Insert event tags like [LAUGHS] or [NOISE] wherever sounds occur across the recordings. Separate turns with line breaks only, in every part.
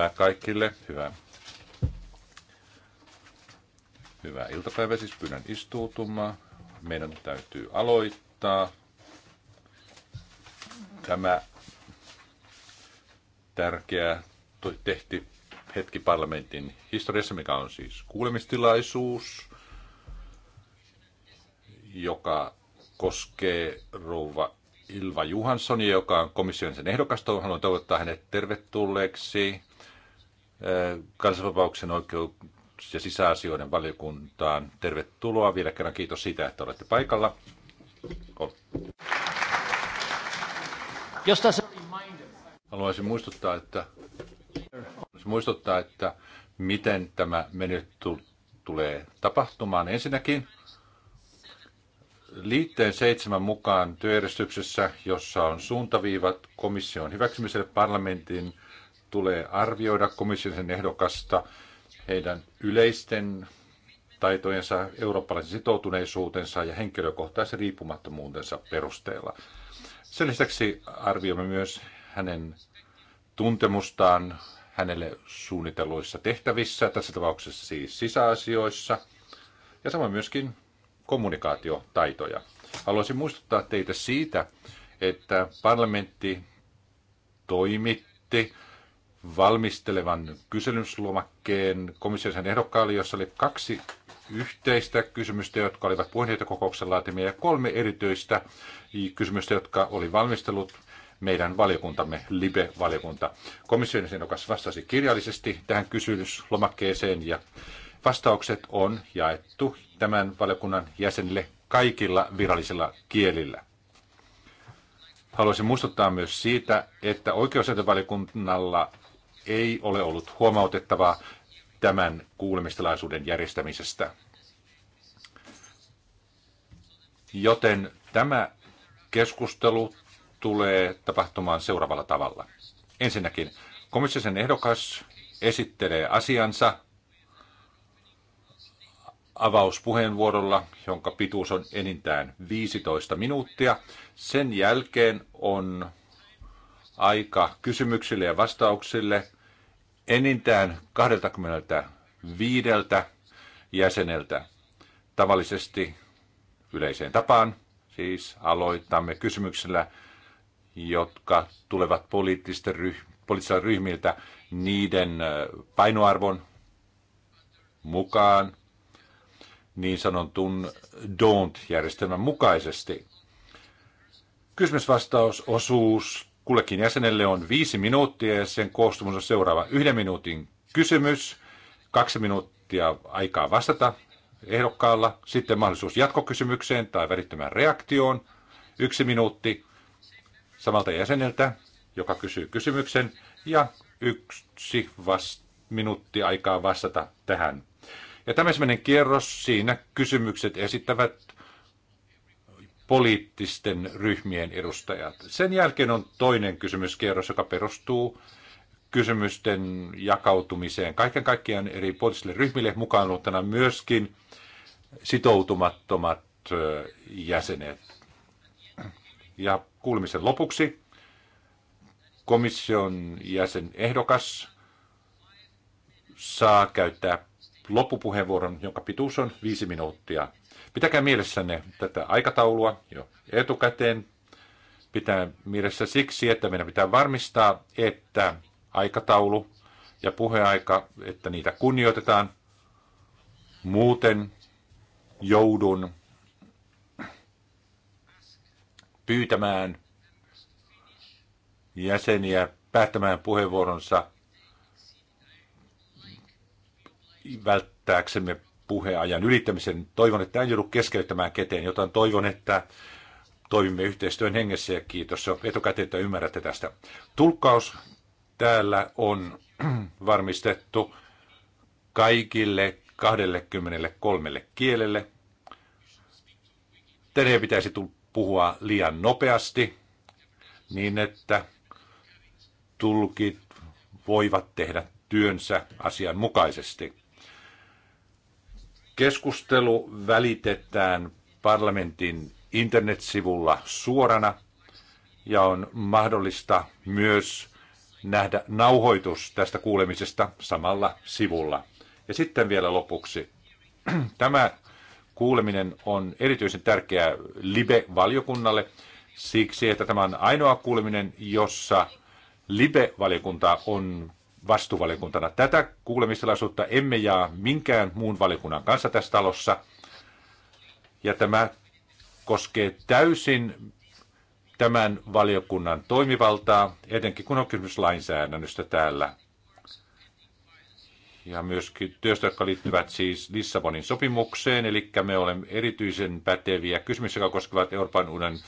päivää kaikille. Hyvää. Hyvää iltapäivää. Siis pyydän istuutumaan. Meidän täytyy aloittaa tämä tärkeä tehti hetki parlamentin historiassa, mikä on siis kuulemistilaisuus, joka koskee rouva Ilva Johanssonia, joka on komission sen ehdokas. Haluan toivottaa hänet tervetulleeksi kansanvapauksen oikeus ja sisäasioiden valiokuntaan. Tervetuloa vielä kerran. Kiitos siitä, että olette paikalla. Ol. Haluaisin muistuttaa, että, muistuttaa, että miten tämä meny tulee tapahtumaan. Ensinnäkin liitteen seitsemän mukaan työjärjestyksessä, jossa on suuntaviivat komission hyväksymiselle parlamentin tulee arvioida komission ehdokasta heidän yleisten taitojensa, eurooppalaisen sitoutuneisuutensa ja henkilökohtaisen riippumattomuutensa perusteella. Sen lisäksi arvioimme myös hänen tuntemustaan hänelle suunnitelluissa tehtävissä, tässä tapauksessa siis sisäasioissa, ja samoin myöskin kommunikaatiotaitoja. Haluaisin muistuttaa teitä siitä, että parlamentti toimitti valmistelevan kyselyslomakkeen komission ehdokkaalle, jossa oli kaksi yhteistä kysymystä, jotka olivat puheenjohtajakokouksen laatimia, ja kolme erityistä kysymystä, jotka oli valmistellut meidän valiokuntamme, LIBE-valiokunta. Komission ehdokas vastasi kirjallisesti tähän kysymyslomakkeeseen, ja vastaukset on jaettu tämän valiokunnan jäsenille kaikilla virallisilla kielillä. Haluaisin muistuttaa myös siitä, että oikeusjätevaliokunnalla ei ole ollut huomautettavaa tämän kuulemistilaisuuden järjestämisestä. Joten tämä keskustelu tulee tapahtumaan seuraavalla tavalla. Ensinnäkin komissiosen ehdokas esittelee asiansa avauspuheenvuorolla, jonka pituus on enintään 15 minuuttia. Sen jälkeen on aika kysymyksille ja vastauksille – enintään 25 jäseneltä tavallisesti yleiseen tapaan. Siis aloitamme kysymyksellä, jotka tulevat poliittisten ryh- poliittisilta ryhmiltä niiden painoarvon mukaan niin sanotun don't-järjestelmän mukaisesti. Kysymysvastausosuus Kullekin jäsenelle on viisi minuuttia ja sen koostumus on seuraava. Yhden minuutin kysymys, kaksi minuuttia aikaa vastata ehdokkaalla, sitten mahdollisuus jatkokysymykseen tai välittömään reaktioon, yksi minuutti samalta jäseneltä, joka kysyy kysymyksen, ja yksi vast- minuutti aikaa vastata tähän. Ja tämä kierros, siinä kysymykset esittävät poliittisten ryhmien edustajat. Sen jälkeen on toinen kysymyskierros, joka perustuu kysymysten jakautumiseen kaiken kaikkiaan eri poliittisille ryhmille, mukaan luottana myöskin sitoutumattomat jäsenet. Ja kuulemisen lopuksi komission jäsen ehdokas saa käyttää loppupuheenvuoron, jonka pituus on viisi minuuttia. Pitäkää mielessänne tätä aikataulua jo etukäteen. Pitää mielessä siksi, että meidän pitää varmistaa, että aikataulu ja puheaika, että niitä kunnioitetaan. Muuten joudun pyytämään jäseniä päättämään puheenvuoronsa välttääksemme puheajan ylittämisen. Toivon, että en joudu keskeyttämään keteen, joten toivon, että toimimme yhteistyön hengessä ja kiitos jo etukäteen, että ymmärrätte tästä. Tulkkaus täällä on [CLEARS THROAT] varmistettu kaikille 23 kielelle. Tänne pitäisi puhua liian nopeasti niin, että tulkit voivat tehdä työnsä asianmukaisesti. Keskustelu välitetään parlamentin internetsivulla suorana ja on mahdollista myös nähdä nauhoitus tästä kuulemisesta samalla sivulla. Ja sitten vielä lopuksi. [CLEARS THROAT] Tämä kuuleminen on erityisen tärkeää LIBE-valiokunnalle siksi, että tämä on ainoa kuuleminen, jossa LIBE-valiokunta on vastuuvaliokuntana. Tätä kuulemistilaisuutta emme jaa minkään muun valiokunnan kanssa tässä talossa. Ja tämä koskee täysin tämän valiokunnan toimivaltaa, etenkin kun on kysymys lainsäädännöstä täällä ja myöskin työstä, jotka liittyvät siis Lissabonin sopimukseen, eli me olemme erityisen päteviä kysymyksiä, jotka koskevat Euroopan unionin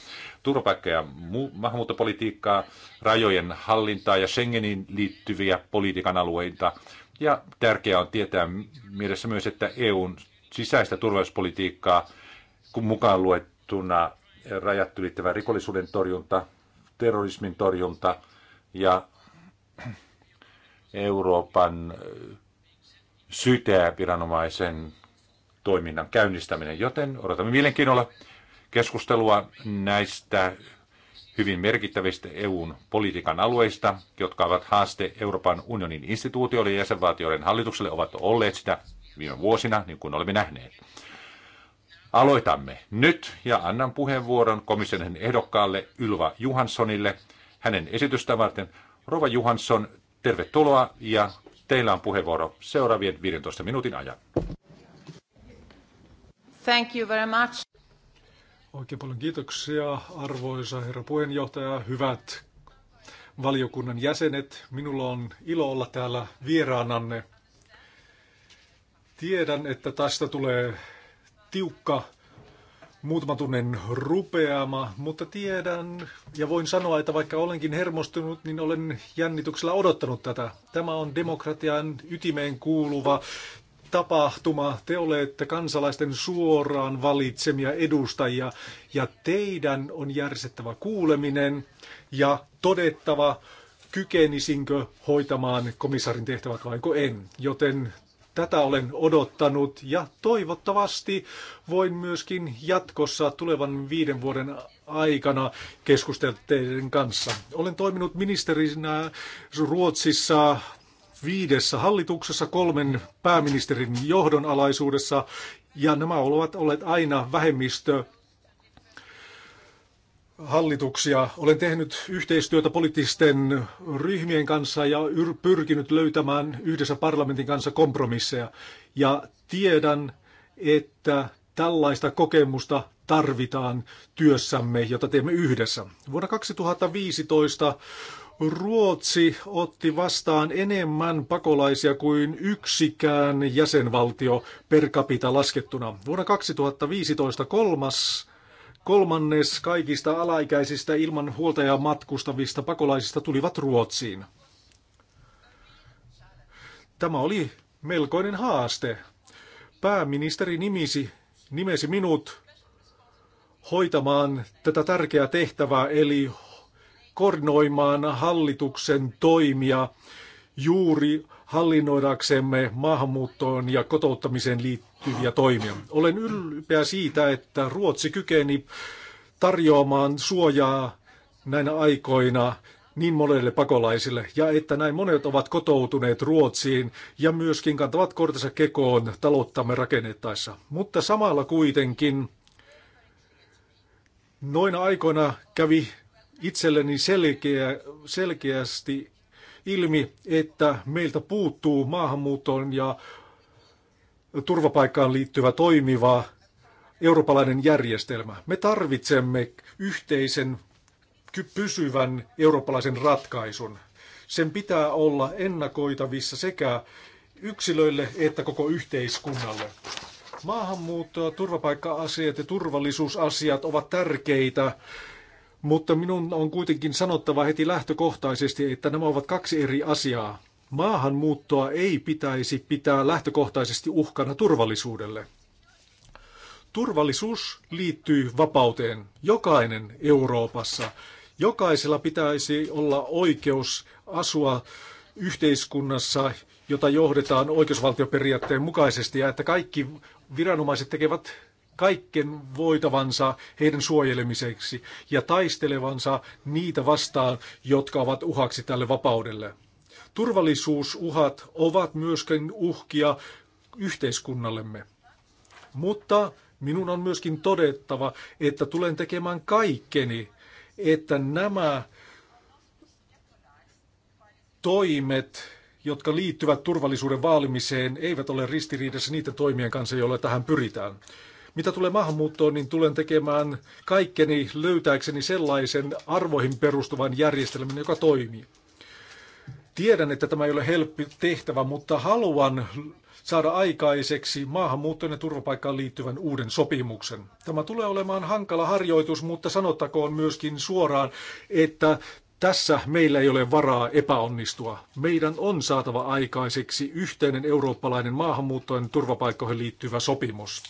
turvapaikka- ja maahanmuuttopolitiikkaa, rajojen hallintaa ja Schengenin liittyviä politiikan alueita. Ja tärkeää on tietää mielessä myös, että EUn sisäistä turvallisuuspolitiikkaa, kun mukaan luettuna rajat ylittävä rikollisuuden torjunta, terrorismin torjunta ja Euroopan viranomaisen toiminnan käynnistäminen, joten odotamme mielenkiinnolla keskustelua näistä hyvin merkittävistä EUn politiikan alueista, jotka ovat haaste Euroopan unionin instituutioille ja jäsenvaltioiden hallitukselle, ovat olleet sitä viime vuosina, niin kuin olemme nähneet. Aloitamme nyt ja annan puheenvuoron komission ehdokkaalle Ylva Johanssonille hänen esitystä varten. Rova Johansson, tervetuloa ja Teillä on puheenvuoro seuraavien 15 minuutin ajan.
Thank you very much.
Oikein paljon kiitoksia, arvoisa herra puheenjohtaja, hyvät valiokunnan jäsenet. Minulla on ilo olla täällä vieraananne. Tiedän, että tästä tulee tiukka muutaman tunnen rupeama, mutta tiedän ja voin sanoa, että vaikka olenkin hermostunut, niin olen jännityksellä odottanut tätä. Tämä on demokratian ytimeen kuuluva tapahtuma. Te olette kansalaisten suoraan valitsemia edustajia ja teidän on järjestettävä kuuleminen ja todettava, kykenisinkö hoitamaan komissarin tehtävät vaiko en. Joten Tätä olen odottanut ja toivottavasti voin myöskin jatkossa tulevan viiden vuoden aikana keskustella teidän kanssa. Olen toiminut ministerinä Ruotsissa viidessä hallituksessa, kolmen pääministerin johdonalaisuudessa ja nämä ovat olleet aina vähemmistö hallituksia. Olen tehnyt yhteistyötä poliittisten ryhmien kanssa ja pyrkinyt löytämään yhdessä parlamentin kanssa kompromisseja. Ja tiedän, että tällaista kokemusta tarvitaan työssämme, jota teemme yhdessä. Vuonna 2015 Ruotsi otti vastaan enemmän pakolaisia kuin yksikään jäsenvaltio per capita laskettuna. Vuonna 2015 kolmas Kolmannes kaikista alaikäisistä ilman huoltajaa matkustavista pakolaisista tulivat Ruotsiin. Tämä oli melkoinen haaste. Pääministeri nimisi, nimesi minut hoitamaan tätä tärkeää tehtävää, eli koordinoimaan hallituksen toimia juuri hallinnoidaksemme maahanmuuttoon ja kotouttamiseen liittyviä toimia. Olen ylpeä siitä, että Ruotsi kykeni tarjoamaan suojaa näinä aikoina niin monelle pakolaisille, ja että näin monet ovat kotoutuneet Ruotsiin ja myöskin kantavat kortensa kekoon talouttamme rakennettaessa. Mutta samalla kuitenkin noina aikoina kävi itselleni selkeä, selkeästi ilmi, että meiltä puuttuu maahanmuuttoon ja turvapaikkaan liittyvä toimiva eurooppalainen järjestelmä. Me tarvitsemme yhteisen pysyvän eurooppalaisen ratkaisun. Sen pitää olla ennakoitavissa sekä yksilöille että koko yhteiskunnalle. Maahanmuutto, turvapaikka-asiat ja turvallisuusasiat ovat tärkeitä mutta minun on kuitenkin sanottava heti lähtökohtaisesti, että nämä ovat kaksi eri asiaa. Maahanmuuttoa ei pitäisi pitää lähtökohtaisesti uhkana turvallisuudelle. Turvallisuus liittyy vapauteen. Jokainen Euroopassa. Jokaisella pitäisi olla oikeus asua yhteiskunnassa, jota johdetaan oikeusvaltioperiaatteen mukaisesti ja että kaikki viranomaiset tekevät kaiken voitavansa heidän suojelemiseksi ja taistelevansa niitä vastaan, jotka ovat uhaksi tälle vapaudelle. Turvallisuusuhat ovat myöskin uhkia yhteiskunnallemme. Mutta minun on myöskin todettava, että tulen tekemään kaikkeni, että nämä toimet, jotka liittyvät turvallisuuden vaalimiseen, eivät ole ristiriidassa niiden toimien kanssa, joilla tähän pyritään. Mitä tulee maahanmuuttoon, niin tulen tekemään kaikkeni löytääkseni sellaisen arvoihin perustuvan järjestelmän, joka toimii. Tiedän, että tämä ei ole helppi tehtävä, mutta haluan saada aikaiseksi maahanmuuttoon ja turvapaikkaan liittyvän uuden sopimuksen. Tämä tulee olemaan hankala harjoitus, mutta sanottakoon myöskin suoraan, että tässä meillä ei ole varaa epäonnistua. Meidän on saatava aikaiseksi yhteinen eurooppalainen maahanmuuttoon turvapaikkoihin liittyvä sopimus.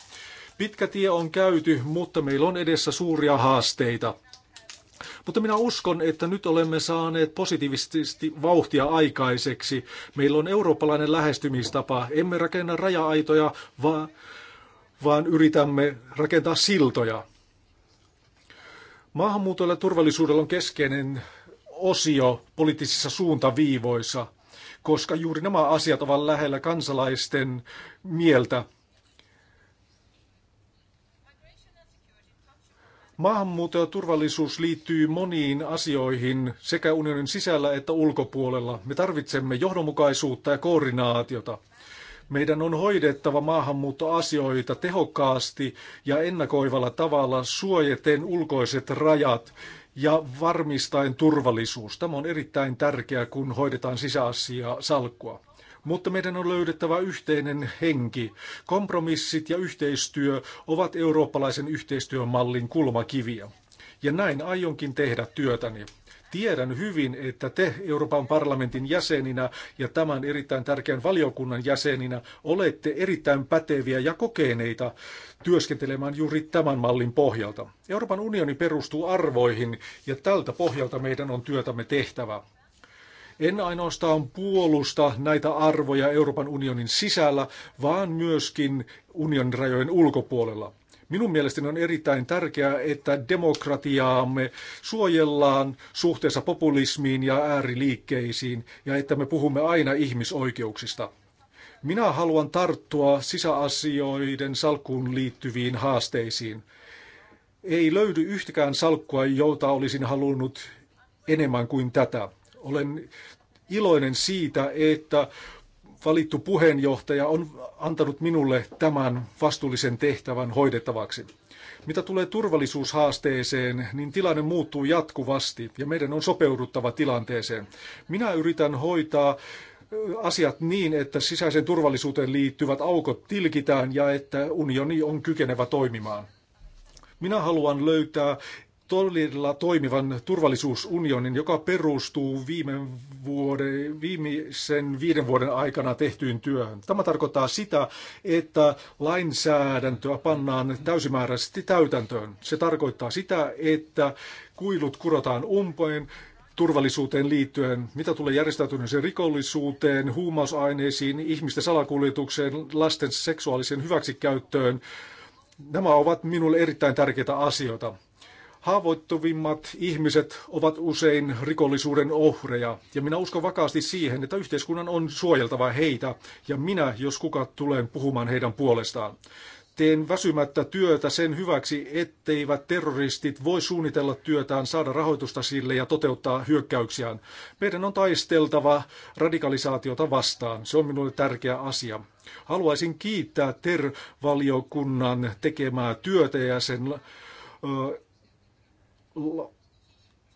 Pitkä tie on käyty, mutta meillä on edessä suuria haasteita. Mutta minä uskon, että nyt olemme saaneet positiivisesti vauhtia aikaiseksi. Meillä on eurooppalainen lähestymistapa. Emme rakenna raja-aitoja, vaan, vaan yritämme rakentaa siltoja. Maahanmuutolla ja turvallisuudella on keskeinen osio poliittisissa suuntaviivoissa, koska juuri nämä asiat ovat lähellä kansalaisten mieltä. Maahanmuutto ja turvallisuus liittyy moniin asioihin sekä unionin sisällä että ulkopuolella. Me tarvitsemme johdonmukaisuutta ja koordinaatiota. Meidän on hoidettava maahanmuuttoasioita tehokkaasti ja ennakoivalla tavalla suojeten ulkoiset rajat ja varmistaen turvallisuus. Tämä on erittäin tärkeää, kun hoidetaan sisäasia salkkua. Mutta meidän on löydettävä yhteinen henki. Kompromissit ja yhteistyö ovat eurooppalaisen yhteistyömallin kulmakiviä. Ja näin aionkin tehdä työtäni. Tiedän hyvin, että te Euroopan parlamentin jäseninä ja tämän erittäin tärkeän valiokunnan jäseninä olette erittäin päteviä ja kokeneita työskentelemään juuri tämän mallin pohjalta. Euroopan unioni perustuu arvoihin ja tältä pohjalta meidän on työtämme tehtävä en ainoastaan puolusta näitä arvoja Euroopan unionin sisällä, vaan myöskin unionin rajojen ulkopuolella. Minun mielestäni on erittäin tärkeää, että demokratiaamme suojellaan suhteessa populismiin ja ääriliikkeisiin ja että me puhumme aina ihmisoikeuksista. Minä haluan tarttua sisäasioiden salkkuun liittyviin haasteisiin. Ei löydy yhtäkään salkkua, jota olisin halunnut enemmän kuin tätä. Olen iloinen siitä, että valittu puheenjohtaja on antanut minulle tämän vastuullisen tehtävän hoidettavaksi. Mitä tulee turvallisuushaasteeseen, niin tilanne muuttuu jatkuvasti ja meidän on sopeuduttava tilanteeseen. Minä yritän hoitaa asiat niin, että sisäiseen turvallisuuteen liittyvät aukot tilkitään ja että unioni on kykenevä toimimaan. Minä haluan löytää todella toimivan turvallisuusunionin, joka perustuu viime vuoden, viimeisen viiden vuoden aikana tehtyyn työhön. Tämä tarkoittaa sitä, että lainsäädäntöä pannaan täysimääräisesti täytäntöön. Se tarkoittaa sitä, että kuilut kurotaan umpeen, turvallisuuteen liittyen, mitä tulee järjestäytyneeseen rikollisuuteen, huumausaineisiin, ihmisten salakuljetukseen, lasten seksuaaliseen hyväksikäyttöön. Nämä ovat minulle erittäin tärkeitä asioita. Haavoittuvimmat ihmiset ovat usein rikollisuuden ohreja, ja minä uskon vakaasti siihen, että yhteiskunnan on suojeltava heitä, ja minä, jos kuka, tulen puhumaan heidän puolestaan. Teen väsymättä työtä sen hyväksi, etteivät terroristit voi suunnitella työtään, saada rahoitusta sille ja toteuttaa hyökkäyksiään. Meidän on taisteltava radikalisaatiota vastaan. Se on minulle tärkeä asia. Haluaisin kiittää TER-valiokunnan tekemää työtä ja sen ö,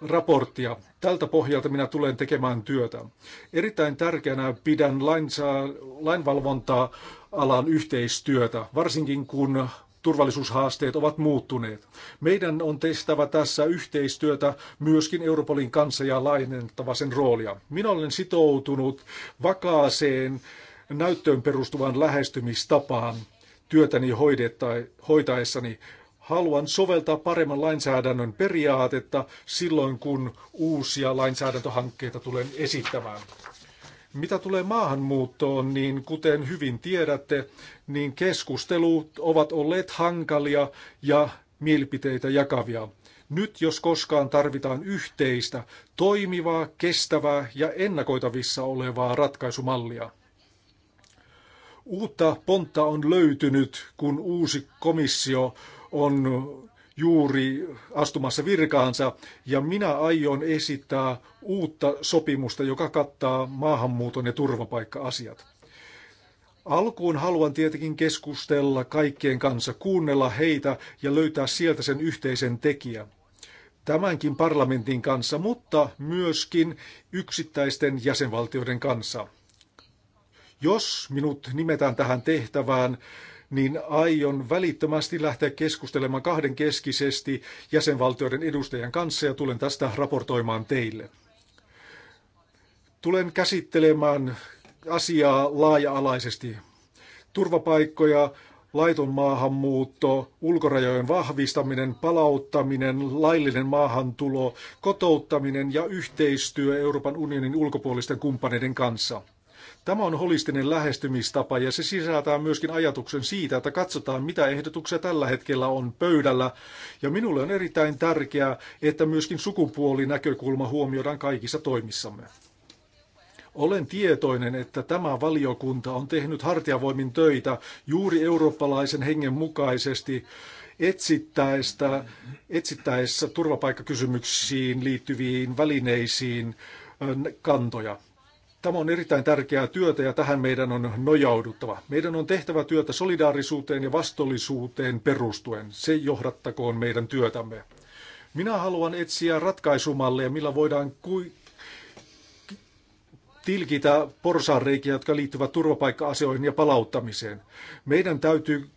raporttia. Tältä pohjalta minä tulen tekemään työtä. Erittäin tärkeänä pidän lainvalvonta-alan yhteistyötä, varsinkin kun turvallisuushaasteet ovat muuttuneet. Meidän on tehtävä tässä yhteistyötä myöskin Europolin kanssa ja laajennettava sen roolia. Minä olen sitoutunut vakaaseen näyttöön perustuvan lähestymistapaan työtäni hoidetta, hoitaessani haluan soveltaa paremman lainsäädännön periaatetta silloin, kun uusia lainsäädäntöhankkeita tulen esittämään. Mitä tulee maahanmuuttoon, niin kuten hyvin tiedätte, niin keskustelut ovat olleet hankalia ja mielipiteitä jakavia. Nyt jos koskaan tarvitaan yhteistä, toimivaa, kestävää ja ennakoitavissa olevaa ratkaisumallia. Uutta pontta on löytynyt, kun uusi komissio on juuri astumassa virkaansa ja minä aion esittää uutta sopimusta, joka kattaa maahanmuuton ja turvapaikka-asiat. Alkuun haluan tietenkin keskustella kaikkien kanssa, kuunnella heitä ja löytää sieltä sen yhteisen tekijän tämänkin parlamentin kanssa, mutta myöskin yksittäisten jäsenvaltioiden kanssa. Jos minut nimetään tähän tehtävään, niin aion välittömästi lähteä keskustelemaan kahdenkeskisesti jäsenvaltioiden edustajien kanssa ja tulen tästä raportoimaan teille. Tulen käsittelemään asiaa laaja-alaisesti. Turvapaikkoja, laiton maahanmuutto, ulkorajojen vahvistaminen, palauttaminen, laillinen maahantulo, kotouttaminen ja yhteistyö Euroopan unionin ulkopuolisten kumppaneiden kanssa – Tämä on holistinen lähestymistapa ja se sisältää myöskin ajatuksen siitä, että katsotaan mitä ehdotuksia tällä hetkellä on pöydällä. Ja minulle on erittäin tärkeää, että myöskin sukupuolinäkökulma huomioidaan kaikissa toimissamme. Olen tietoinen, että tämä valiokunta on tehnyt hartiavoimin töitä juuri eurooppalaisen hengen mukaisesti etsittäessä, etsittäessä turvapaikkakysymyksiin liittyviin välineisiin kantoja. Tämä on erittäin tärkeää työtä ja tähän meidän on nojauduttava. Meidän on tehtävä työtä solidaarisuuteen ja vastuullisuuteen perustuen. Se johdattakoon meidän työtämme. Minä haluan etsiä ratkaisumalleja, millä voidaan kui- tilkitä porsaanreikiä, jotka liittyvät turvapaikka-asioihin ja palauttamiseen. Meidän täytyy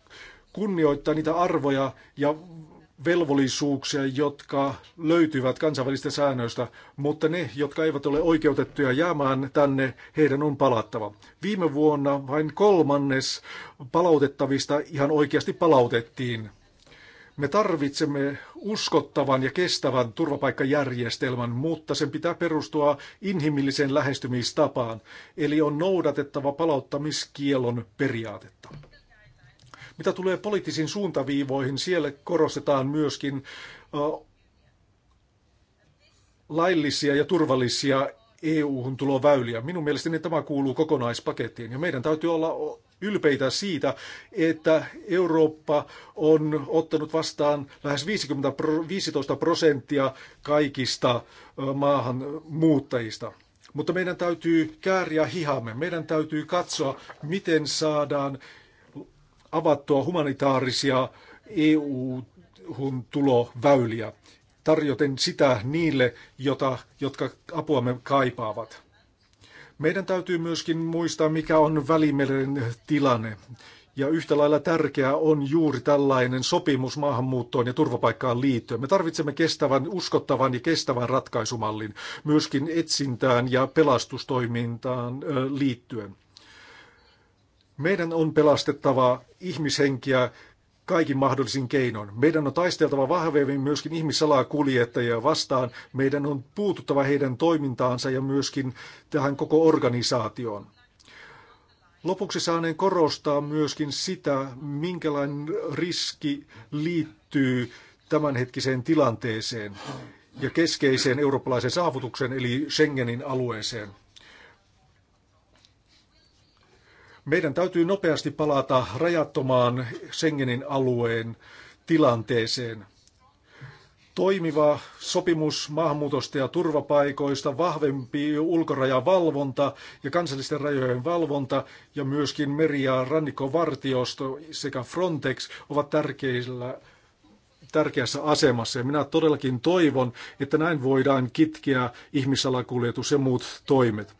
kunnioittaa niitä arvoja ja velvollisuuksia, jotka löytyvät kansainvälistä säännöistä, mutta ne, jotka eivät ole oikeutettuja jäämään tänne, heidän on palattava. Viime vuonna vain kolmannes palautettavista ihan oikeasti palautettiin. Me tarvitsemme uskottavan ja kestävän turvapaikkajärjestelmän, mutta sen pitää perustua inhimilliseen lähestymistapaan, eli on noudatettava palauttamiskielon periaatetta. Mitä tulee poliittisiin suuntaviivoihin, siellä korostetaan myöskin laillisia ja turvallisia EU-hun tuloväyliä. Minun mielestäni tämä kuuluu kokonaispakettiin ja meidän täytyy olla ylpeitä siitä, että Eurooppa on ottanut vastaan lähes 50, 15 prosenttia kaikista maahanmuuttajista. Mutta meidän täytyy kääriä hihamme, meidän täytyy katsoa, miten saadaan avattua humanitaarisia EU-hun tuloväyliä, tarjoten sitä niille, jota, jotka apuamme kaipaavat. Meidän täytyy myöskin muistaa, mikä on Välimeren tilanne. Ja yhtä lailla tärkeää on juuri tällainen sopimus maahanmuuttoon ja turvapaikkaan liittyen. Me tarvitsemme kestävän, uskottavan ja kestävän ratkaisumallin myöskin etsintään ja pelastustoimintaan liittyen. Meidän on pelastettava ihmishenkiä kaikin mahdollisin keinoin. Meidän on taisteltava vahvemmin myöskin ihmissalakuljettajia vastaan. Meidän on puututtava heidän toimintaansa ja myöskin tähän koko organisaatioon. Lopuksi saaneen korostaa myöskin sitä, minkälainen riski liittyy tämänhetkiseen tilanteeseen ja keskeiseen eurooppalaisen saavutuksen eli Schengenin alueeseen. Meidän täytyy nopeasti palata rajattomaan Schengenin alueen tilanteeseen. Toimiva sopimus maahanmuutosta ja turvapaikoista, vahvempi ulkorajavalvonta ja kansallisten rajojen valvonta ja myöskin meri- ja rannikkovartiosto sekä Frontex ovat tärkeillä tärkeässä asemassa. Ja minä todellakin toivon, että näin voidaan kitkeä ihmissalakuljetus ja muut toimet.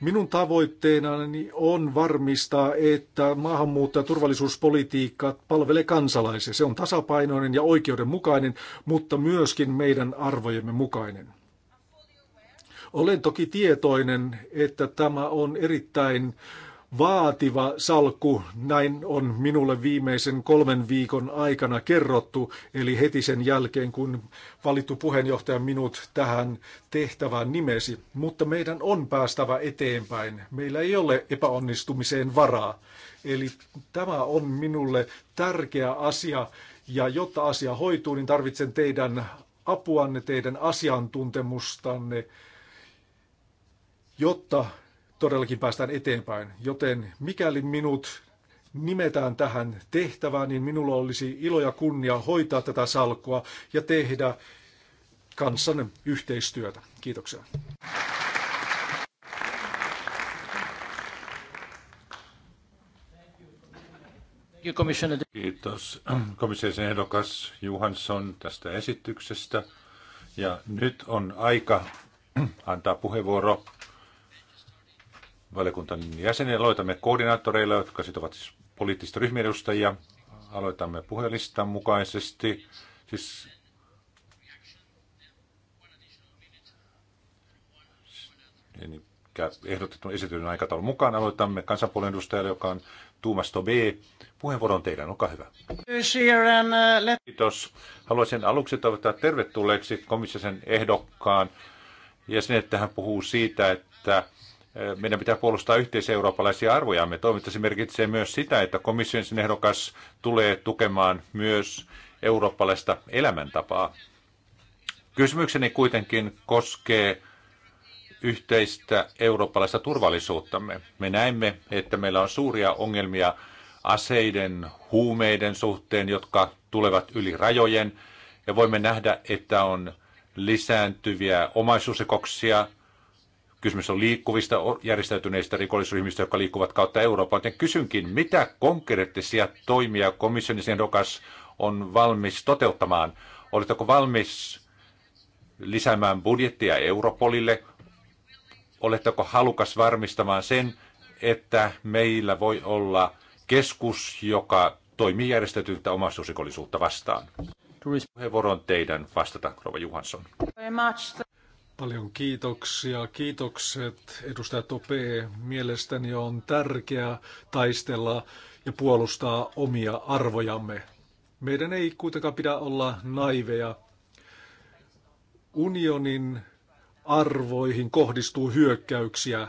Minun tavoitteenani on varmistaa, että maahanmuutto- ja turvallisuuspolitiikka palvelee kansalaisia. Se on tasapainoinen ja oikeudenmukainen, mutta myöskin meidän arvojemme mukainen. Olen toki tietoinen, että tämä on erittäin äh, vaativa salkku, näin on minulle viimeisen kolmen viikon aikana kerrottu, eli heti sen jälkeen, kun valittu puheenjohtaja minut tähän tehtävään nimesi. Mutta meidän on päästävä eteenpäin. Meillä ei ole epäonnistumiseen varaa. Eli tämä on minulle tärkeä asia, ja jotta asia hoituu, niin tarvitsen teidän apuanne, teidän asiantuntemustanne, jotta todellakin päästään eteenpäin. Joten mikäli minut nimetään tähän tehtävään, niin minulla olisi ilo ja kunnia hoitaa tätä salkkua ja tehdä kanssanne yhteistyötä. Kiitoksia.
Kiitos komission ehdokas Johansson tästä esityksestä. Ja nyt on aika antaa puheenvuoro valiokunnan jäseniä. Aloitamme koordinaattoreilla, jotka sitten ovat siis poliittisten ryhmien edustajia. Aloitamme puhelistan mukaisesti. Siis niin, niin ehdotetun esityksen aikataulun mukaan aloitamme kansanpuolen edustajalle, joka on tuumas B. Puheenvuoro on teidän, olkaa hyvä. Kiitos. Haluaisin aluksi toivottaa tervetulleeksi komissiosen ehdokkaan ja sen, että hän puhuu siitä, että meidän pitää puolustaa yhteiseurooppalaisia arvojamme. Toiminta se merkitsee myös sitä, että komission ehdokas tulee tukemaan myös eurooppalaista elämäntapaa. Kysymykseni kuitenkin koskee yhteistä eurooppalaista turvallisuuttamme. Me näemme, että meillä on suuria ongelmia aseiden, huumeiden suhteen, jotka tulevat yli rajojen. Ja voimme nähdä, että on lisääntyviä omaisuusrikoksia, Kysymys on liikkuvista järjestäytyneistä rikollisryhmistä, jotka liikkuvat kautta Euroopan. Joten kysynkin, mitä konkreettisia toimia komission ehdokas on valmis toteuttamaan? Oletteko valmis lisäämään budjettia Europolille? Oletteko halukas varmistamaan sen, että meillä voi olla keskus, joka toimii järjestetyltä omaisuusrikollisuutta vastaan? Puheenvuoro on teidän vastata, Rova Johansson.
Paljon kiitoksia. Kiitokset edustaja Tope. Mielestäni on tärkeää taistella ja puolustaa omia arvojamme. Meidän ei kuitenkaan pidä olla naiveja. Unionin arvoihin kohdistuu hyökkäyksiä.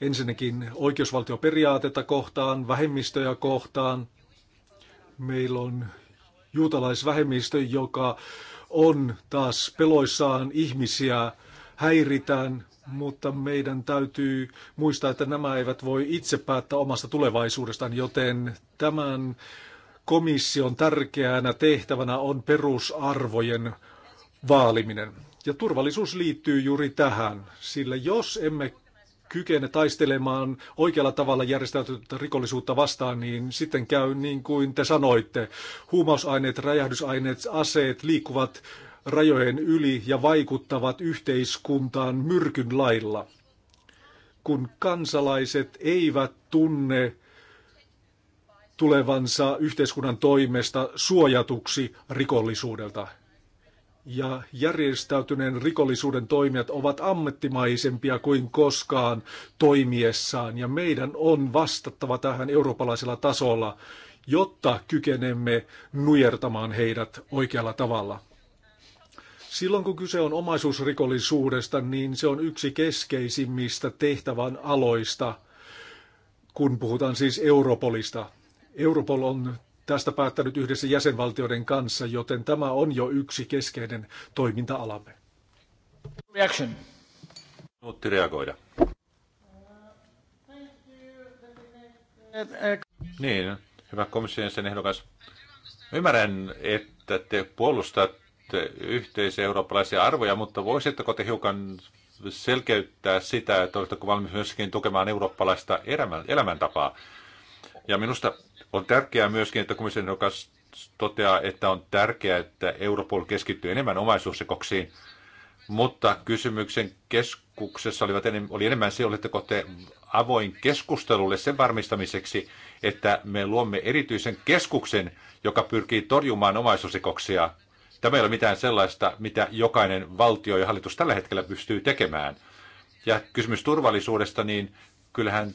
Ensinnäkin oikeusvaltioperiaatetta kohtaan, vähemmistöjä kohtaan. Meillä on juutalaisvähemmistö, joka on taas peloissaan ihmisiä häiritään, mutta meidän täytyy muistaa, että nämä eivät voi itse päättää omasta tulevaisuudestaan, joten tämän komission tärkeänä tehtävänä on perusarvojen vaaliminen. Ja turvallisuus liittyy juuri tähän, sillä jos emme kykene taistelemaan oikealla tavalla järjestäytynyttä rikollisuutta vastaan, niin sitten käy niin kuin te sanoitte. Huumausaineet, räjähdysaineet, aseet liikkuvat rajojen yli ja vaikuttavat yhteiskuntaan myrkyn lailla. Kun kansalaiset eivät tunne tulevansa yhteiskunnan toimesta suojatuksi rikollisuudelta. Ja järjestäytyneen rikollisuuden toimijat ovat ammattimaisempia kuin koskaan toimiessaan, ja meidän on vastattava tähän eurooppalaisella tasolla, jotta kykenemme nujertamaan heidät oikealla tavalla. Silloin kun kyse on omaisuusrikollisuudesta, niin se on yksi keskeisimmistä tehtävän aloista, kun puhutaan siis Europolista. Europol on tästä päättänyt yhdessä jäsenvaltioiden kanssa, joten tämä on jo yksi keskeinen toiminta-alamme.
Reaction. reagoida. Niin, hyvä komission sen ehdokas. Ymmärrän, että te puolustatte yhteisiä eurooppalaisia arvoja, mutta voisitteko te hiukan selkeyttää sitä, että oletteko valmis myöskin tukemaan eurooppalaista elämäntapaa? Ja minusta on tärkeää myöskin, että komission ehdokas toteaa, että on tärkeää, että Europol keskittyy enemmän omaisuusrikoksiin, mutta kysymyksen keskuksessa olivat enemmän, oli enemmän se, oletteko te avoin keskustelulle sen varmistamiseksi, että me luomme erityisen keskuksen, joka pyrkii torjumaan omaisuusrikoksia Tämä ei ole mitään sellaista, mitä jokainen valtio ja hallitus tällä hetkellä pystyy tekemään. Ja kysymys turvallisuudesta, niin kyllähän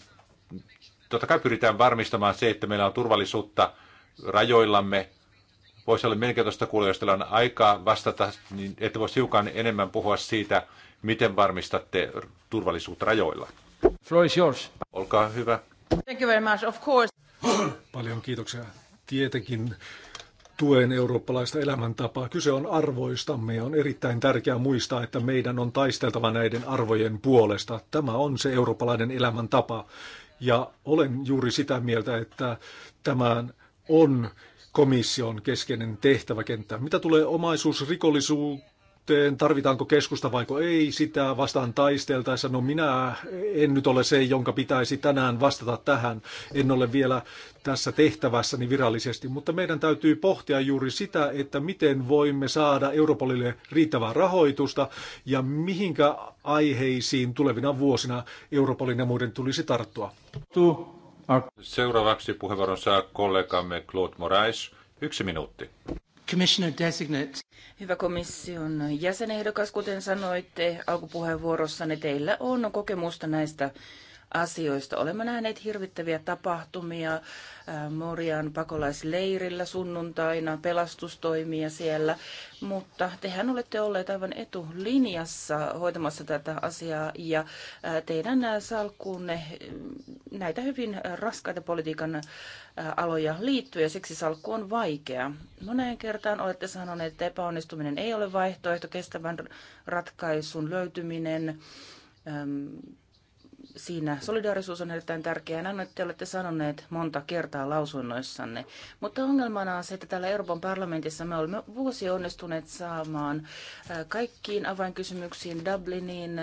totta kai pyritään varmistamaan se, että meillä on turvallisuutta rajoillamme. Voisi olla mielenkiintoista kuulla, jos teillä on aikaa vastata, niin että voisi hiukan enemmän puhua siitä, miten varmistatte turvallisuutta rajoilla. Floor is yours. Olkaa hyvä.
Thank you very much, of course.
Paljon kiitoksia. Tietenkin tuen eurooppalaista elämäntapaa. Kyse on arvoistamme ja on erittäin tärkeää muistaa, että meidän on taisteltava näiden arvojen puolesta. Tämä on se eurooppalainen elämäntapa. Ja olen juuri sitä mieltä, että tämä on komission keskeinen tehtäväkenttä. Mitä tulee omaisuusrikollisuuteen, suhteen, tarvitaanko keskusta vaiko ei, sitä vastaan taisteltaessa, no minä en nyt ole se, jonka pitäisi tänään vastata tähän, en ole vielä tässä tehtävässäni virallisesti, mutta meidän täytyy pohtia juuri sitä, että miten voimme saada Europolille riittävää rahoitusta ja mihinkä aiheisiin tulevina vuosina Europolin ja muiden tulisi tarttua.
Seuraavaksi puheenvuoron saa kollegamme Claude Moraes. Yksi minuutti.
Hyvä komission jäsenehdokas, kuten sanoitte alkupuheenvuorossanne, teillä on kokemusta näistä asioista. Olemme nähneet hirvittäviä tapahtumia Morian pakolaisleirillä sunnuntaina, pelastustoimia siellä, mutta tehän olette olleet aivan etulinjassa hoitamassa tätä asiaa ja teidän salkkuunne näitä hyvin raskaita politiikan aloja liittyy ja siksi salkku on vaikea. Moneen kertaan olette sanoneet, että epäonnistuminen ei ole vaihtoehto, kestävän ratkaisun löytyminen siinä solidaarisuus on erittäin tärkeää. Näin te olette sanoneet monta kertaa lausunnoissanne. Mutta ongelmana on se, että täällä Euroopan parlamentissa me olemme vuosi onnistuneet saamaan kaikkiin avainkysymyksiin, Dubliniin,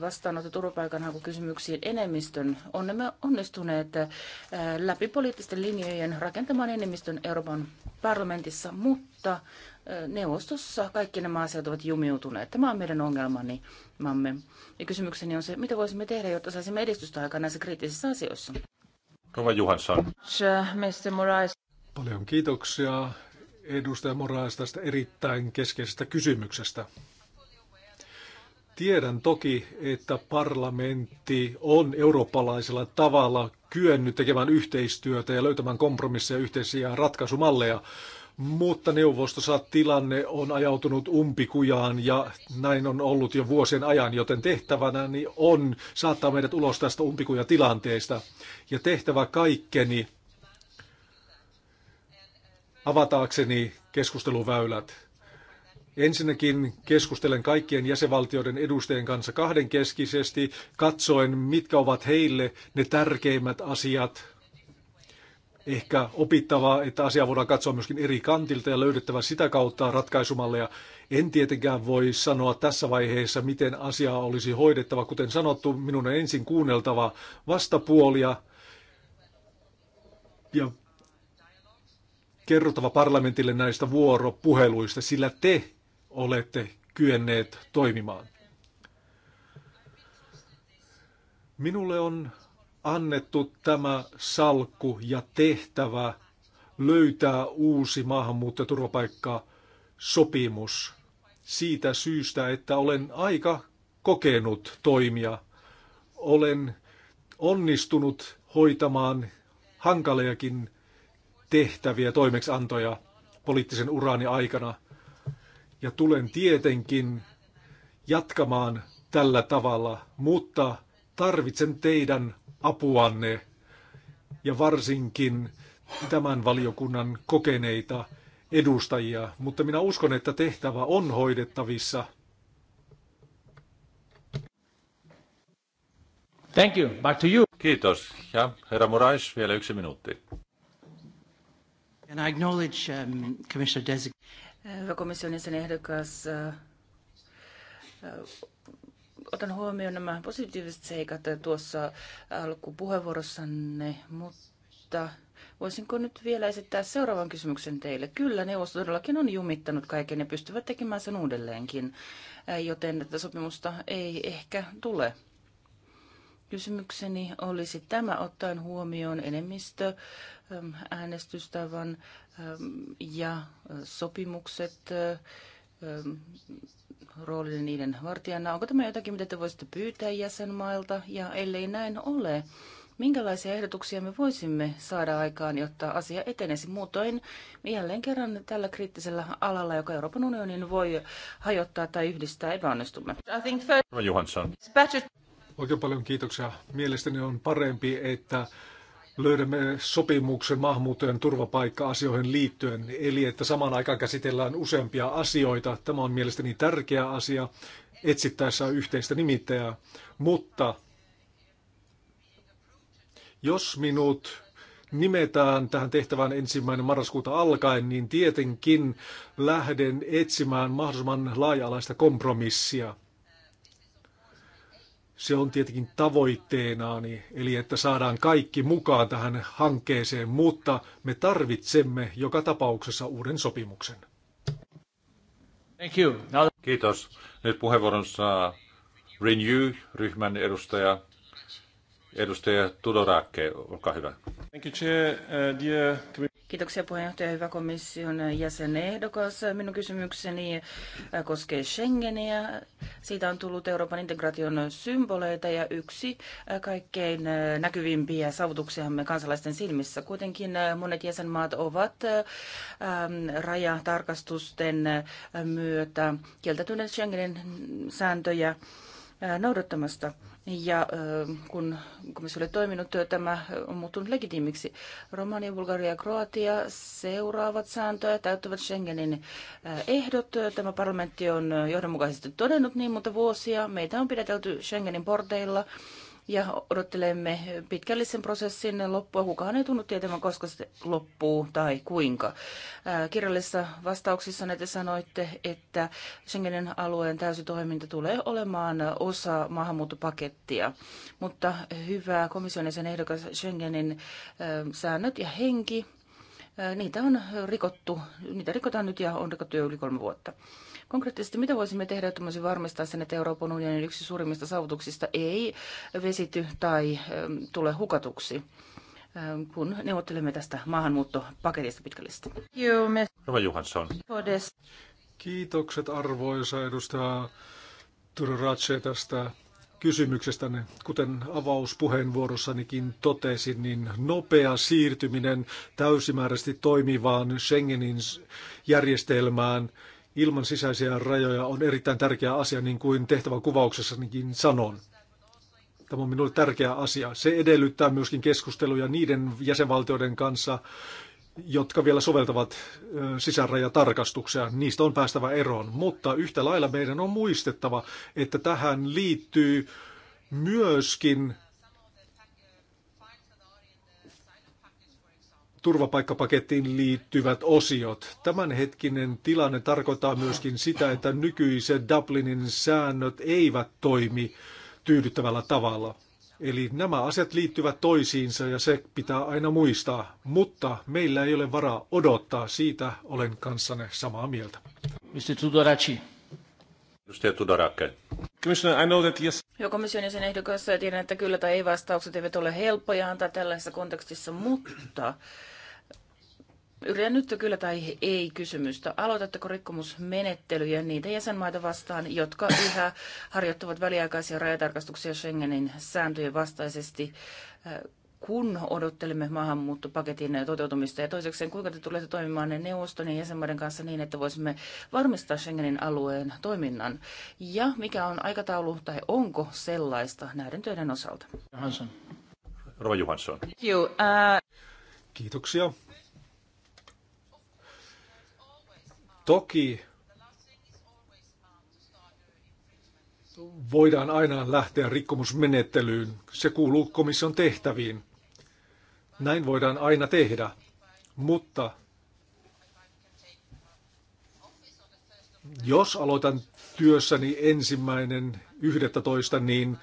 vastaanotto turvapaikanhakukysymyksiin enemmistön. Olemme onnistuneet läpi poliittisten linjojen rakentamaan enemmistön Euroopan parlamentissa, mutta neuvostossa kaikki nämä asiat ovat jumiutuneet. Tämä on meidän ongelmani. Mamme. Ja kysymykseni on se, mitä voisimme tehdä, jotta saisimme edistystä aikaan näissä kriittisissä asioissa?
Rova Johansson.
Mr. Morais.
Paljon kiitoksia edustaja Morais tästä erittäin keskeisestä kysymyksestä. Tiedän toki, että parlamentti on eurooppalaisella tavalla kyennyt tekemään yhteistyötä ja löytämään kompromisseja yhteisiä ratkaisumalleja, mutta neuvostossa tilanne on ajautunut umpikujaan ja näin on ollut jo vuosien ajan, joten tehtävänä on saattaa meidät ulos tästä umpikujatilanteesta ja tehtävä kaikkeni avataakseni keskusteluväylät. Ensinnäkin keskustelen kaikkien jäsenvaltioiden edustajien kanssa kahdenkeskisesti, katsoen mitkä ovat heille ne tärkeimmät asiat, ehkä opittavaa, että asia voidaan katsoa myöskin eri kantilta ja löydettävä sitä kautta ratkaisumalleja. En tietenkään voi sanoa tässä vaiheessa, miten asiaa olisi hoidettava. Kuten sanottu, minun on ensin kuunneltava vastapuolia ja kerrottava parlamentille näistä vuoropuheluista, sillä te olette kyenneet toimimaan. Minulle on annettu tämä salkku ja tehtävä löytää uusi maahanmuutto- sopimus siitä syystä, että olen aika kokenut toimia, Olen onnistunut hoitamaan hankalejakin tehtäviä toimeksiantoja poliittisen uraani aikana. Ja tulen tietenkin jatkamaan tällä tavalla, mutta tarvitsen teidän apuanne ja varsinkin tämän valiokunnan kokeneita edustajia, mutta minä uskon, että tehtävä on hoidettavissa.
Thank you. Back to you. Kiitos. Ja herra Murais vielä yksi minuutti. And I acknowledge, um, Commissioner Desi.
Hyvä komission jäsenehdokas, uh, otan huomioon nämä positiiviset seikat tuossa alkupuheenvuorossanne, mutta voisinko nyt vielä esittää seuraavan kysymyksen teille? Kyllä, neuvosto todellakin on jumittanut kaiken ja pystyvät tekemään sen uudelleenkin, joten tätä sopimusta ei ehkä tule. Kysymykseni olisi tämä ottaen huomioon enemmistö äänestystavan ja sopimukset roolinne niiden vartijana. Onko tämä jotakin, mitä te voisitte pyytää jäsenmailta? Ja ellei näin ole, minkälaisia ehdotuksia me voisimme saada aikaan, jotta asia etenisi? Muutoin jälleen kerran tällä kriittisellä alalla, joka Euroopan unionin voi hajottaa tai yhdistää, epäonnistumme. I think
first...
Oikein paljon kiitoksia. Mielestäni on parempi, että löydämme sopimuksen maahanmuuttojen turvapaikka-asioihin liittyen, eli että samaan aikaan käsitellään useampia asioita. Tämä on mielestäni tärkeä asia etsittäessä yhteistä nimittäjää, mutta jos minut nimetään tähän tehtävään ensimmäinen marraskuuta alkaen, niin tietenkin lähden etsimään mahdollisimman laaja-alaista kompromissia – se on tietenkin tavoitteenaani, niin, eli että saadaan kaikki mukaan tähän hankkeeseen, mutta me tarvitsemme joka tapauksessa uuden sopimuksen.
Thank you. Now... Kiitos. Nyt puheenvuoron saa Renew-ryhmän edustaja Edustaja Tudorakke, olkaa
hyvä. Uh, Kiitoksia puheenjohtaja, hyvä komission jäsenehdokas. Minun kysymykseni uh, koskee Schengeniä. Siitä on tullut Euroopan integraation symboleita ja yksi uh, kaikkein näkyvimpiä saavutuksiamme kansalaisten silmissä. Kuitenkin monet jäsenmaat ovat um, rajatarkastusten myötä kieltäytyneet Schengenin sääntöjä noudattamasta. Ja kun komissio oli toiminut, tämä on muuttunut legitiimiksi. Romania, Bulgaria ja Kroatia seuraavat sääntöjä, täyttävät Schengenin ehdot. Tämä parlamentti on johdonmukaisesti todennut niin monta vuosia. Meitä on pidätelty Schengenin porteilla ja odottelemme pitkällisen prosessin loppua. Kukaan ei tunnu tietämään, koska se loppuu tai kuinka. Äh, kirjallisissa vastauksissa te sanoitte, että Schengenin alueen täysi toiminta tulee olemaan osa maahanmuuttopakettia, mutta hyvä komission sen ehdokas Schengenin äh, säännöt ja henki Niitä on rikottu, niitä rikotaan nyt ja on rikottu jo yli kolme vuotta. Konkreettisesti mitä voisimme tehdä, että voisimme varmistaa sen, että Euroopan unionin yksi suurimmista saavutuksista ei vesity tai tule hukatuksi? kun neuvottelemme tästä maahanmuuttopaketista pitkällisesti.
Rova Johansson.
Kiitokset arvoisa edustaja Turratse tästä kysymyksestänne. Kuten avauspuheenvuorossanikin totesin, niin nopea siirtyminen täysimääräisesti toimivaan Schengenin järjestelmään ilman sisäisiä rajoja on erittäin tärkeä asia, niin kuin tehtävän kuvauksessanikin sanon. Tämä on minulle tärkeä asia. Se edellyttää myöskin keskusteluja niiden jäsenvaltioiden kanssa, jotka vielä soveltavat sisärajatarkastuksia. Niistä on päästävä eroon, mutta yhtä lailla meidän on muistettava, että tähän liittyy myöskin turvapaikkapakettiin liittyvät osiot. Tämänhetkinen tilanne tarkoittaa myöskin sitä, että nykyiset Dublinin säännöt eivät toimi tyydyttävällä tavalla. Eli nämä asiat liittyvät toisiinsa ja se pitää aina muistaa, mutta meillä ei ole varaa odottaa. Siitä olen kanssanne
samaa mieltä. Mr. Tudorachi. Edustaja Tudorakke. Commissioner, I know that yes.
Jo komission jäsen ehdokas, tiedän, että kyllä tai ei vastaukset eivät ole helppoja antaa tällaisessa kontekstissa, mutta Ylennyttä kyllä tai ei kysymystä. Aloitatteko rikkomusmenettelyjä niitä jäsenmaita vastaan, jotka yhä harjoittavat väliaikaisia rajatarkastuksia Schengenin sääntöjen vastaisesti, äh, kun odottelemme maahanmuuttopaketin toteutumista? Ja toiseksi, kuinka te tulette toimimaan ne neuvoston ja jäsenmaiden kanssa niin, että voisimme varmistaa Schengenin alueen toiminnan? Ja mikä on aikataulu tai onko sellaista näiden töiden osalta? Johansson. Rova Johansson. Uh,
Kiitoksia.
Toki voidaan aina lähteä rikkomusmenettelyyn. Se kuuluu komission tehtäviin. Näin voidaan aina tehdä, mutta jos aloitan työssäni ensimmäinen 11, niin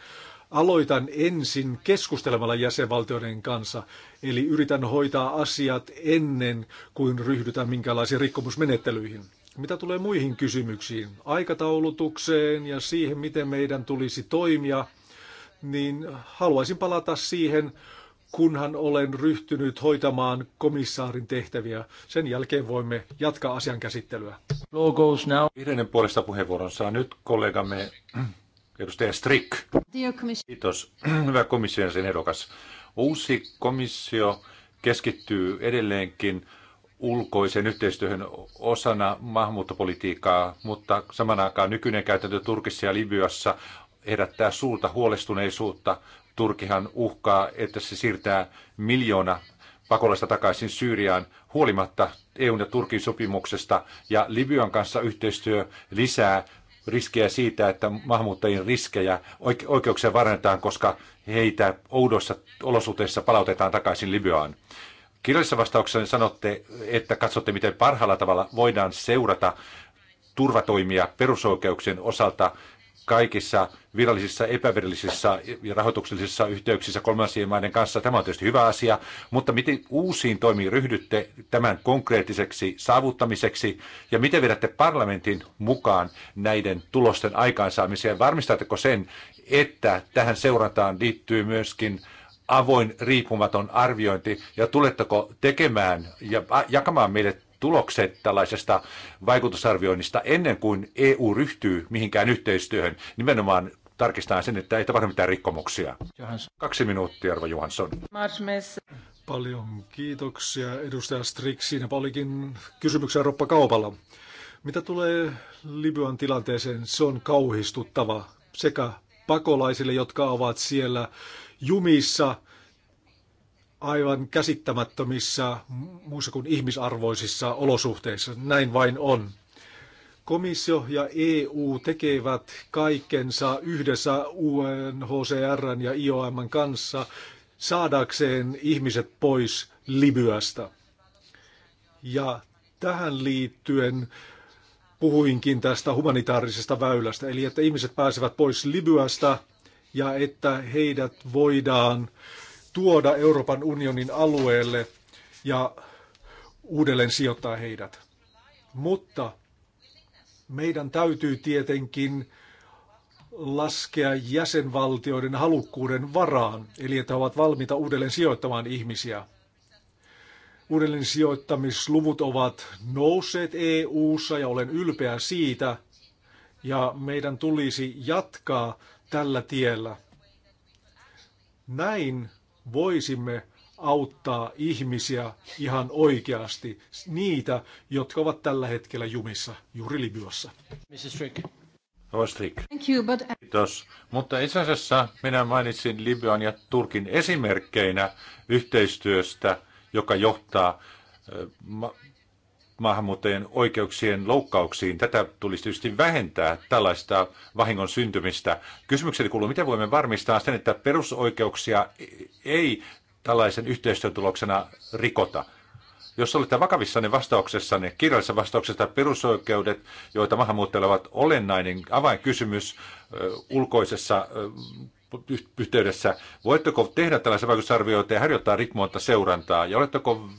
aloitan ensin keskustelemalla jäsenvaltioiden kanssa, eli yritän hoitaa asiat ennen kuin ryhdytään minkälaisiin rikkomusmenettelyihin. Mitä tulee muihin kysymyksiin, aikataulutukseen ja siihen, miten meidän tulisi toimia, niin haluaisin palata siihen, kunhan olen ryhtynyt hoitamaan komissaarin tehtäviä. Sen jälkeen voimme jatkaa asian käsittelyä.
Logos now. Vihreinen puolesta puheenvuoron saa nyt kollegamme [CLEARS THROAT] edustaja Strick. Kiitos. [CLEARS THROAT] Hyvä komission sen edokas. Uusi komissio keskittyy edelleenkin ulkoisen yhteistyöhön osana maahanmuuttopolitiikkaa, mutta saman aikaan nykyinen käytäntö Turkissa ja Libyassa herättää suurta huolestuneisuutta. Turkihan uhkaa, että se siirtää miljoona pakolaista takaisin Syyriaan huolimatta EUn ja Turkin sopimuksesta. Ja Libyan kanssa yhteistyö lisää riskejä siitä, että maahanmuuttajien riskejä oikeuksia varannetaan, koska heitä Oudossa olosuhteissa palautetaan takaisin Libyaan. Kirjallisessa vastauksessa sanotte, että katsotte, miten parhaalla tavalla voidaan seurata turvatoimia perusoikeuksien osalta kaikissa virallisissa, epävirallisissa ja rahoituksellisissa yhteyksissä kolmansien maiden kanssa. Tämä on tietysti hyvä asia, mutta miten uusiin toimiin ryhdytte tämän konkreettiseksi saavuttamiseksi ja miten vedätte parlamentin mukaan näiden tulosten aikaansaamiseen? Varmistatteko sen, että tähän seurantaan liittyy myöskin avoin, riippumaton arviointi ja tuletteko tekemään ja jakamaan meille tulokset tällaisesta vaikutusarvioinnista ennen kuin EU ryhtyy mihinkään yhteistyöhön, nimenomaan tarkistaa sen, että ei tapahdu mitään rikkomuksia. Kaksi minuuttia, Arvo Johansson.
Paljon kiitoksia, edustaja Strix. Siinä olikin kysymyksiä Roppa Kaupalla. Mitä tulee Libyan tilanteeseen, se on kauhistuttava sekä pakolaisille, jotka ovat siellä jumissa aivan käsittämättömissä muissa kuin ihmisarvoisissa olosuhteissa. Näin vain on. Komissio ja EU tekevät kaikensa yhdessä UNHCRn ja IOMn kanssa saadakseen ihmiset pois Libyasta. Ja tähän liittyen puhuinkin tästä humanitaarisesta väylästä, eli että ihmiset pääsevät pois Libyasta ja että heidät voidaan tuoda Euroopan unionin alueelle ja uudelleen sijoittaa heidät. Mutta meidän täytyy tietenkin laskea jäsenvaltioiden halukkuuden varaan, eli että ovat valmiita uudelleen sijoittamaan ihmisiä. Uudelleen sijoittamisluvut ovat nousseet EU-ssa ja olen ylpeä siitä. Ja meidän tulisi jatkaa tällä tiellä. Näin voisimme auttaa ihmisiä ihan oikeasti, niitä, jotka ovat tällä hetkellä jumissa juuri Libyassa.
Ostrik. Thank you, but... Kiitos. Mutta itse asiassa minä mainitsin Libyan ja Turkin esimerkkeinä yhteistyöstä – joka johtaa ma- maahanmuuttajien oikeuksien loukkauksiin. Tätä tulisi tietysti vähentää, tällaista vahingon syntymistä. Kysymykseni kuuluu, miten voimme varmistaa sen, että perusoikeuksia ei tällaisen yhteistyön tuloksena rikota? Jos olette vakavissanne vastauksessanne, kirjallisessa vastauksessa perusoikeudet, joita maahanmuuttajilla ovat olennainen avainkysymys ulkoisessa yhteydessä, voitteko tehdä tällaisia vaikutusarvioita ja harjoittaa rikmoonta seurantaa? Ja oletteko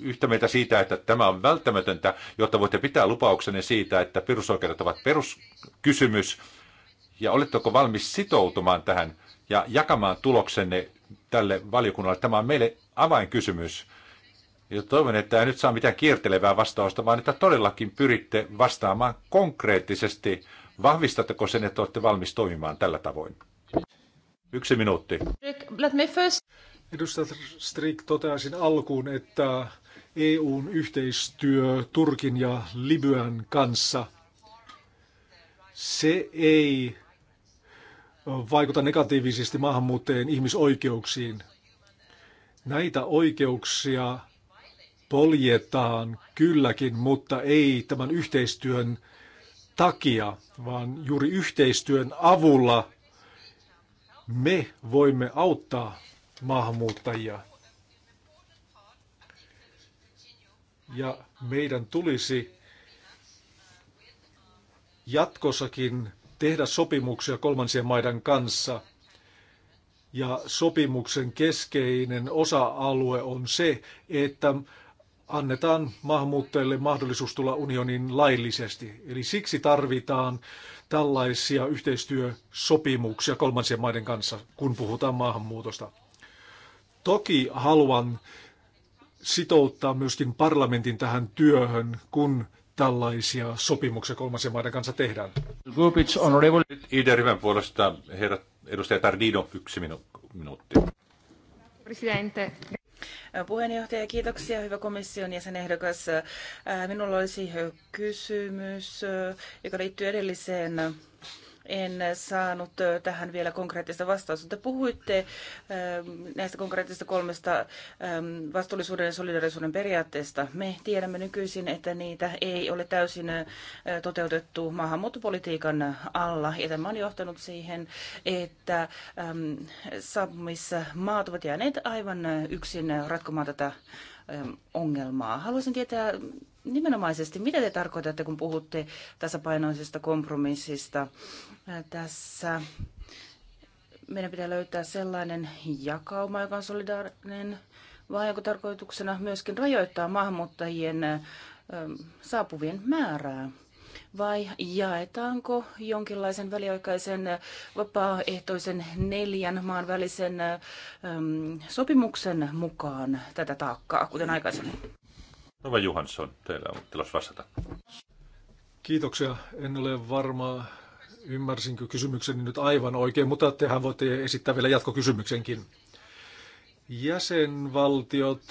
yhtä mieltä siitä, että tämä on välttämätöntä, jotta voitte pitää lupauksenne siitä, että perusoikeudet ovat peruskysymys? Ja oletteko valmis sitoutumaan tähän ja jakamaan tuloksenne tälle valiokunnalle? Tämä on meille avainkysymys. Ja toivon, että ei nyt saa mitään kiertelevää vastausta, vaan että todellakin pyritte vastaamaan konkreettisesti. Vahvistatteko sen, että olette valmis toimimaan tällä tavoin? Yksi minuutti.
Let me first...
Edustaja Strik toteaisin alkuun, että EUn yhteistyö Turkin ja Libyan kanssa, se ei vaikuta negatiivisesti maahanmuuttajien ihmisoikeuksiin. Näitä oikeuksia poljetaan kylläkin, mutta ei tämän yhteistyön takia, vaan juuri yhteistyön avulla – me voimme auttaa maahanmuuttajia. Ja meidän tulisi jatkossakin tehdä sopimuksia kolmansien maiden kanssa. Ja sopimuksen keskeinen osa-alue on se, että annetaan maahanmuuttajille mahdollisuus tulla unionin laillisesti. Eli siksi tarvitaan tällaisia yhteistyösopimuksia kolmansien maiden kanssa, kun puhutaan maahanmuutosta. Toki haluan sitouttaa myöskin parlamentin tähän työhön, kun tällaisia sopimuksia kolmansien maiden kanssa tehdään.
Grupic puolesta herra edustaja Tardino, yksi minu- minuutti.
Presidente puheenjohtaja. Kiitoksia, hyvä komission jäsenehdokas. Äh, minulla olisi kysymys, äh, joka liittyy edelliseen en saanut tähän vielä konkreettista vastausta. Te puhuitte näistä konkreettista kolmesta vastuullisuuden ja solidarisuuden periaatteesta. Me tiedämme nykyisin, että niitä ei ole täysin toteutettu maahanmuuttopolitiikan alla, ja tämä on johtanut siihen, että saapumissa maat ovat jääneet aivan yksin ratkomaan tätä ongelmaa. Haluaisin tietää nimenomaisesti, mitä te tarkoitatte, kun puhutte tasapainoisesta kompromissista? Äh, tässä meidän pitää löytää sellainen jakauma, joka on solidaarinen, vai onko tarkoituksena myöskin rajoittaa maahanmuuttajien äh, saapuvien määrää? Vai jaetaanko jonkinlaisen väliaikaisen äh, vapaaehtoisen neljän maan välisen äm, ähm, sopimuksen mukaan tätä taakkaa, kuten aikaisemmin?
Rova Johansson, teillä on tilas vastata.
Kiitoksia. En ole varma, ymmärsinkö kysymykseni nyt aivan oikein, mutta tehän voitte esittää vielä jatkokysymyksenkin. Jäsenvaltiot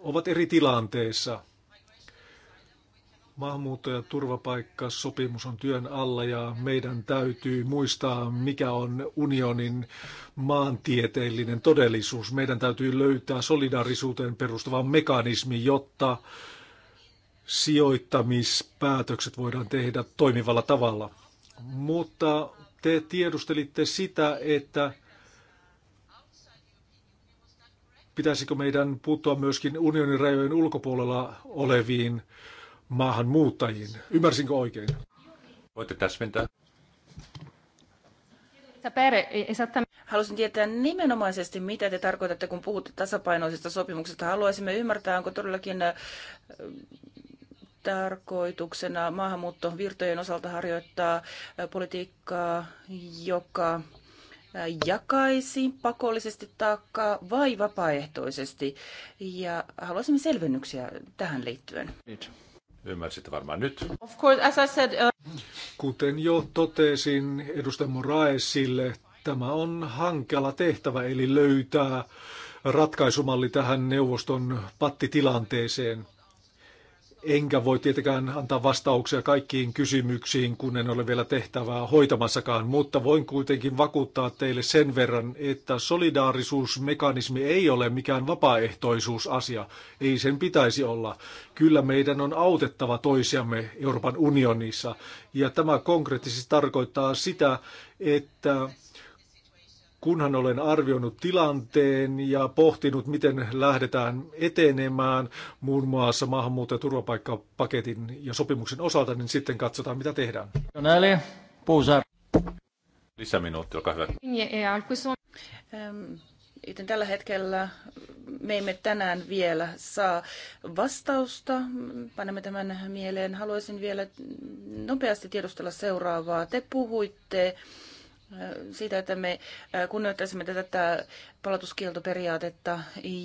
ovat eri tilanteissa – Maahanmuutto- ja turvapaikkasopimus on työn alla ja meidän täytyy muistaa, mikä on unionin maantieteellinen todellisuus. Meidän täytyy löytää solidaarisuuteen perustuva mekanismi, jotta sijoittamispäätökset voidaan tehdä toimivalla tavalla. Mutta te tiedustelitte sitä, että pitäisikö meidän puuttua myöskin unionin rajojen ulkopuolella oleviin maahanmuuttajiin.
Ymmärsinkö oikein? Voitte täsmentää.
Haluaisin tietää nimenomaisesti, mitä te tarkoitatte, kun puhutte tasapainoisesta sopimuksesta. Haluaisimme ymmärtää, onko todellakin äh, tarkoituksena maahanmuuttovirtojen osalta harjoittaa äh, politiikkaa, joka äh, jakaisi pakollisesti taakkaa vai vapaaehtoisesti. Ja haluaisimme selvennyksiä tähän liittyen.
Ymmärsit varmaan nyt.
Of course, as I said, uh...
Kuten jo totesin edustaja Moraesille, tämä on hankala tehtävä, eli löytää ratkaisumalli tähän neuvoston pattitilanteeseen. Enkä voi tietenkään antaa vastauksia kaikkiin kysymyksiin, kun en ole vielä tehtävää hoitamassakaan, mutta voin kuitenkin vakuuttaa teille sen verran, että solidaarisuusmekanismi ei ole mikään vapaaehtoisuusasia. Ei sen pitäisi olla. Kyllä meidän on autettava toisiamme Euroopan unionissa. Ja tämä konkreettisesti tarkoittaa sitä, että kunhan olen arvioinut tilanteen ja pohtinut, miten lähdetään etenemään muun muassa maahanmuutto- ja turvapaikkapaketin ja sopimuksen osalta, niin sitten katsotaan, mitä tehdään.
Näli, Puusar. Lisäminuutti, olkaa hyvä.
E joten tällä hetkellä me emme tänään vielä saa vastausta. Panemme tämän mieleen. Haluaisin vielä nopeasti tiedustella seuraavaa. Te puhuitte siitä, että me kunnioittaisimme tätä palautuskieltoperiaatetta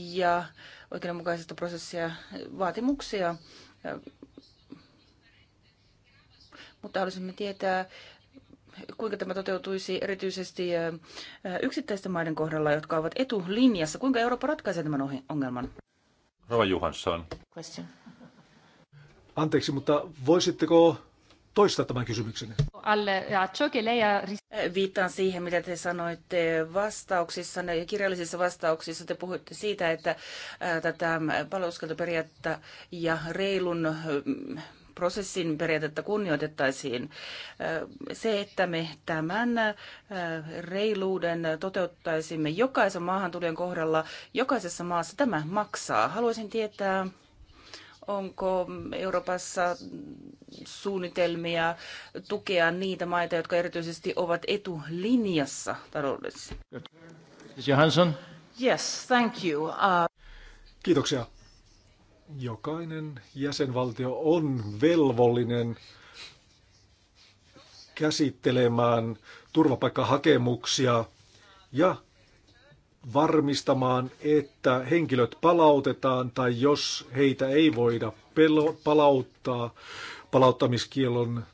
ja oikeudenmukaisesta prosessia vaatimuksia. Mutta haluaisimme tietää, kuinka tämä toteutuisi erityisesti yksittäisten maiden kohdalla, jotka ovat etulinjassa. Kuinka Eurooppa ratkaisee tämän ongelman?
Rova Johansson. Anteeksi, mutta voisitteko toistaa tämän kysymyksen.
Äh, viittaan siihen, mitä te sanoitte vastauksissa, kirjallisissa vastauksissa te puhuitte siitä, että äh, tätä ähm, palveluskeltoperiaatetta ja reilun äh, prosessin periaatetta kunnioitettaisiin. Se, että me tämän reiluuden toteuttaisimme jokaisen maahantulijan kohdalla, jokaisessa maassa, tämä maksaa. Haluaisin tietää, Onko Euroopassa suunnitelmia tukea niitä maita, jotka erityisesti ovat etulinjassa taloudessa? Johansson? Yes, thank you. Uh...
Kiitoksia. Jokainen jäsenvaltio on velvollinen käsittelemään turvapaikkahakemuksia ja varmistamaan, että henkilöt palautetaan tai jos heitä ei voida palauttaa palauttamiskielon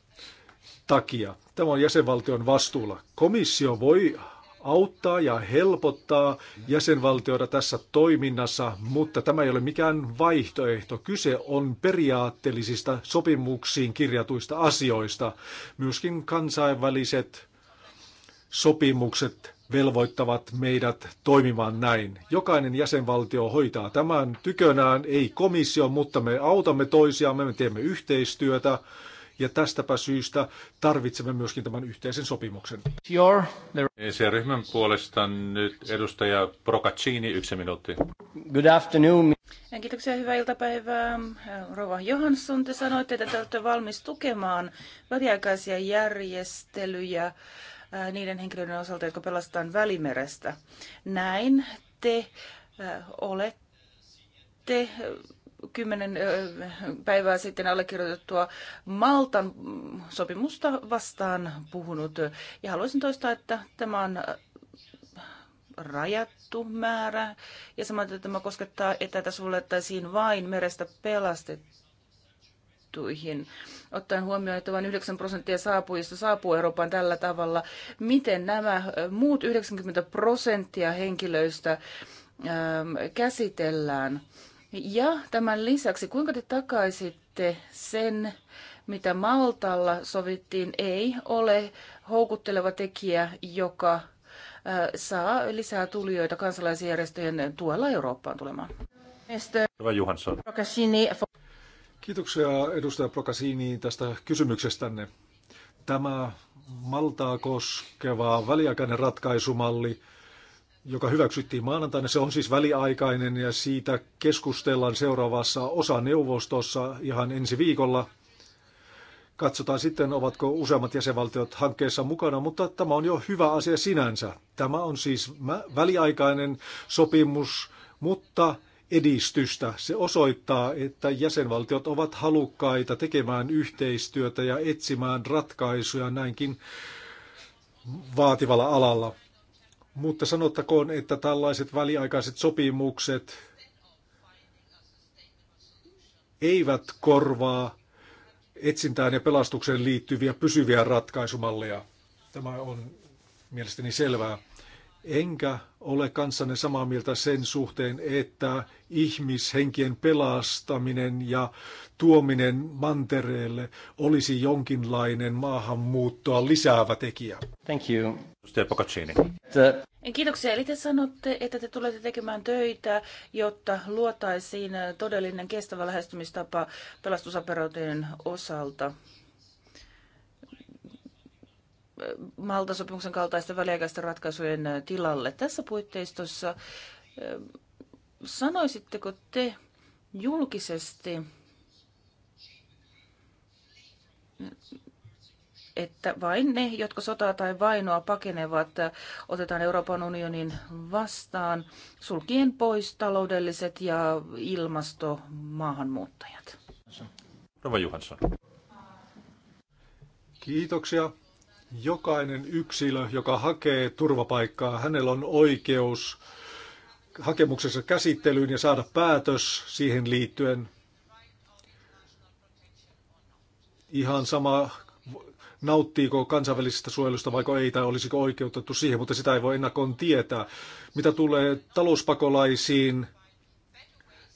takia. Tämä on jäsenvaltion vastuulla. Komissio voi auttaa ja helpottaa jäsenvaltioita tässä toiminnassa, mutta tämä ei ole mikään vaihtoehto. Kyse on periaatteellisista sopimuksiin kirjatuista asioista. Myöskin kansainväliset sopimukset velvoittavat meidät toimimaan näin. Jokainen jäsenvaltio hoitaa tämän tykönään, ei komissio, mutta me autamme toisiamme, me teemme yhteistyötä ja tästäpä syystä tarvitsemme myöskin tämän yhteisen sopimuksen.
Se ryhmän puolesta nyt edustaja Procaccini, yksi minuutti.
Good afternoon.
Kiitoksia, hyvää iltapäivää. Rova Johansson, te sanoitte, että te olette valmis tukemaan väliaikaisia järjestelyjä niiden henkilöiden osalta, jotka pelastetaan Välimerestä. Näin te olette kymmenen päivää sitten allekirjoitettua Maltan sopimusta vastaan puhunut. Ja haluaisin toistaa, että tämä on rajattu määrä ja samoin, että tämä koskettaa, että tässä vain merestä pelastettu saavutettuihin. Ottaen huomioon, että vain 9 prosenttia saapujista saapuu Eurooppaan tällä tavalla, miten nämä muut 90 prosenttia henkilöistä käsitellään? Ja tämän lisäksi, kuinka te takaisitte sen, mitä Maltalla sovittiin, ei ole houkutteleva tekijä, joka saa lisää tulijoita kansalaisjärjestöjen tuella Eurooppaan tulemaan.
Hyvä Johansson.
Kiitoksia edustaja Prokasini tästä kysymyksestänne. Tämä Maltaa koskeva väliaikainen ratkaisumalli, joka hyväksyttiin maanantaina, se on siis väliaikainen ja siitä keskustellaan seuraavassa osaneuvostossa ihan ensi viikolla. Katsotaan sitten, ovatko useammat jäsenvaltiot hankkeessa mukana, mutta tämä on jo hyvä asia sinänsä. Tämä on siis väliaikainen sopimus, mutta edistystä. Se osoittaa, että jäsenvaltiot ovat halukkaita tekemään yhteistyötä ja etsimään ratkaisuja näinkin vaativalla alalla. Mutta sanottakoon, että tällaiset väliaikaiset sopimukset eivät korvaa etsintään ja pelastukseen liittyviä pysyviä ratkaisumalleja. Tämä on mielestäni selvää. Enkä ole kanssanne samaa mieltä sen suhteen, että ihmishenkien pelastaminen ja tuominen mantereelle olisi jonkinlainen maahanmuuttoa lisäävä tekijä.
Thank you.
Kiitoksia. Eli te sanotte, että te tulette tekemään töitä, jotta luotaisiin todellinen kestävä lähestymistapa pelastusoperaatioiden osalta. Malta-sopimuksen kaltaisten väliaikaisten ratkaisujen tilalle. Tässä puitteistossa eh, sanoisitteko te julkisesti, että vain ne, jotka sotaa tai vainoa pakenevat, otetaan Euroopan unionin vastaan, sulkien pois taloudelliset ja ilmastomaahanmuuttajat.
Rova Johansson.
Kiitoksia. Jokainen yksilö, joka hakee turvapaikkaa, hänellä on oikeus hakemuksessa käsittelyyn ja saada päätös siihen liittyen. Ihan sama, nauttiiko kansainvälisestä suojelusta vai ei, tai olisiko oikeutettu siihen, mutta sitä ei voi ennakkoon tietää. Mitä tulee talouspakolaisiin,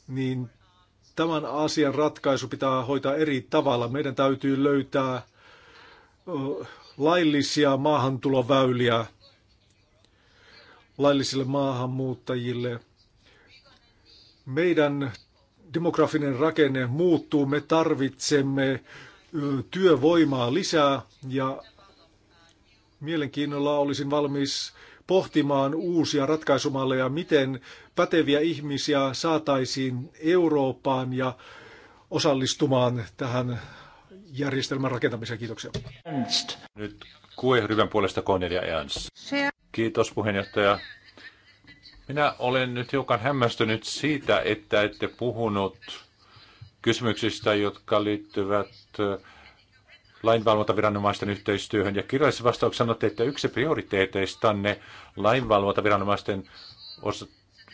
niin tämän asian ratkaisu pitää hoitaa eri tavalla. Meidän täytyy löytää laillisia maahantuloväyliä laillisille maahanmuuttajille. Meidän demografinen rakenne muuttuu, me tarvitsemme työvoimaa lisää ja mielenkiinnolla olisin valmis pohtimaan uusia ratkaisumalleja, miten päteviä ihmisiä saataisiin Eurooppaan ja osallistumaan tähän järjestelmän rakentamiseen. Kiitoksia. Ernst.
Nyt kuin ryhmän puolesta Cornelia Ernst. Kiitos puheenjohtaja. Minä olen nyt hiukan hämmästynyt siitä, että ette puhunut kysymyksistä, jotka liittyvät äh, lainvalvontaviranomaisten yhteistyöhön. Ja kirjallisessa vastauksessa sanotte, että yksi prioriteeteistanne lainvalvontaviranomaisten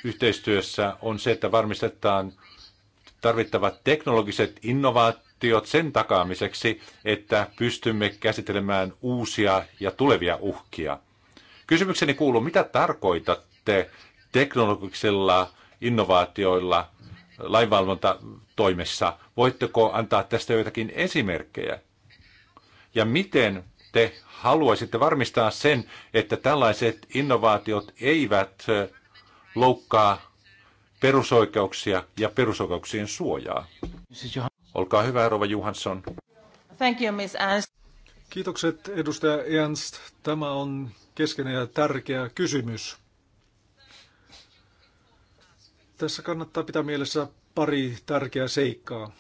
yhteistyössä on se, että varmistetaan tarvittavat teknologiset innovaatiot, sanktiot sen takaamiseksi, että pystymme käsittelemään uusia ja tulevia uhkia. Kysymykseni kuuluu, mitä tarkoitatte teknologisilla innovaatioilla lainvalvontatoimessa? Voitteko antaa tästä joitakin esimerkkejä? Ja miten te haluaisitte varmistaa sen, että tällaiset innovaatiot eivät loukkaa perusoikeuksia ja perusoikeuksien suojaa? Olkaa hyvä, Rova Johansson.
Thank you, Miss Ernst.
Kiitokset, edustaja Ernst. Tämä on keskeinen ja tärkeä kysymys. Tässä kannattaa pitää mielessä pari tärkeää seikkaa.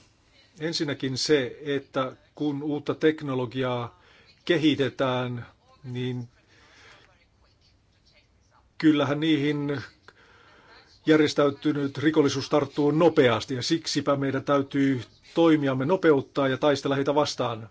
Ensinnäkin se, että kun uutta teknologiaa kehitetään, niin kyllähän niihin järjestäytynyt rikollisuus tarttuu nopeasti ja siksipä meidän täytyy toimiamme nopeuttaa ja taistella heitä vastaan.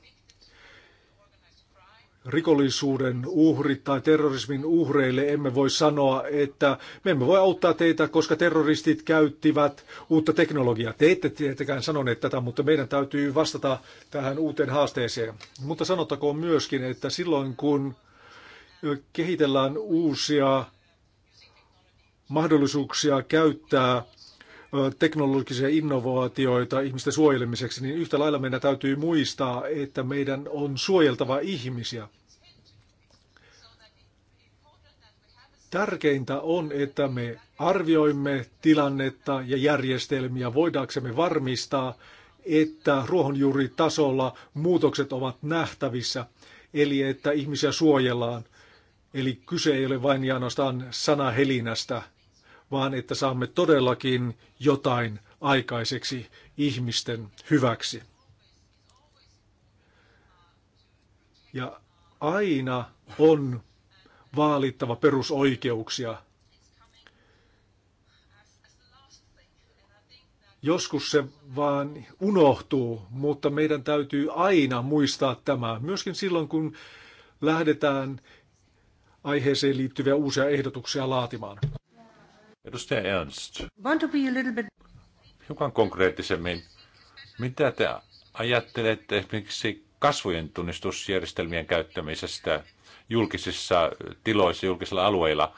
Rikollisuuden uhrit tai terrorismin uhreille emme voi sanoa, että me emme voi auttaa teitä, koska terroristit käyttivät uutta teknologiaa. Te ette tietenkään sanoneet tätä, mutta meidän täytyy vastata tähän uuteen haasteeseen. Mutta sanottakoon myöskin, että silloin kun kehitellään uusia mahdollisuuksia käyttää teknologisia innovaatioita ihmisten suojelemiseksi, niin yhtä lailla meidän täytyy muistaa, että meidän on suojeltava ihmisiä. Tärkeintä on, että me arvioimme tilannetta ja järjestelmiä, voidaksemme varmistaa, että ruohonjuuritasolla muutokset ovat nähtävissä, eli että ihmisiä suojellaan. Eli kyse ei ole vain ja ainoastaan sanahelinästä – vaan että saamme todellakin jotain aikaiseksi ihmisten hyväksi. Ja aina on vaalittava perusoikeuksia. Joskus se vaan unohtuu, mutta meidän täytyy aina muistaa tämä, myöskin silloin kun lähdetään aiheeseen liittyviä uusia ehdotuksia laatimaan.
Edustaja Ernst. Want to be a little bit... Hiukan konkreettisemmin. Mitä te ajattelette esimerkiksi kasvojen tunnistusjärjestelmien käyttämisestä julkisissa tiloissa, julkisilla alueilla?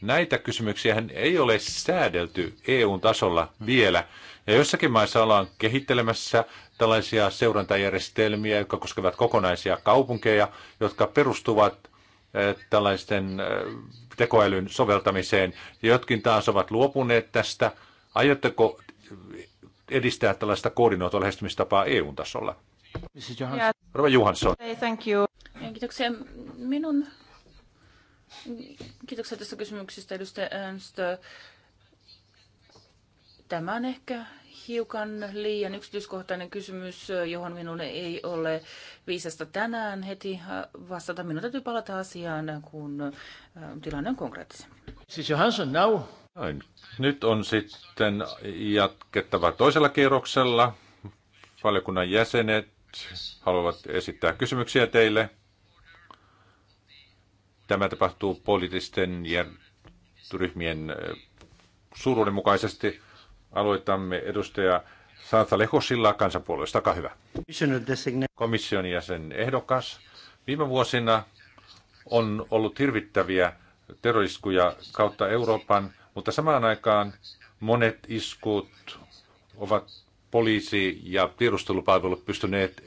Näitä kysymyksiä ei ole säädelty EU-tasolla vielä. Ja jossakin maissa ollaan kehittelemässä tällaisia seurantajärjestelmiä, jotka koskevat kokonaisia kaupunkeja, jotka perustuvat Äh, tällaisten äh, tekoälyn soveltamiseen. Jotkin taas ovat luopuneet tästä. Aiotteko edistää tällaista koordinoitua lähestymistapaa EU-tasolla? Rova Johansson.
Thank you. Kiitoksia. Minun... Kiitoksia tästä kysymyksestä, edustaja Ernst. Tämä on ehkä hiukan liian yksityiskohtainen kysymys, johon minulle ei ole viisasta tänään heti vastata. Minun täytyy palata asiaan, kun äh, tilanne on konkreettisempi. Siis Johansson, now.
Noin. Nyt on sitten jatkettava toisella kierroksella. Valiokunnan jäsenet haluavat esittää kysymyksiä teille. Tämä tapahtuu poliittisten ja ryhmien äh, suuruuden mukaisesti. Aloitamme edustaja Santa Lehosilla kansanpuolueesta. Olkaa hyvä. Komission jäsen ehdokas. Viime vuosina on ollut hirvittäviä terroriskuja kautta Euroopan, mutta samaan aikaan monet iskut ovat poliisi- ja tiedustelupalvelut pystyneet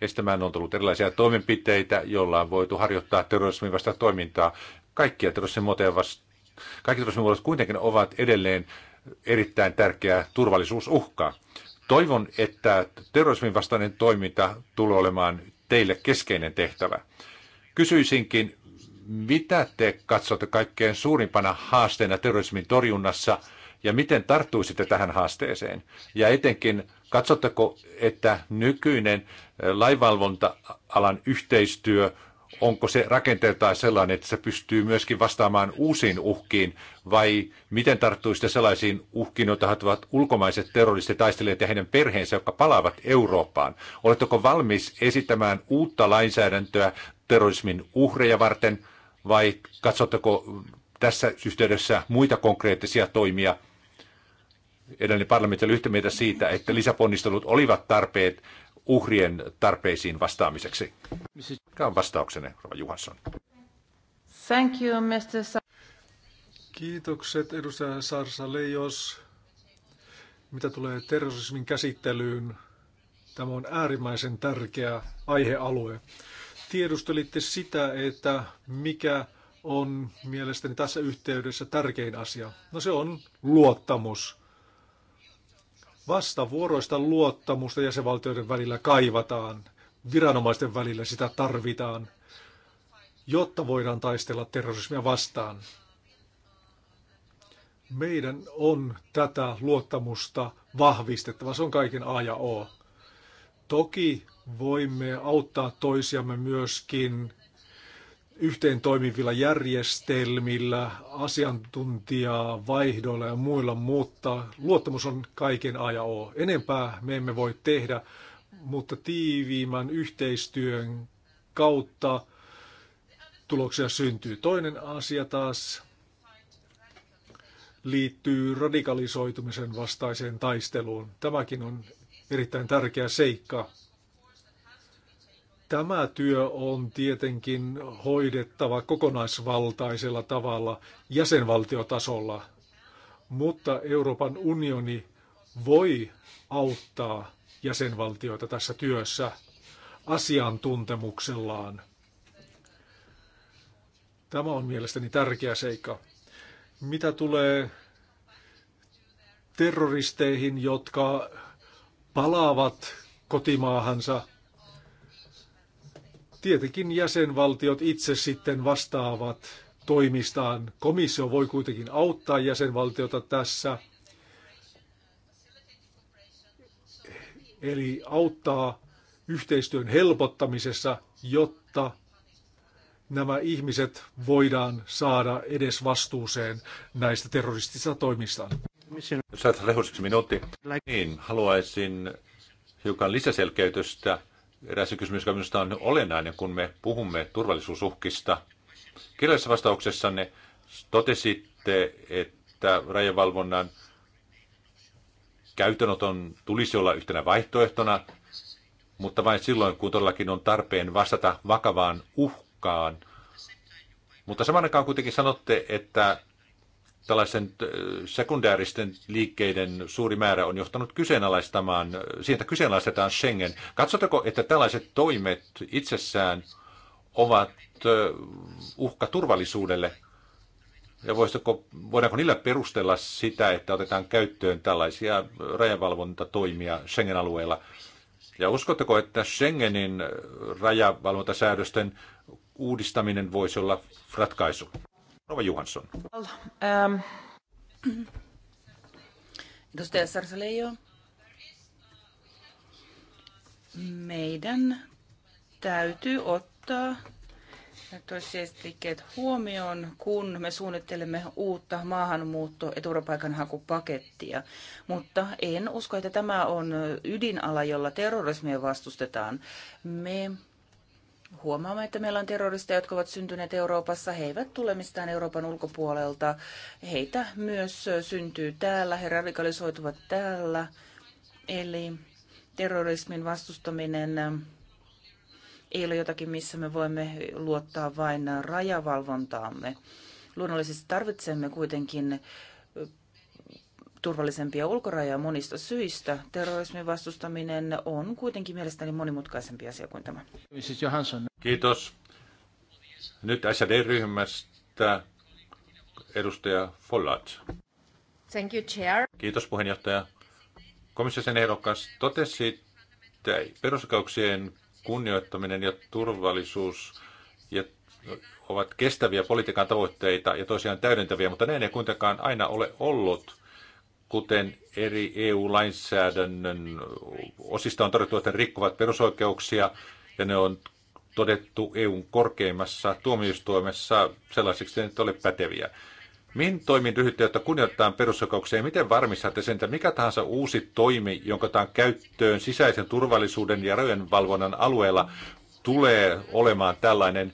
estämään. On tullut erilaisia toimenpiteitä, joilla on voitu harjoittaa terrorismin vasta toimintaa. Kaikkia terrorismin muotoja vasta kaikki terrorismimuodot kuitenkin ovat edelleen erittäin tärkeää turvallisuusuhka. Toivon, että terrorismin vastainen toiminta tulee olemaan teille keskeinen tehtävä. Kysyisinkin, mitä te katsotte kaikkein suurimpana haasteena terrorismin torjunnassa ja miten tarttuisitte tähän haasteeseen? Ja etenkin, katsotteko, että nykyinen eh, laivalvonta-alan yhteistyö onko se rakenteeltaan sellainen, että se pystyy myöskin vastaamaan uusiin uhkiin, vai miten tarttuisitte sellaisiin uhkiin, joita hatuvat ulkomaiset taistelijat ja heidän perheensä, jotka palaavat Eurooppaan? Oletteko valmis esittämään uutta lainsäädäntöä terrorismin uhreja varten, vai katsotteko tässä yhteydessä muita konkreettisia toimia? Edellinen parlamentti oli yhtä mieltä siitä, että lisäponnistelut olivat tarpeet uhrien tarpeisiin vastaamiseksi? Mikä on vastauksenne, Rova Johansson?
Thank you, Mr. Sa-
Kiitokset, edustaja Sarsa Leijos. Mitä tulee terrorismin käsittelyyn, tämä on äärimmäisen tärkeä aihealue. Tiedustelitte sitä, että mikä on mielestäni tässä yhteydessä tärkein asia. No se on luottamus. Vastavuoroista luottamusta jäsenvaltioiden välillä kaivataan, viranomaisten välillä sitä tarvitaan, jotta voidaan taistella terrorismia vastaan. Meidän on tätä luottamusta vahvistettava, se on kaiken A ja O. Toki voimme auttaa toisiamme myöskin yhteen toimivilla järjestelmillä, asiantuntijaa, vaihdoilla ja muilla, mutta luottamus on kaiken A ja O. Enempää me emme voi tehdä, mutta tiiviimmän yhteistyön kautta tuloksia syntyy. Toinen asia taas liittyy radikalisoitumisen vastaiseen taisteluun. Tämäkin on erittäin tärkeä seikka. Tämä työ on tietenkin hoidettava kokonaisvaltaisella tavalla jäsenvaltiotasolla, mutta Euroopan unioni voi auttaa jäsenvaltioita tässä työssä asiantuntemuksellaan. Tämä on mielestäni tärkeä seikka. Mitä tulee terroristeihin, jotka palaavat kotimaahansa – Tietenkin jäsenvaltiot itse sitten vastaavat toimistaan. Komissio voi kuitenkin auttaa jäsenvaltiota tässä, eli auttaa yhteistyön helpottamisessa, jotta nämä ihmiset voidaan saada edes vastuuseen näistä terroristisista toimistaan.
Saat ajatellaan minuutti, niin haluaisin hiukan lisäselkeytystä eräs kysymys, joka minusta on olennainen, kun me puhumme turvallisuusuhkista. Kirjallisessa vastauksessanne totesitte, että rajavalvonnan käytönoton tulisi olla yhtenä vaihtoehtona, mutta vain silloin, kun todellakin on tarpeen vastata vakavaan uhkaan. Mutta samaan aikaan kuitenkin sanotte, että tällaisen äh, sekundääristen liikkeiden suuri määrä on johtanut kyseenalaistamaan, äh, siitä kyseenalaistetaan Schengen. Katsotteko, että tällaiset toimet itsessään ovat äh, uhka turvallisuudelle? Ja voisitko, voidaanko niillä perustella sitä, että otetaan käyttöön tällaisia rajavalvontatoimia Schengen-alueella? Ja uskotteko, että Schengenin rajavalvontasäädösten uudistaminen voisi olla ratkaisu?
Rova Johansson. Ähm. Edustaja Meidän täytyy ottaa toissijaisliikkeet huomioon, kun me suunnittelemme uutta maahanmuutto- ja turvapaikanhakupakettia. Mutta en usko, että tämä on ydinala, jolla terrorismia vastustetaan. Me huomaamme, että meillä on terroristeja, jotka ovat syntyneet Euroopassa. He eivät tule mistään Euroopan ulkopuolelta. Heitä myös syntyy täällä. He radikalisoituvat täällä. Eli terrorismin vastustaminen ei ole jotakin, missä me voimme luottaa vain rajavalvontaamme. Luonnollisesti tarvitsemme kuitenkin turvallisempia ulkorajoja monista syistä. Terrorismin vastustaminen on kuitenkin mielestäni monimutkaisempi asia kuin tämä.
Johansson. Kiitos. Nyt sd ryhmästä edustaja Follat.
Thank you, Chair.
Kiitos puheenjohtaja. Komission ehdokas totesi, että perusoikeuksien kunnioittaminen ja turvallisuus ja ovat kestäviä politiikan tavoitteita ja tosiaan täydentäviä, mutta ne ei kuitenkaan aina ole ollut kuten eri EU-lainsäädännön osista on todettu, että ne rikkovat perusoikeuksia ja ne on todettu EUn korkeimmassa tuomioistuimessa sellaisiksi, että ne ole päteviä. Min toimin ryhdytte, jotta kunnioitetaan perusoikeuksia ja miten varmistatte sen, että mikä tahansa uusi toimi, jonka otetaan käyttöön sisäisen turvallisuuden ja rajojen valvonnan alueella, tulee olemaan tällainen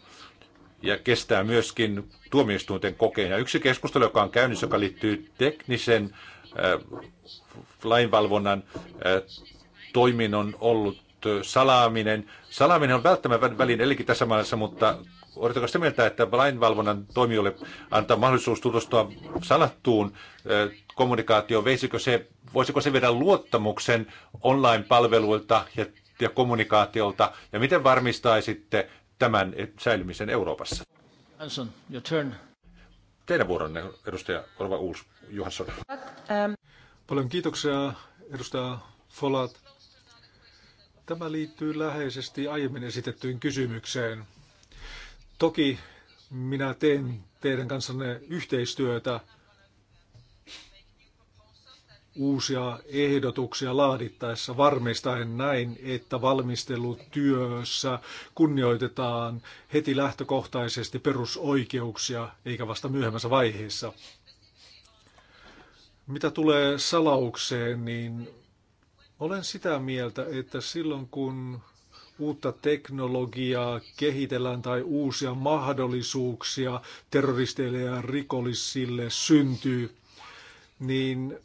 ja kestää myöskin tuomioistuinten kokeen. Ja yksi keskustelu, joka on käynnissä, joka liittyy teknisen Äh, lainvalvonnan äh, toiminnon ollut äh, salaaminen. Salaaminen on välttämätön välin elikin tässä maassa, mutta Oletteko sitä mieltä, että lainvalvonnan toimijoille antaa mahdollisuus tutustua salattuun kommunikaatioon? Veisikö se, voisiko se viedä luottamuksen online-palveluilta ja, ja kommunikaatiolta? Ja miten varmistaisitte tämän säilymisen Euroopassa? Hanson, your turn teidän vuoronne, edustaja Orva Uus Johansson.
Paljon kiitoksia, edustaja Folat. Tämä liittyy läheisesti aiemmin esitettyyn kysymykseen. Toki minä teen teidän kanssanne yhteistyötä uusia ehdotuksia laadittaessa varmistaen näin, että valmistelutyössä kunnioitetaan heti lähtökohtaisesti perusoikeuksia eikä vasta myöhemmässä vaiheessa. Mitä tulee salaukseen, niin olen sitä mieltä, että silloin kun uutta teknologiaa kehitellään tai uusia mahdollisuuksia terroristeille ja rikollisille syntyy, niin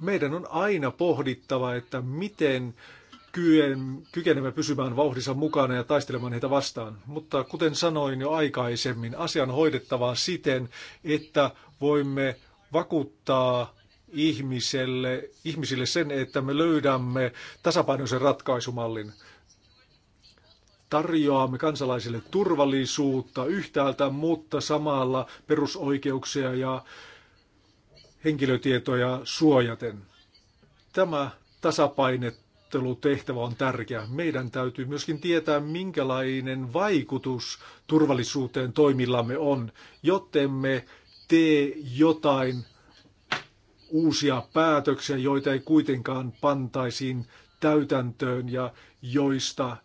meidän on aina pohdittava, että miten kykenemme pysymään vauhdissa mukana ja taistelemaan heitä vastaan. Mutta kuten sanoin jo aikaisemmin, asian hoidettavaa siten, että voimme vakuuttaa ihmiselle, ihmisille sen, että me löydämme tasapainoisen ratkaisumallin. Tarjoamme kansalaisille turvallisuutta yhtäältä, mutta samalla perusoikeuksia ja henkilötietoja suojaten. Tämä tasapainottelutehtävä on tärkeä. Meidän täytyy myöskin tietää, minkälainen vaikutus turvallisuuteen toimillamme on, jottemme tee jotain uusia päätöksiä, joita ei kuitenkaan pantaisiin täytäntöön ja joista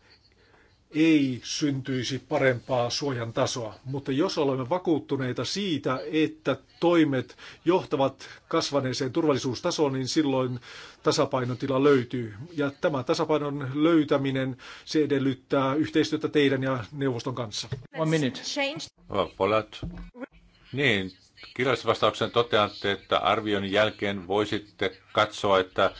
ei syntyisi parempaa suojan tasoa. Mutta jos olemme vakuuttuneita siitä, että toimet johtavat kasvaneeseen turvallisuustasoon, niin silloin tasapainotila löytyy. Ja tämä tasapainon löytäminen, se edellyttää yhteistyötä teidän ja neuvoston kanssa. One minute.
Polat. Niin, kirjallisen vastauksen toteatte, että arvion jälkeen voisitte katsoa, että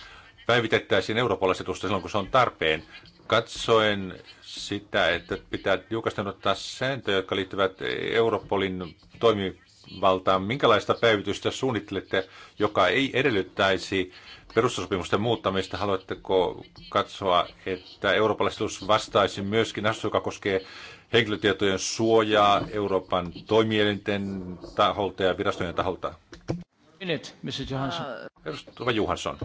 päivitettäisiin Euroopan silloin, kun se on tarpeen katsoen sitä, että pitää tiukasti ottaa sääntöjä, jotka liittyvät Europolin toimivaltaan. Minkälaista päivitystä suunnittelette, joka ei edellyttäisi perustusopimusten muuttamista? Haluatteko katsoa, että eurooppalaisuus vastaisi myöskin asioita, joka koskee henkilötietojen suojaa Euroopan toimielinten taholta ja virastojen taholta?
Minute, Mrs. Johansson. Edustaja
Johansson.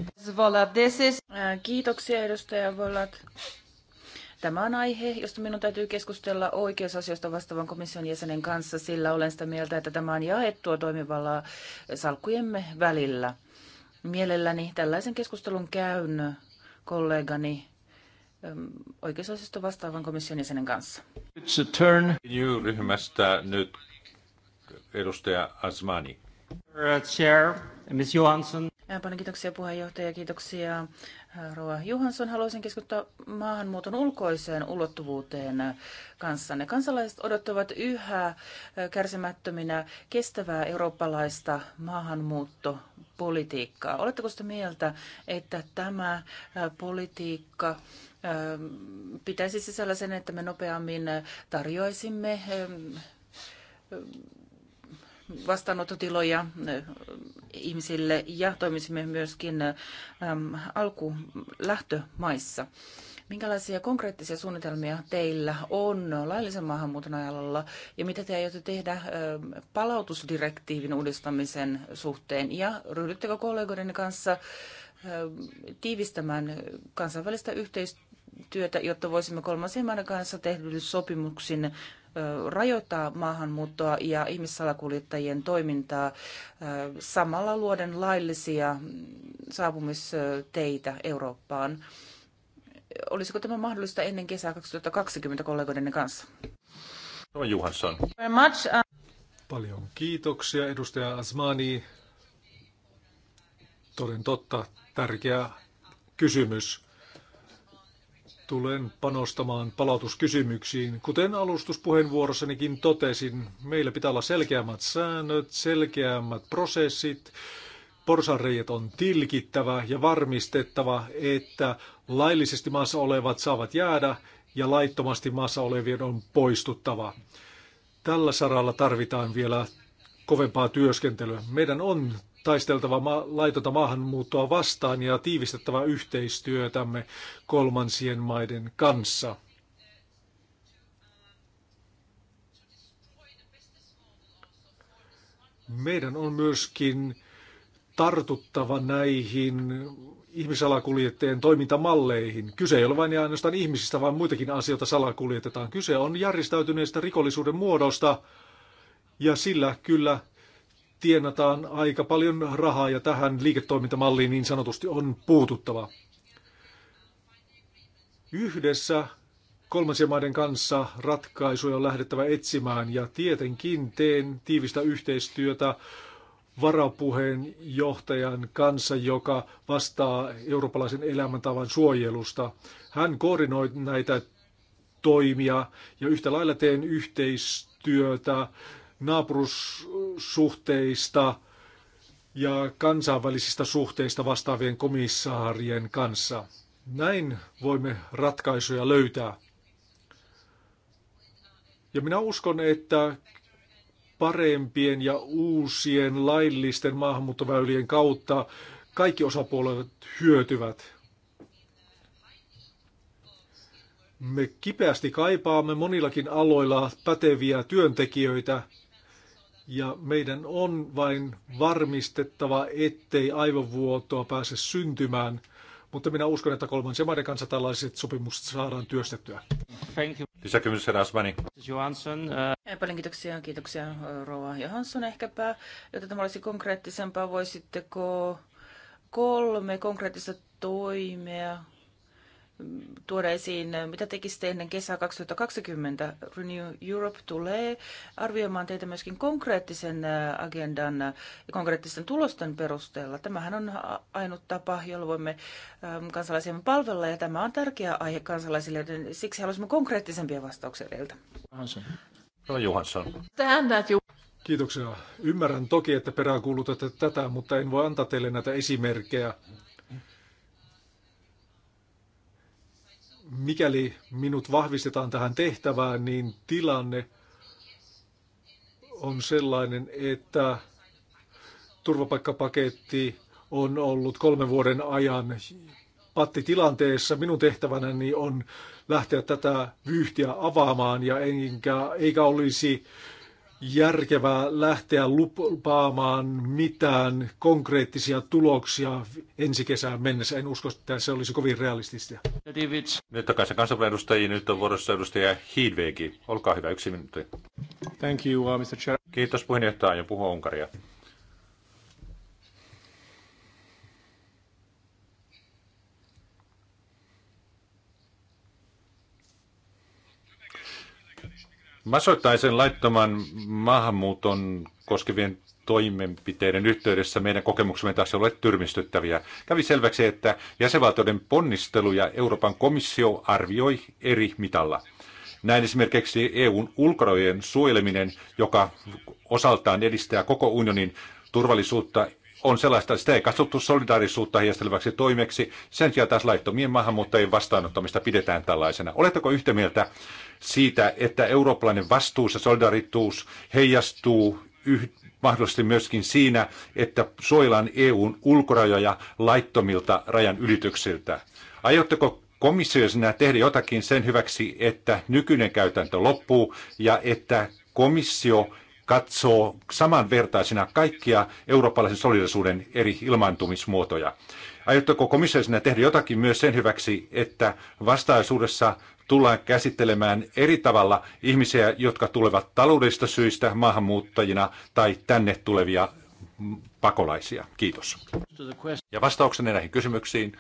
Äh, kiitoksia, edustaja Volat. Tämä on aihe, josta minun täytyy keskustella oikeusasioista vastaavan komission jäsenen kanssa, sillä olen sitä mieltä, että tämä on jaettua toimivallaa salkkujemme välillä. Mielelläni tällaisen keskustelun käyn kollegani oikeusasioista vastaavan komission jäsenen kanssa.
It's a turn. ryhmästä nyt edustaja Asmani.
Chair, Ms. Johansson. Paljon kiitoksia puheenjohtaja, kiitoksia Roa Johansson. Haluaisin keskuttaa maahanmuuton ulkoiseen ulottuvuuteen kanssanne. Kansalaiset odottavat yhä kärsimättöminä kestävää eurooppalaista maahanmuuttopolitiikkaa. Oletteko sitä mieltä, että tämä politiikka pitäisi sisällä sen, että me nopeammin tarjoaisimme vastaanottotiloja ihmisille ja toimisimme myöskin alkulähtömaissa. Minkälaisia konkreettisia suunnitelmia teillä on laillisen maahanmuuton ajalla ja mitä te aiotte tehdä palautusdirektiivin uudistamisen suhteen ja ryhdyttekö kollegoiden kanssa tiivistämään kansainvälistä yhteistyötä, jotta voisimme kolmansien maiden kanssa tehdyn sopimuksin rajoittaa maahanmuuttoa ja ihmissalakuljettajien toimintaa samalla luoden laillisia mm, saapumisteitä Eurooppaan. Olisiko tämä mahdollista ennen kesää 2020 kollegoiden kanssa?
No Johansson.
Uh,
Paljon
kiitoksia edustaja Asmani. Toden totta, tärkeä kysymys tulen panostamaan palautuskysymyksiin. Kuten alustuspuheenvuorossanikin totesin, meillä pitää olla selkeämmät säännöt, selkeämmät prosessit, porsareijat on tilkittävä ja varmistettava, että laillisesti maassa olevat saavat jäädä ja laittomasti maassa olevien on poistuttava. Tällä saralla tarvitaan vielä kovempaa työskentelyä. Meidän on taisteltava ma- laitonta maahanmuuttoa vastaan ja tiivistettävä yhteistyötämme kolmansien maiden kanssa. Meidän on myöskin tartuttava näihin ihmisalakuljettajien toimintamalleihin. Kyse ei ole vain ja ainoastaan ihmisistä, vaan muitakin asioita salakuljetetaan. Kyse on järjestäytyneestä rikollisuuden muodosta, ja sillä kyllä tienataan aika paljon rahaa ja tähän liiketoimintamalliin niin sanotusti on puututtava. Yhdessä kolmansien maiden kanssa ratkaisuja on lähdettävä etsimään ja tietenkin teen tiivistä yhteistyötä varapuheenjohtajan kanssa, joka vastaa eurooppalaisen elämäntavan suojelusta. Hän koordinoi näitä toimia ja yhtä lailla teen yhteistyötä naapurussuhteista ja kansainvälisistä suhteista vastaavien komissaarien kanssa. Näin voimme ratkaisuja löytää. Ja minä uskon, että parempien ja uusien laillisten maahanmuuttoväylien kautta kaikki osapuolet hyötyvät. Me kipeästi kaipaamme monillakin aloilla päteviä työntekijöitä – ja meidän on vain varmistettava, ettei aivovuotoa pääse syntymään, mutta minä uskon, että kolmansien maiden kanssa tällaiset sopimukset saadaan työstettyä.
Thank you. Lisäkysymys
Johansson. Uh... Paljon kiitoksia, kiitoksia uh, Rova Johansson ehkäpä. Jotta tämä olisi konkreettisempaa, voisitteko kolme konkreettista toimea tuoda esiin, mitä tekisitte ennen kesää 2020. Renew Europe tulee arvioimaan teitä myöskin konkreettisen äh, agendan ja äh, konkreettisten tulosten perusteella. Tämähän on ainut tapa, jolla voimme ähm, kansalaisiamme palvella, ja tämä on tärkeä aihe kansalaisille, joten siksi haluaisimme konkreettisempia vastauksia teiltä.
Johansson. Kiitoksia. Ymmärrän toki, että peräänkuulutatte tätä, mutta en voi antaa teille näitä esimerkkejä, mikäli minut vahvistetaan tähän tehtävään, niin tilanne on sellainen, että turvapaikkapaketti on ollut kolmen vuoden ajan pattitilanteessa. Minun tehtävänäni on lähteä tätä vyyhtiä avaamaan ja enkä, eikä olisi järkevää lähteä lupaamaan mitään konkreettisia tuloksia ensi kesään mennessä. En usko, että se olisi kovin realistista.
Davids. Nyt takaisin kansanpuolueen Nyt on vuorossa edustaja Hidvegi. Olkaa hyvä, yksi minuutti. Thank you, uh, Mr. Chair. Kiitos puheenjohtaja aion puhua Unkaria. Masoittaisen laittoman maahanmuuton koskevien toimenpiteiden yhteydessä meidän kokemuksemme taas ole tyrmistyttäviä. Kävi selväksi, että jäsenvaltioiden ponnisteluja Euroopan komissio arvioi eri mitalla. Näin esimerkiksi EUn ulkorajojen suojeleminen, joka osaltaan edistää koko unionin turvallisuutta, on sellaista, sitä ei katsottu solidaarisuutta heijasteleväksi toimeksi. Sen sijaan taas laittomien maahanmuuttajien vastaanottamista pidetään tällaisena. Oletteko yhtä mieltä siitä, että eurooppalainen vastuus ja solidaarisuus heijastuu yh- mahdollisesti myöskin siinä, että suojellaan EUn ulkorajoja laittomilta rajan ylityksiltä. Aiotteko komissiosina tehdä jotakin sen hyväksi, että nykyinen käytäntö loppuu ja että komissio katsoo samanvertaisina kaikkia eurooppalaisen solidaisuuden eri ilmaantumismuotoja. Aiotteko komissiosina tehdä jotakin myös sen hyväksi, että vastaisuudessa tullaan käsittelemään eri tavalla ihmisiä, jotka tulevat taloudellisista syistä maahanmuuttajina tai tänne tulevia pakolaisia. Kiitos. Ja vastauksena näihin kysymyksiin.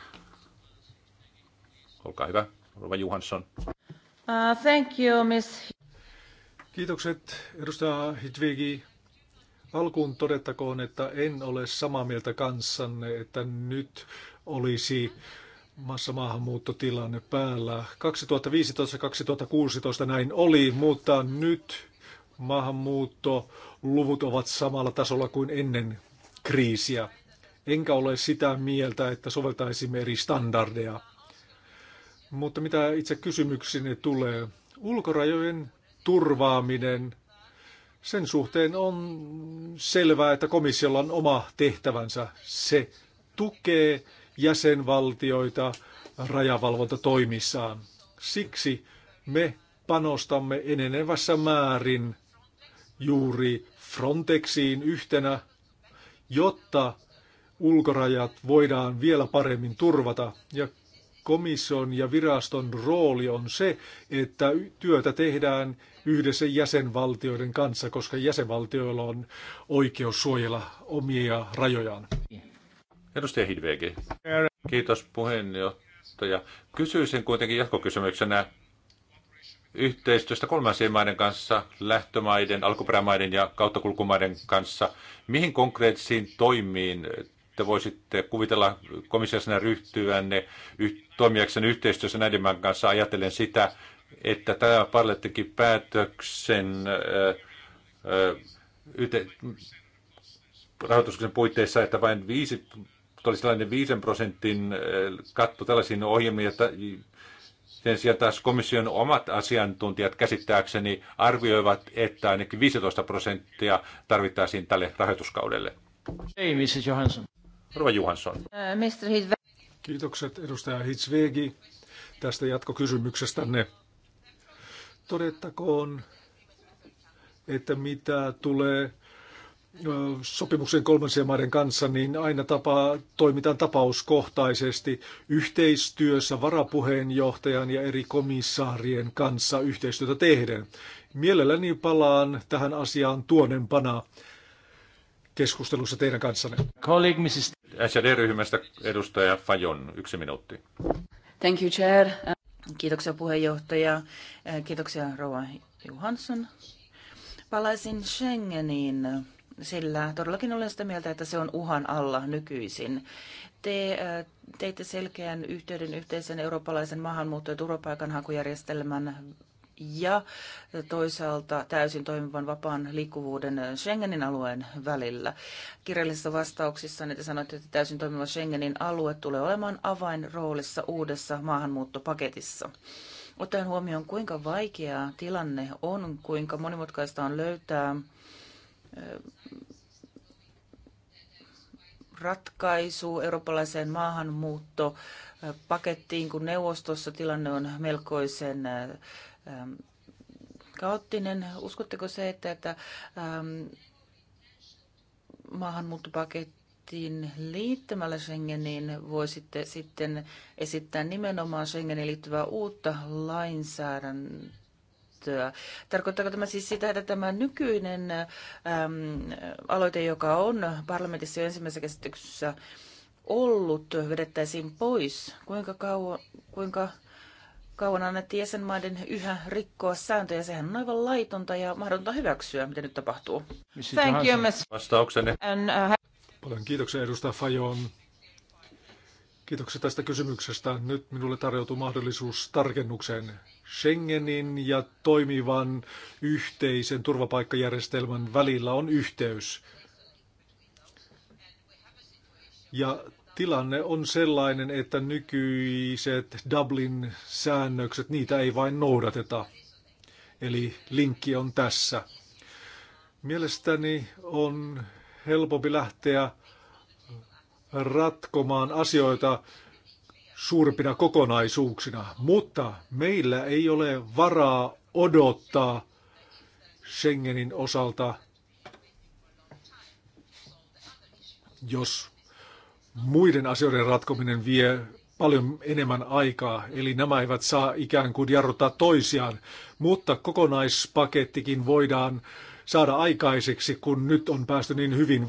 Olkaa hyvä, Rova Johansson.
Uh, thank you, miss.
Kiitokset, edustaja Hitvigi. Alkuun todettakoon, että en ole samaa mieltä kanssanne, että nyt olisi maassa maahanmuuttotilanne päällä. 2015-2016 näin oli, mutta nyt maahanmuuttoluvut ovat samalla tasolla kuin ennen kriisiä. Enkä ole sitä mieltä, että soveltaisimme eri standardeja. Mutta mitä itse kysymyksine tulee, ulkorajojen turvaaminen, sen suhteen on selvää, että komissiolla on oma tehtävänsä. Se tukee jäsenvaltioita rajavalvontatoimissaan. Siksi me panostamme enenevässä määrin juuri Frontexiin yhtenä, jotta ulkorajat voidaan vielä paremmin turvata. Ja komission ja viraston rooli on se, että työtä tehdään yhdessä jäsenvaltioiden kanssa, koska jäsenvaltioilla on oikeus suojella omia rajojaan. Yeah.
Edustaja Hidvegi. Kiitos puheenjohtaja. Kysyisin kuitenkin jatkokysymyksenä yhteistyöstä kolmansien maiden kanssa, lähtömaiden, alkuperämaiden ja kauttakulkumaiden kanssa. Mihin konkreettisiin toimiin te voisitte kuvitella komissiossa ryhtyvänne toimijaksenne yhteistyössä näiden maiden kanssa ajatellen sitä, että tämä parlettikin päätöksen rahoituksen puitteissa, että vain 5 oli sellainen 5 prosentin äh, katto tällaisiin ohjelmiin, että sen sijaan taas komission omat asiantuntijat käsittääkseni arvioivat, että ainakin 15 prosenttia tarvittaisiin tälle rahoituskaudelle. Ei, Mrs. Johansson. Rova Johansson.
Äh,
Kiitokset edustaja Hitzvegi tästä jatkokysymyksestänne. Todettakoon, että mitä tulee sopimuksen kolmansien maiden kanssa, niin aina tapa, toimitaan tapauskohtaisesti yhteistyössä varapuheenjohtajan ja eri komissaarien kanssa yhteistyötä tehden. Mielelläni palaan tähän asiaan tuonempana keskustelussa teidän kanssanne.
sd ryhmästä edustaja Fajon, yksi minuutti.
Thank you, Chair. Kiitoksia puheenjohtaja. Kiitoksia Rova Johansson. Palaisin Schengeniin sillä todellakin olen sitä mieltä, että se on uhan alla nykyisin. Te äh, teitte selkeän yhteyden yhteisen eurooppalaisen maahanmuutto- ja turvapaikanhakujärjestelmän ja toisaalta täysin toimivan vapaan liikkuvuuden Schengenin alueen välillä. Kirjallisissa vastauksissa te sanoitte, että täysin toimiva Schengenin alue tulee olemaan avainroolissa uudessa maahanmuuttopaketissa. Ottaen huomioon, kuinka vaikea tilanne on, kuinka monimutkaista on löytää ratkaisu eurooppalaiseen maahanmuuttopakettiin, kun neuvostossa tilanne on melkoisen ähm, kaoottinen. Uskotteko se, että, että ähm, maahanmuuttopakettiin liittämällä Schengeniin voisitte sitten esittää nimenomaan Schengeniin liittyvää uutta lainsäädäntöä? käyttöä. Tarkoittaako tämä siis sitä, että tämä nykyinen äm, aloite, joka on parlamentissa jo ensimmäisessä käsityksessä ollut, vedettäisiin pois? Kuinka kauan, kuinka kauan annettiin jäsenmaiden yhä rikkoa sääntöjä. Sehän on aivan laitonta ja mahdotonta hyväksyä, mitä nyt tapahtuu. Thank you, miss.
Vastauksenne.
And, uh,
Paljon kiitoksia edustaja Fajon. Kiitoksia tästä kysymyksestä. Nyt minulle tarjoutuu mahdollisuus tarkennukseen. Schengenin ja toimivan yhteisen turvapaikkajärjestelmän välillä on yhteys. Ja tilanne on sellainen, että nykyiset Dublin-säännökset, niitä ei vain noudateta. Eli linkki on tässä. Mielestäni on helpompi lähteä ratkomaan asioita suurempina kokonaisuuksina, mutta meillä ei ole varaa odottaa Schengenin osalta, jos muiden asioiden ratkominen vie paljon enemmän aikaa, eli nämä eivät saa ikään kuin jarruttaa toisiaan, mutta kokonaispakettikin voidaan saada aikaiseksi, kun nyt on päästy niin hyvin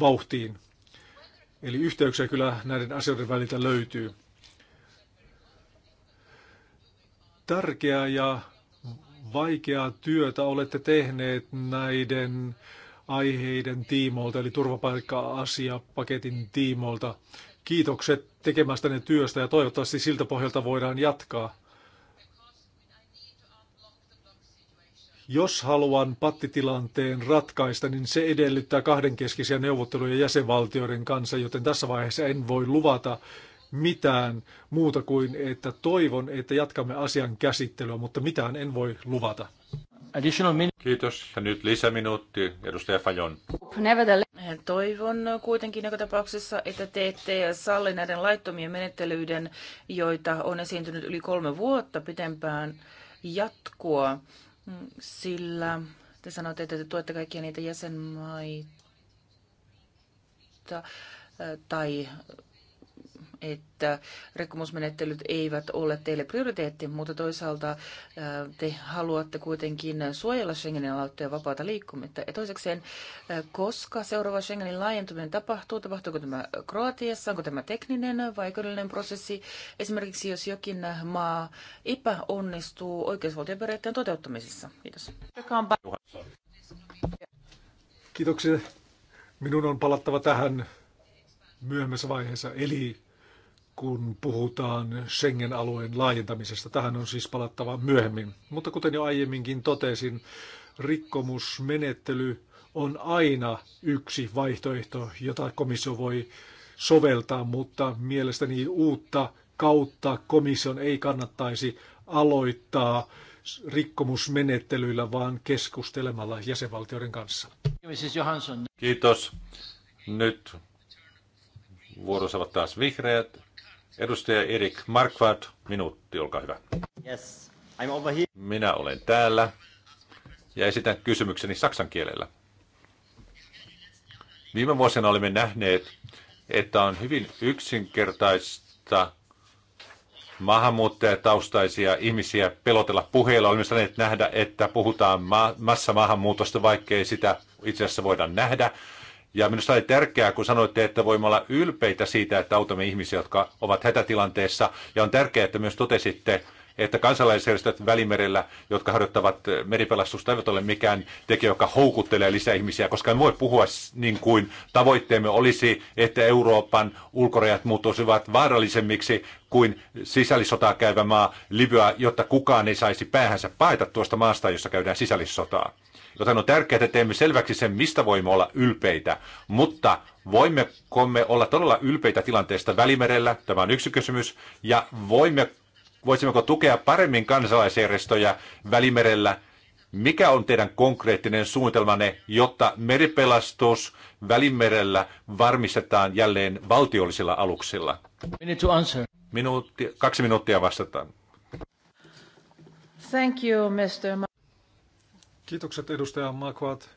vauhtiin. Eli yhteyksiä kyllä näiden asioiden väliltä löytyy. tärkeää ja vaikeaa työtä olette tehneet näiden aiheiden tiimoilta, eli turvapaikka-asiapaketin tiimoilta. Kiitokset tekemästänne työstä ja toivottavasti siltä pohjalta voidaan jatkaa. Jos haluan pattitilanteen ratkaista, niin se edellyttää kahdenkeskisiä neuvotteluja jäsenvaltioiden kanssa, joten tässä vaiheessa en voi luvata, mitään muuta kuin, että toivon, että jatkamme asian käsittelyä, mutta mitään
en voi luvata. Kiitos. Ja nyt lisäminuutti, edustaja Fajon.
Toivon kuitenkin joka tapauksessa, että te ette salli näiden laittomien menettelyiden, joita on esiintynyt yli kolme vuotta pitempään, jatkua, sillä te sanotte, että te tuette kaikkia niitä jäsenmaita tai että rikkomusmenettelyt eivät ole teille prioriteetti, mutta toisaalta äh, te haluatte kuitenkin suojella Schengenin aluetta vapaata liikkumista. Ja toisekseen, äh, koska seuraava Schengenin laajentuminen tapahtuu, tapahtuuko tämä Kroatiassa, onko tämä tekninen vai oikeudellinen prosessi? Esimerkiksi jos jokin maa epäonnistuu oikeusvaltioperiaatteen toteuttamisessa. Kiitos.
Kiitoksia. Minun on palattava tähän myöhemmässä vaiheessa. Eli kun puhutaan Schengen-alueen laajentamisesta. Tähän on siis palattava myöhemmin. Mutta kuten jo aiemminkin totesin, rikkomusmenettely on aina yksi vaihtoehto, jota komissio voi soveltaa, mutta mielestäni uutta kautta komission ei kannattaisi aloittaa rikkomusmenettelyillä, vaan keskustelemalla jäsenvaltioiden kanssa.
Kiitos. Nyt vuorossa ovat taas vihreät. Edustaja Erik Markvad, minuutti, olkaa hyvä. Yes, I'm over here. Minä olen täällä ja esitän kysymykseni saksan kielellä. Viime vuosina olemme nähneet, että on hyvin yksinkertaista maahanmuuttajataustaisia ihmisiä pelotella puheilla. Olemme saaneet nähdä, että puhutaan ma- massamaahanmuutosta, vaikkei sitä itse asiassa voida nähdä. Ja minusta oli tärkeää, kun sanoitte, että voimme olla ylpeitä siitä, että autamme ihmisiä, jotka ovat hätätilanteessa. Ja on tärkeää, että myös totesitte, että kansalaisjärjestöt Välimerellä, jotka harjoittavat meripelastusta, eivät ole mikään tekijä, joka houkuttelee lisää ihmisiä, koska en voi puhua niin kuin tavoitteemme olisi, että Euroopan ulkorajat muuttuisivat vaarallisemmiksi kuin sisällissotaa käyvä maa Libya, jotta kukaan ei saisi päähänsä paeta tuosta maasta, jossa käydään sisällissotaa. Joten on tärkeää, että teemme selväksi sen, mistä voimme olla ylpeitä. Mutta voimmeko me olla todella ylpeitä tilanteesta Välimerellä? Tämä on yksi kysymys. Ja voimme, voisimmeko tukea paremmin kansalaisjärjestöjä Välimerellä? Mikä on teidän konkreettinen suunnitelmanne, jotta meripelastus Välimerellä varmistetaan jälleen valtiollisilla aluksilla? Minuutti, kaksi minuuttia vastataan.
Thank you, Mr.
Kiitokset edustaja Makvat.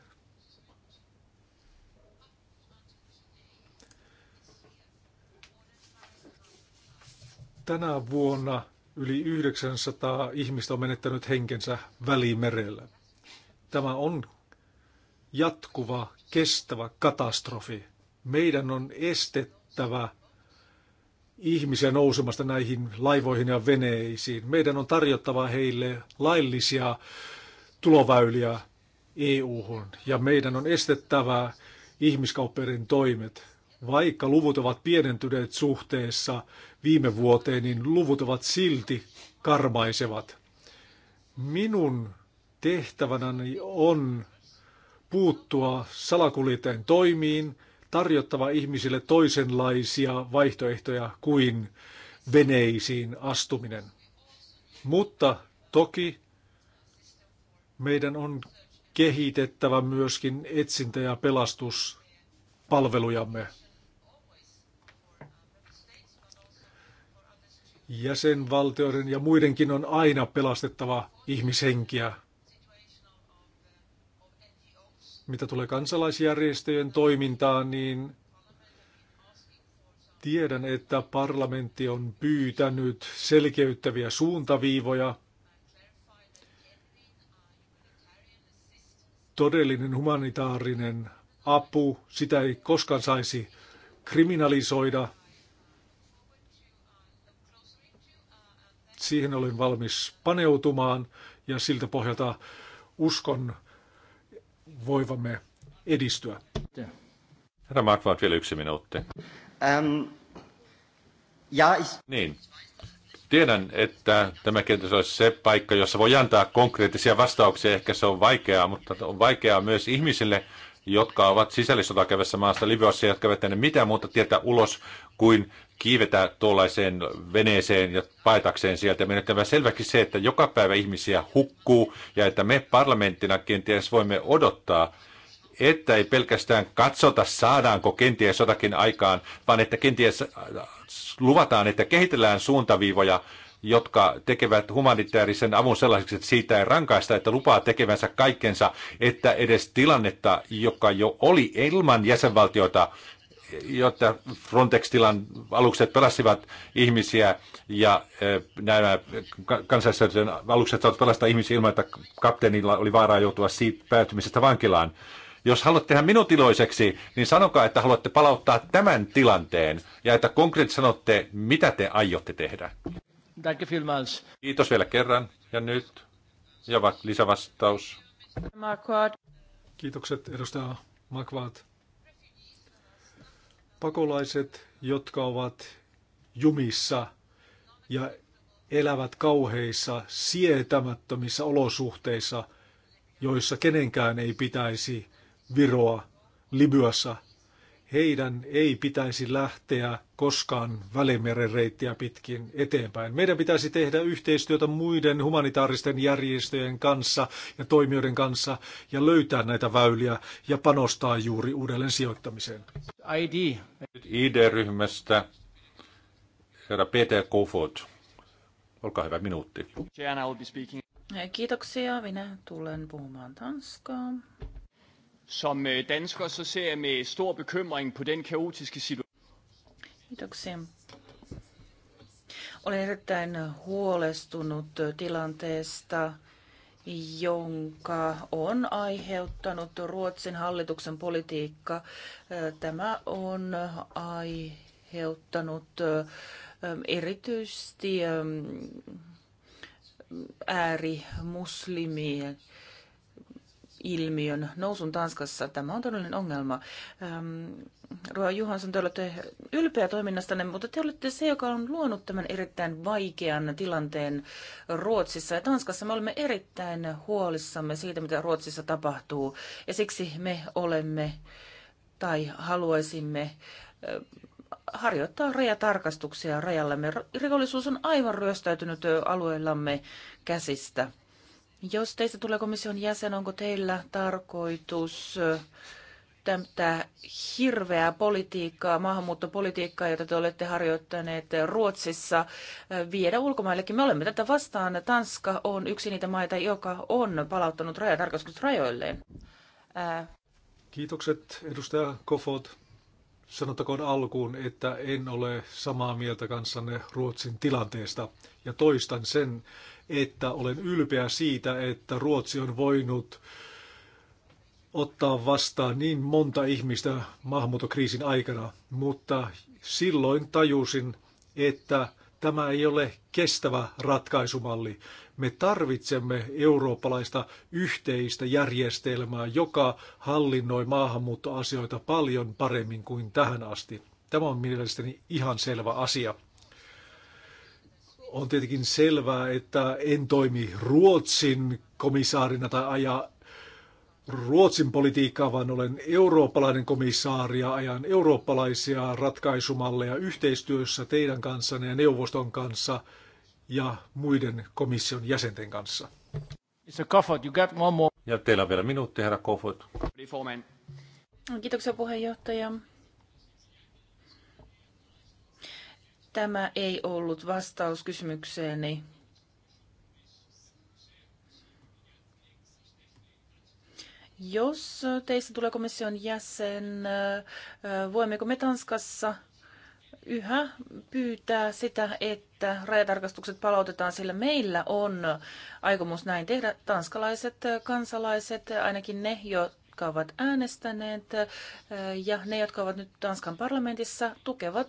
Tänä vuonna yli 900 ihmistä on menettänyt henkensä välimerellä. Tämä on jatkuva, kestävä katastrofi. Meidän on estettävä ihmisiä nousemasta näihin laivoihin ja veneisiin. Meidän on tarjottava heille laillisia tuloväyliä EU-hun ja meidän on estettävä ihmiskaupperin toimet. Vaikka luvut ovat pienentyneet suhteessa viime vuoteen, niin luvut ovat silti karmaisevat. Minun tehtävänäni on puuttua salakuljettajien toimiin, tarjottava ihmisille toisenlaisia vaihtoehtoja kuin veneisiin astuminen. Mutta toki meidän on kehitettävä myöskin etsintä- ja pelastuspalvelujamme. Jäsenvaltioiden ja muidenkin on aina pelastettava ihmishenkiä. Mitä tulee kansalaisjärjestöjen toimintaan, niin tiedän, että parlamentti on pyytänyt selkeyttäviä suuntaviivoja – todellinen humanitaarinen apu, sitä ei koskaan saisi kriminalisoida. Siihen olen valmis paneutumaan ja siltä pohjalta uskon voivamme edistyä.
Herra Markvart, vielä yksi minuutti. Um, ja, Niin, Tiedän, että tämä kenties olisi se paikka, jossa voi antaa konkreettisia vastauksia. Ehkä se on vaikeaa, mutta on vaikeaa myös ihmisille, jotka ovat sisällissotakävässä kävässä maasta Libyassa, jotka eivät tänne mitään muuta tietää ulos kuin kiivetä tuollaiseen veneeseen ja paetakseen sieltä. Menettävä selväksi se, että joka päivä ihmisiä hukkuu ja että me parlamenttina kenties voimme odottaa, että ei pelkästään katsota, saadaanko kenties jotakin aikaan, vaan että kenties äh, luvataan, että kehitellään suuntaviivoja, jotka tekevät humanitaarisen avun sellaiseksi, että siitä ei rankaista, että lupaa tekevänsä kaikkensa, että edes tilannetta, joka jo oli ilman jäsenvaltioita, jotta Frontex-tilan alukset pelastivat ihmisiä ja äh, nämä kansallisjärjestöjen alukset saavat pelastaa ihmisiä ilman, että kapteenilla oli vaaraa joutua siitä päätymisestä vankilaan. Jos haluatte tehdä minut iloiseksi, niin sanokaa, että haluatte palauttaa tämän tilanteen ja että konkreettisesti sanotte, mitä te aiotte tehdä. Danke vielmals. Kiitos vielä kerran. Ja nyt Java, lisävastaus.
Marquardt. Kiitokset edustaja Makvaat. Pakolaiset, jotka ovat jumissa ja elävät kauheissa, sietämättömissä olosuhteissa, joissa kenenkään ei pitäisi Viroa Libyassa. Heidän ei pitäisi lähteä koskaan Välimeren reittiä pitkin eteenpäin. Meidän pitäisi tehdä yhteistyötä muiden humanitaaristen järjestöjen kanssa ja toimijoiden kanssa ja löytää näitä väyliä ja panostaa juuri uudelleen sijoittamiseen.
ID. ID-ryhmästä herra Peter Kofod. Olkaa hyvä, minuutti.
Kiitoksia. Minä tulen puhumaan tanskaa. Som øh, dansker så ser jeg med stor bekymring på den kaotiske situation. Kiitoksia. Olen erittäin huolestunut tilanteesta, jonka on aiheuttanut Ruotsin hallituksen politiikka. Tämä on aiheuttanut erityisesti äärimuslimien ilmiön nousun Tanskassa. Tämä on todellinen ongelma. Ähm, Roa Johansson, te olette ylpeä toiminnastanne, mutta te olette se, joka on luonut tämän erittäin vaikean tilanteen Ruotsissa ja Tanskassa. Me olemme erittäin huolissamme siitä, mitä Ruotsissa tapahtuu ja siksi me olemme tai haluaisimme harjoittaa rajatarkastuksia rajallamme. Rikollisuus on aivan ryöstäytynyt alueellamme käsistä. Jos teistä tulee komission jäsen, onko teillä tarkoitus äh, tämä hirveää politiikkaa, maahanmuuttopolitiikkaa, jota te olette harjoittaneet Ruotsissa, äh, viedä ulkomaillekin. Me olemme tätä vastaan. Tanska on yksi niitä maita, joka on palauttanut rajatarkastukset rajoilleen. Ää... Äh. Kiitokset
edustaja Kofot. Sanottakoon alkuun, että en ole samaa mieltä kanssanne Ruotsin tilanteesta. Ja toistan sen, että olen ylpeä siitä, että Ruotsi on voinut ottaa vastaan niin monta ihmistä maahanmuuttokriisin aikana, mutta silloin tajusin, että tämä ei ole kestävä ratkaisumalli. Me tarvitsemme eurooppalaista yhteistä järjestelmää, joka hallinnoi maahanmuuttoasioita paljon paremmin kuin tähän asti. Tämä on mielestäni ihan selvä asia on tietenkin selvää, että en toimi Ruotsin komissaarina tai aja Ruotsin politiikkaa, vaan olen eurooppalainen komissaari ja ajan eurooppalaisia ratkaisumalleja yhteistyössä teidän kanssanne ja neuvoston kanssa ja muiden komission jäsenten kanssa.
you one more. Ja teillä on vielä minuutti, herra Koffert.
Kiitoksia puheenjohtaja. Tämä ei ollut vastaus kysymykseeni. Jos teistä tulee komission jäsen, voimmeko me Tanskassa yhä pyytää sitä, että rajatarkastukset palautetaan, sillä meillä on aikomus näin tehdä. Tanskalaiset kansalaiset, ainakin ne, jo, jotka ovat äänestäneet ja ne, jotka ovat nyt Tanskan parlamentissa, tukevat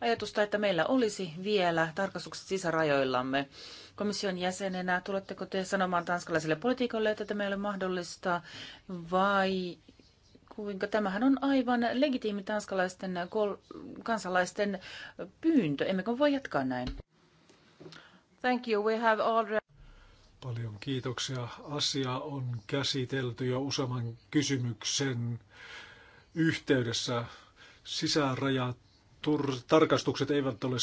ajatusta, että meillä olisi vielä tarkastukset sisärajoillamme. Komission jäsenenä, tuletteko te sanomaan tanskalaiselle politiikolle, että tämä ei ole mahdollista vai kuinka tämähän on aivan legitiimi tanskalaisten kansalaisten pyyntö. Emmekö voi jatkaa näin? Thank you. We have already...
Paljon kiitoksia. Asia on käsitelty jo useamman kysymyksen yhteydessä. sisärajatarkastukset eivät ole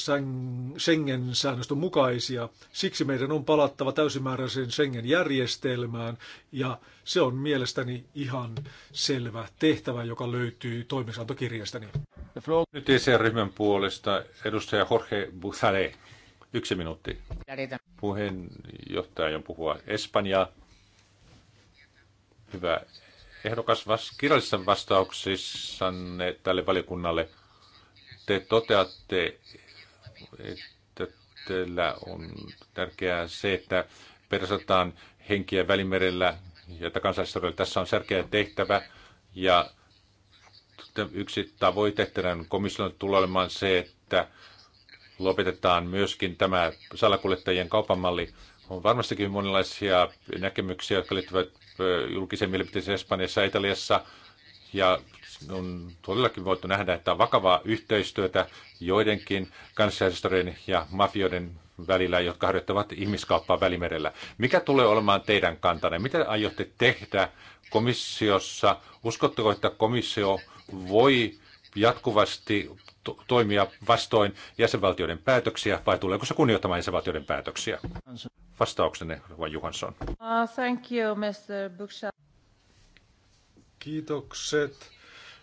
Schengen-säännöstön mukaisia. Siksi meidän on palattava täysimääräiseen Schengen-järjestelmään ja se on mielestäni ihan selvä tehtävä, joka löytyy toimisantokirjastani.
Nyt ECR-ryhmän puolesta edustaja Jorge Buzale. Yksi minuutti. Puheenjohtaja on puhua Espanjaa. Hyvä ehdokas vas- kirjallisessa vastauksissanne tälle valiokunnalle. Te toteatte, että teillä on tärkeää se, että perustetaan henkiä välimerellä ja että kansallisuudella tässä on tärkeä tehtävä. Ja yksi tavoite teidän komissiolle tulee olemaan se, että lopetetaan myöskin tämä salakuljettajien kaupamalli. On varmastikin monenlaisia näkemyksiä, jotka liittyvät julkiseen mielipiteeseen Espanjassa ja Italiassa. Ja on todellakin voitu nähdä, että on vakavaa yhteistyötä joidenkin kanssahistorien ja mafioiden välillä, jotka harjoittavat ihmiskauppaa välimerellä. Mikä tulee olemaan teidän kantanne? Mitä aiotte tehdä komissiossa? Uskotteko, että komissio voi jatkuvasti toimia vastoin jäsenvaltioiden päätöksiä vai tuleeko se kunnioittamaan jäsenvaltioiden päätöksiä? Vastauksenne, Rova Johansson. Uh,
thank you, Mr. Buksha.
Kiitokset,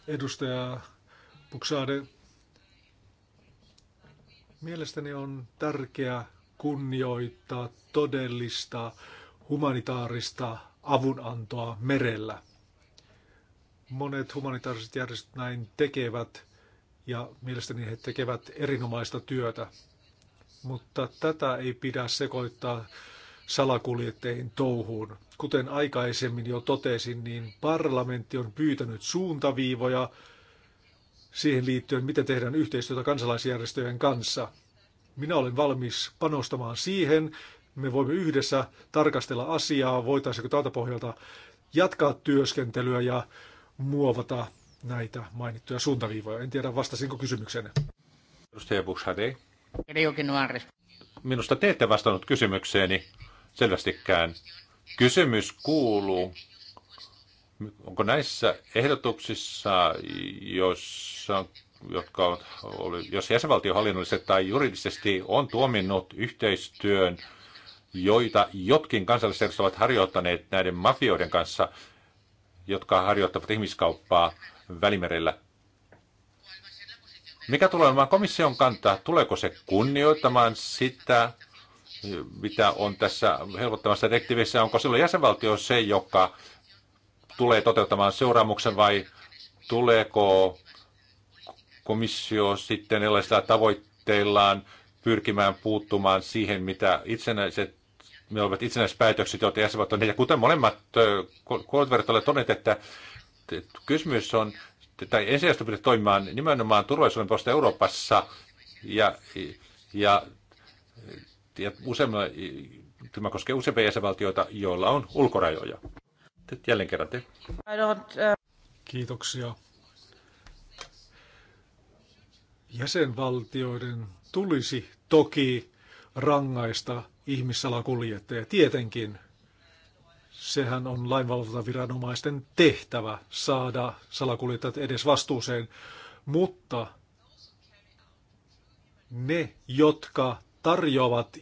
edustaja Buksaade. Mielestäni on tärkeää kunnioittaa todellista humanitaarista avunantoa merellä. Monet humanitaariset järjestöt näin tekevät ja mielestäni he tekevät erinomaista työtä. Mutta tätä ei pidä sekoittaa salakuljettajien touhuun. Kuten aikaisemmin jo totesin, niin parlamentti on pyytänyt suuntaviivoja siihen liittyen, miten tehdään yhteistyötä kansalaisjärjestöjen kanssa. Minä olen valmis panostamaan siihen. Me voimme yhdessä tarkastella asiaa, voitaisiinko tältä pohjalta jatkaa työskentelyä ja muovata näitä mainittuja suuntaviivoja. En tiedä, vastasinko kysymykseen.
Edustaja Bushade. Minusta te ette vastannut kysymykseeni selvästikään. Kysymys kuuluu, onko näissä ehdotuksissa, joissa, jotka oli, jos jäsenvaltio hallinnollisesti tai juridisesti on tuominnut yhteistyön, joita jotkin kansalliset ovat harjoittaneet näiden mafioiden kanssa, jotka harjoittavat ihmiskauppaa Välimerellä. Mikä tulee olemaan komission kantaa? Tuleeko se kunnioittamaan sitä, mitä on tässä helpottamassa direktiivissä? Onko silloin jäsenvaltio se, joka tulee toteuttamaan seuraamuksen vai tuleeko komissio sitten erilaisilla tavoitteillaan pyrkimään puuttumaan siihen, mitä itsenäiset me ovat itsenäiset päätökset, joita jäsenvaltiot on. Ja kuten molemmat kuuluvat ovat todenneet, että kysymys on, tai ensisijaisesti pitäisi toimimaan nimenomaan turvallisuuden puolesta Euroopassa ja, ja, ja useamme, tämä koskee useampia jäsenvaltioita, joilla on ulkorajoja. Jälleen kerran te.
Uh, Kiitoksia. Jäsenvaltioiden tulisi toki rangaista ihmissalakuljettaja. Tietenkin sehän on lainvalvontaviranomaisten tehtävä saada salakuljettajat edes vastuuseen, mutta ne, jotka tarjoavat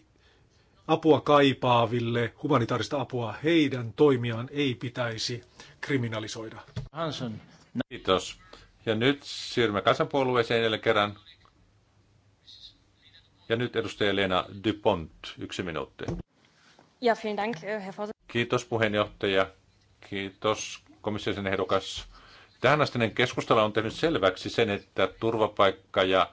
apua kaipaaville humanitaarista apua, heidän toimiaan ei pitäisi kriminalisoida. Hanson.
Kiitos. Ja nyt siirrymme kansanpuolueeseen jälleen kerran. Ja nyt edustaja Leena Dupont, yksi minuutti. Ja, vielen dank, äh, Herr Kiitos puheenjohtaja. Kiitos komission ehdokas. Tähänastinen keskustelu on tehnyt selväksi sen, että turvapaikka ja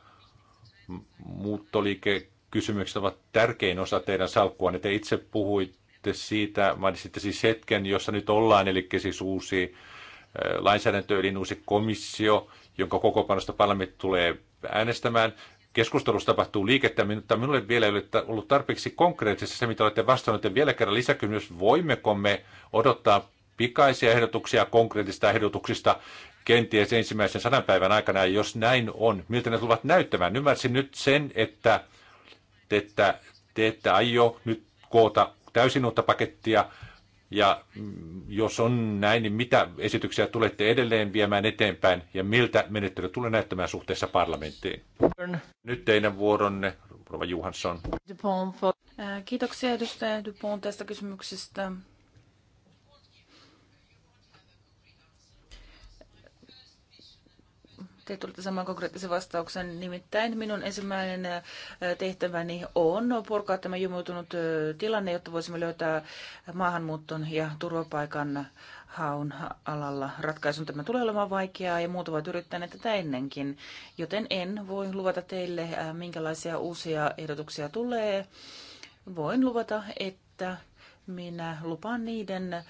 muuttoliikekysymykset ovat tärkein osa teidän salkkua. Te itse puhuitte siitä, mainitsitte siis hetken, jossa nyt ollaan, eli siis uusi äh, lainsäädäntö, eli uusi komissio, jonka kokoopanosta parlamentti tulee äänestämään keskustelussa tapahtuu liikettä, mutta minulle vielä ei ole ollut tarpeeksi konkreettisesti se, mitä olette vastanneet. Vielä kerran lisäkysymys, voimmeko me odottaa pikaisia ehdotuksia konkreettisista ehdotuksista kenties ensimmäisen sadan päivän aikana, ja jos näin on, miltä ne tulevat näyttämään? Ymmärsin nyt sen, että te, että te ette aio nyt koota täysin uutta pakettia, ja jos on näin, niin mitä esityksiä tulette edelleen viemään eteenpäin ja miltä menettely tulee näyttämään suhteessa parlamenttiin? Nyt teidän vuoronne, Rova Johansson.
Kiitoksia edustaja Dupont tästä kysymyksestä. Te tulette saman konkreettisen vastauksen. Nimittäin minun ensimmäinen äh, tehtäväni on purkaa tämä jumutunut äh, tilanne, jotta voisimme löytää maahanmuuton ja turvapaikan haun alalla ratkaisun. Tämä tulee olemaan vaikeaa ja muut ovat yrittäneet tätä ennenkin, joten en voi luvata teille, äh, minkälaisia uusia ehdotuksia tulee. Voin luvata, että minä lupaan niiden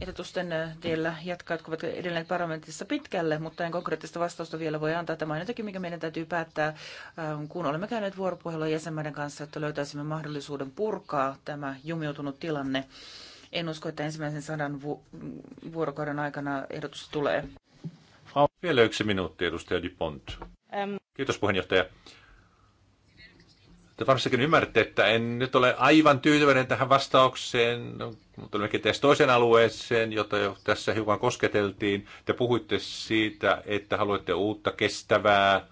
ehdotusten äh, tiellä jatkaa, jotka ovat edelleen parlamentissa pitkälle, mutta en konkreettista vastausta vielä voi antaa. Tämä on jotakin, mikä meidän täytyy päättää, äh, kun olemme käyneet vuoropuhelua jäsenmaiden kanssa, että löytäisimme mahdollisuuden purkaa tämä jumiutunut tilanne. En usko, että ensimmäisen sadan vu- vuorokauden aikana ehdotus tulee.
Vielä yksi minuutti, edustaja Dupont. Kiitos puheenjohtaja. Te varsinkin ymmärrätte, että en nyt ole aivan tyytyväinen tähän vastaukseen, mutta olemmekin teistä toisen alueeseen, jota jo tässä hiukan kosketeltiin. Te puhuitte siitä, että haluatte uutta kestävää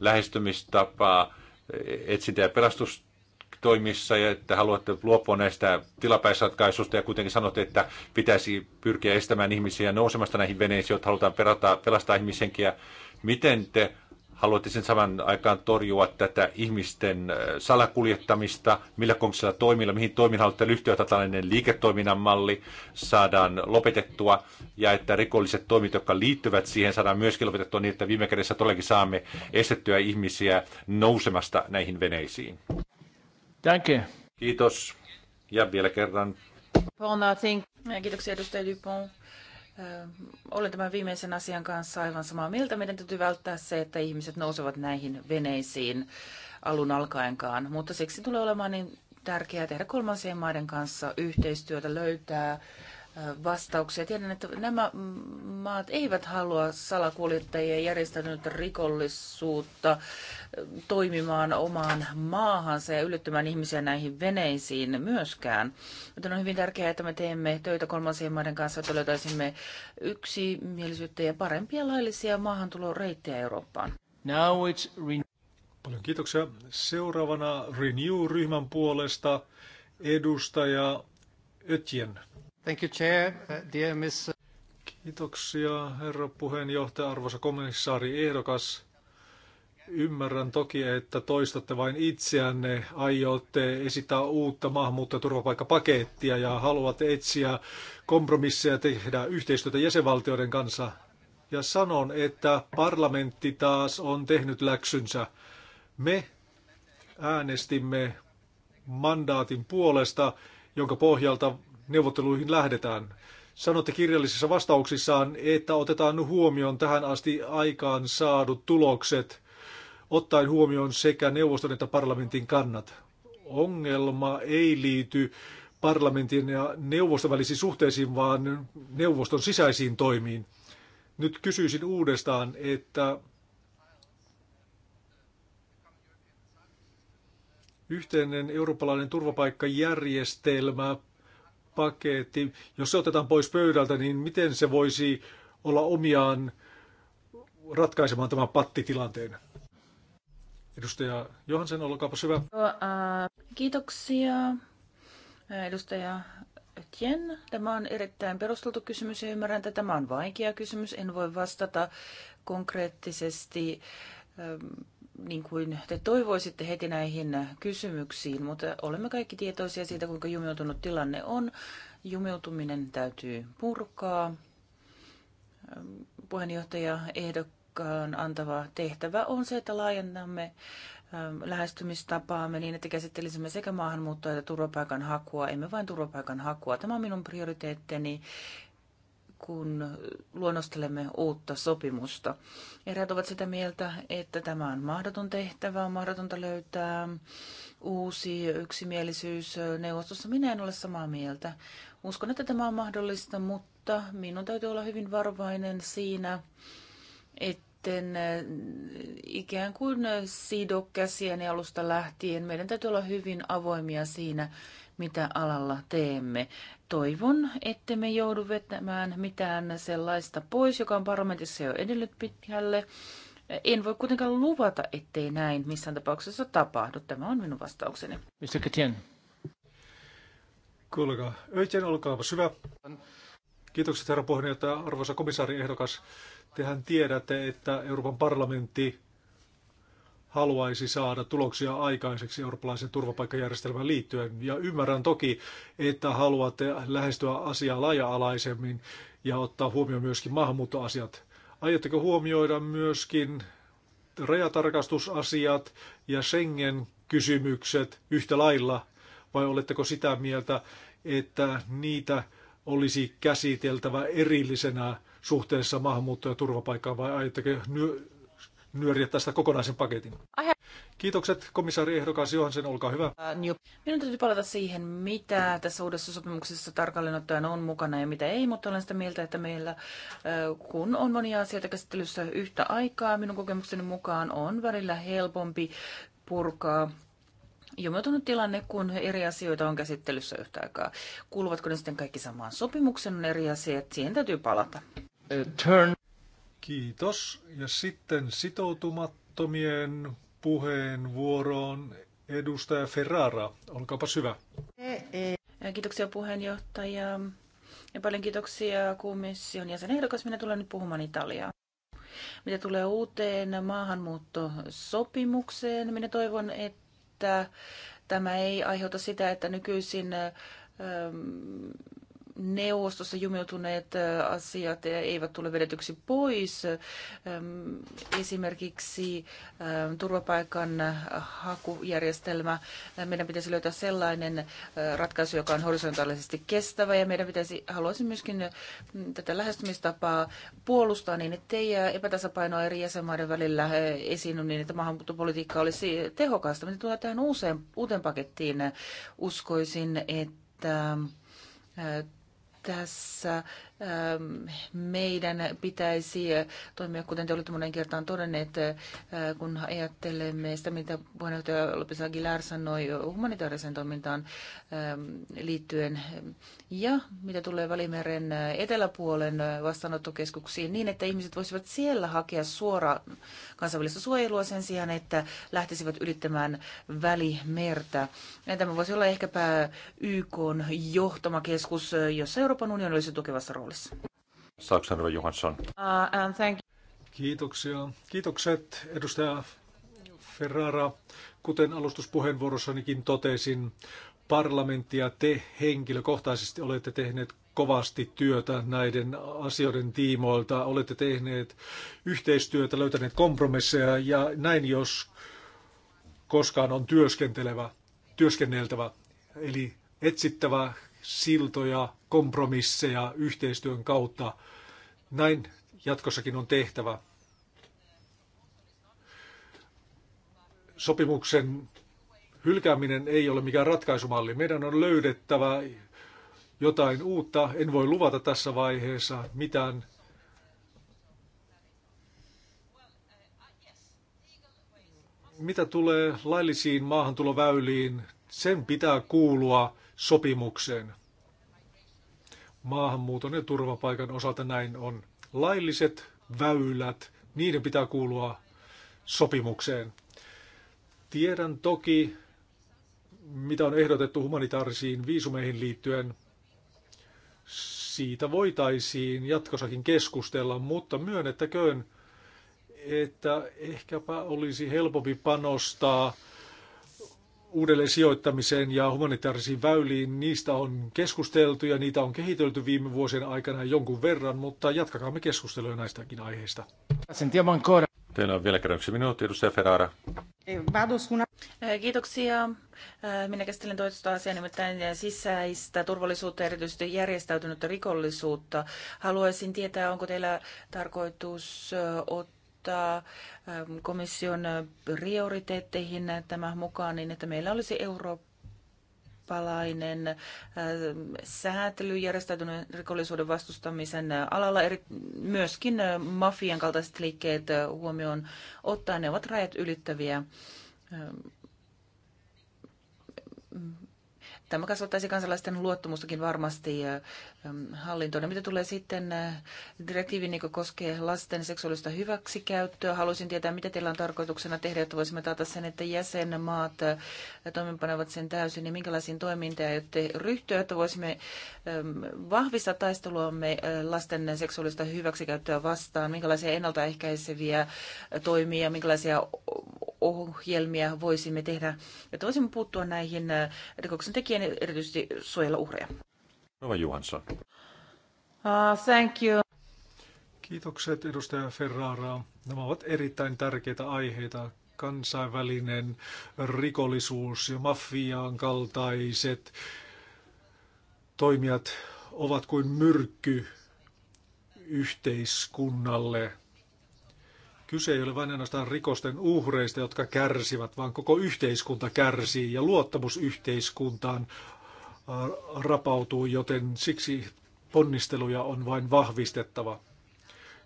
lähestymistapaa etsintä- ja pelastustoimissa ja että haluatte luopua näistä tilapäisratkaisuista ja kuitenkin sanotte, että pitäisi pyrkiä estämään ihmisiä nousemasta näihin veneisiin, jotta halutaan pelata, pelastaa ihmishenkiä. Miten te haluatte sen saman aikaan torjua tätä ihmisten äh, salakuljettamista, millä konkreettisilla toimilla, mihin toimin haluatte lyhtyä, että tällainen liiketoiminnan malli saadaan lopetettua ja että rikolliset toimit, jotka liittyvät siihen, saadaan myöskin lopetettua niin, että viime kädessä todellakin saamme estettyä ihmisiä nousemasta näihin veneisiin. Danke. Kiitos. Ja vielä kerran.
Bon, Kiitoksia edustaja Dupont olen tämän viimeisen asian kanssa aivan samaa mieltä. Meidän täytyy välttää se, että ihmiset nousevat näihin veneisiin alun alkaenkaan, mutta siksi tulee olemaan niin tärkeää tehdä kolmansien maiden kanssa yhteistyötä, löytää vastauksia. Tiedän, että nämä maat eivät halua salakuljettajia järjestänyt rikollisuutta toimimaan omaan maahansa ja yllättämään ihmisiä näihin veneisiin myöskään. Mutta on hyvin tärkeää, että me teemme töitä kolmansien maiden kanssa, että löytäisimme yksimielisyyttä ja parempia laillisia maahantuloreittejä Eurooppaan.
Now it's Paljon kiitoksia. Seuraavana Renew-ryhmän puolesta edustaja Ötjen. Thank you, Chair. Uh, dear uh, Kiitoksia, herra puheenjohtaja, arvoisa komissaari ehdokas. Ymmärrän toki, että toistatte vain itseänne, aiotte esittää uutta maahanmuutto- ja turvapaikkapakettia ja haluatte etsiä kompromisseja tehdä yhteistyötä jäsenvaltioiden kanssa. Ja sanon, että parlamentti taas on tehnyt läksynsä. Me äänestimme mandaatin puolesta, jonka pohjalta neuvotteluihin lähdetään. Sanotte kirjallisissa vastauksissaan, että otetaan huomioon tähän asti aikaan saadut tulokset, ottaen huomioon sekä neuvoston että parlamentin kannat. Ongelma ei liity parlamentin ja neuvoston välisiin suhteisiin, vaan neuvoston sisäisiin toimiin. Nyt kysyisin uudestaan, että yhteinen eurooppalainen turvapaikkajärjestelmä paketti, jos se otetaan pois pöydältä, niin miten se voisi olla omiaan ratkaisemaan tämän pattitilanteen? Edustaja Johansen, olkaapa hyvä. Äh,
kiitoksia. Äh, edustaja Tien, tämä on erittäin perusteltu kysymys ja ymmärrän, että tämä on vaikea kysymys. En voi vastata konkreettisesti ähm, niin kuin te toivoisitte heti näihin kysymyksiin, mutta olemme kaikki tietoisia siitä, kuinka jumiutunut tilanne on. Jumiutuminen täytyy purkaa. Puheenjohtaja ehdokkaan antava tehtävä on se, että laajennamme ähm, lähestymistapaamme niin, että käsittelisimme sekä maahanmuuttoa että turvapaikan hakua, emme vain turvapaikan hakua. Tämä on minun prioriteetteni kun luonnostelemme uutta sopimusta. Eräät ovat sitä mieltä, että tämä on mahdoton tehtävä, on mahdotonta löytää uusi yksimielisyys neuvostossa. Minä en ole samaa mieltä. Uskon, että tämä on mahdollista, mutta minun täytyy olla hyvin varovainen siinä, sitten eh, ikään kuin sido alusta lähtien. Meidän täytyy olla hyvin avoimia siinä, mitä alalla teemme. Toivon, että me joudu vetämään mitään sellaista pois, joka on parlamentissa jo edellyt pitkälle. En voi kuitenkaan luvata, ettei näin missään tapauksessa tapahdu. Tämä on minun vastaukseni.
Mr. Ketien. Kuulkaa. Öitjen, olkaa syvä. Kiitokset herra puheenjohtaja, arvoisa komissaari ehdokas. Tehän tiedätte, että Euroopan parlamentti haluaisi saada tuloksia aikaiseksi eurooppalaisen turvapaikkajärjestelmään liittyen. Ja ymmärrän toki, että haluatte lähestyä asiaa laaja-alaisemmin ja ottaa huomioon myöskin maahanmuuttoasiat. Aiotteko huomioida myöskin rajatarkastusasiat ja Schengen-kysymykset yhtä lailla, vai oletteko sitä mieltä, että niitä olisi käsiteltävä erillisenä suhteessa maahanmuutto- ja turvapaikkaan, vai aiotteko nyöriä tästä kokonaisen paketin. Kiitokset komissaari ehdokas Johansen, olkaa hyvä.
Uh, minun täytyy palata siihen, mitä tässä uudessa sopimuksessa tarkalleen ottaen on mukana ja mitä ei, mutta olen sitä mieltä, että meillä uh, kun on monia asioita käsittelyssä yhtä aikaa, minun kokemukseni mukaan on välillä helpompi purkaa jumiutunut tilanne, kun eri asioita on käsittelyssä yhtä aikaa. Kuuluvatko ne sitten kaikki samaan sopimuksen on eri asiat, siihen täytyy palata.
Uh, turn. Kiitos. Ja sitten sitoutumattomien puheenvuoroon edustaja Ferrara. Olkaapa syvä.
Kiitoksia puheenjohtaja. Ja paljon kiitoksia komission jäsenehdokas. Minä tulen nyt puhumaan Italiaa. Mitä tulee uuteen maahanmuuttosopimukseen, minä toivon, että tämä ei aiheuta sitä, että nykyisin ähm, neuvostossa jumiutuneet asiat eivät tule vedetyksi pois. Esimerkiksi turvapaikan hakujärjestelmä. Meidän pitäisi löytää sellainen ratkaisu, joka on horisontaalisesti kestävä ja meidän pitäisi, haluaisin myöskin tätä lähestymistapaa puolustaa niin, ettei epätasapainoa eri jäsenmaiden välillä esiinny niin, että maahanmuuttopolitiikka olisi tehokasta. Mitä tulee tähän uuteen, uuteen pakettiin, uskoisin, että tässä Ähm, meidän pitäisi äh, toimia, kuten te olette monen kertaan todenneet, äh, kun ajattelemme sitä, mitä puheenjohtaja Lopes Aguilar sanoi humanitaariseen toimintaan ähm, liittyen ja mitä tulee Välimeren äh, eteläpuolen vastaanottokeskuksiin niin, että ihmiset voisivat siellä hakea suora kansainvälistä suojelua sen sijaan, että lähtisivät ylittämään Välimertä. Tämä voisi olla ehkäpä YK johtama keskus, jossa Euroopan unioni olisi tukevassa roolissa Istanbulissa.
Saksanrova Johansson.
Uh, thank you.
Kiitoksia. Kiitokset edustaja Ferrara. Kuten alustuspuheenvuorossanikin totesin, parlamentti ja te henkilökohtaisesti olette tehneet kovasti työtä näiden asioiden tiimoilta. Olette tehneet yhteistyötä, löytäneet kompromisseja ja näin jos koskaan on työskentelevä, työskenneltävä, eli etsittävä siltoja, kompromisseja yhteistyön kautta. Näin jatkossakin on tehtävä. Sopimuksen hylkääminen ei ole mikään ratkaisumalli. Meidän on löydettävä jotain uutta. En voi luvata tässä vaiheessa mitään. Mitä tulee laillisiin maahantuloväyliin, sen pitää kuulua sopimukseen. Maahanmuuton ja turvapaikan osalta näin on. Lailliset väylät, niiden pitää kuulua sopimukseen. Tiedän toki, mitä on ehdotettu humanitaarisiin viisumeihin liittyen. Siitä voitaisiin jatkossakin keskustella, mutta myönnettäköön, että ehkäpä olisi helpompi panostaa uudelleen sijoittamiseen ja humanitaarisiin väyliin, niistä on keskusteltu ja niitä on kehitelty viime vuosien aikana jonkun verran, mutta jatkakaamme keskustelua näistäkin aiheista.
Teillä on vielä kerran yksi minuutti, edustaja Ferrara.
Eh, eh, kiitoksia. Eh, minä käsittelen toista asiaa, nimittäin sisäistä turvallisuutta, erityisesti järjestäytynyttä rikollisuutta. Haluaisin tietää, onko teillä tarkoitus ottaa ottaa ähm, komission äh, prioriteetteihin tämä mukaan niin, että meillä olisi eurooppalainen äh, säätely järjestäytyneen rikollisuuden vastustamisen äh, alalla, eri, myöskin mafian kaltaiset liikkeet huomioon ottaen. Ne ovat rajat ylittäviä ähm, mm. Tämä kasvattaisi kansalaisten luottamustakin varmasti Ähm, hallintoon. Ja mitä tulee sitten äh, direktiiviin, joka koskee lasten seksuaalista hyväksikäyttöä, haluaisin tietää, mitä teillä on tarkoituksena tehdä, että voisimme taata sen, että jäsenmaat äh, toimenpanevat sen täysin, Niin minkälaisiin toimintaan aiotte ryhtyä, että voisimme ähm, vahvistaa taisteluamme äh, lasten seksuaalista hyväksikäyttöä vastaan, minkälaisia ennaltaehkäiseviä toimia, minkälaisia ohjelmia voisimme tehdä, Että voisimme puuttua näihin rikoksen tekijän erityisesti suojella uhreja.
Rova Johansson. Uh,
thank you. Kiitokset edustaja
Ferrara. Nämä ovat erittäin tärkeitä aiheita. Kansainvälinen rikollisuus ja mafiaan kaltaiset toimijat ovat kuin myrkky yhteiskunnalle. Kyse ei ole vain ainoastaan rikosten uhreista, jotka kärsivät, vaan koko yhteiskunta kärsii ja luottamus yhteiskuntaan rapautuu, joten siksi ponnisteluja on vain vahvistettava.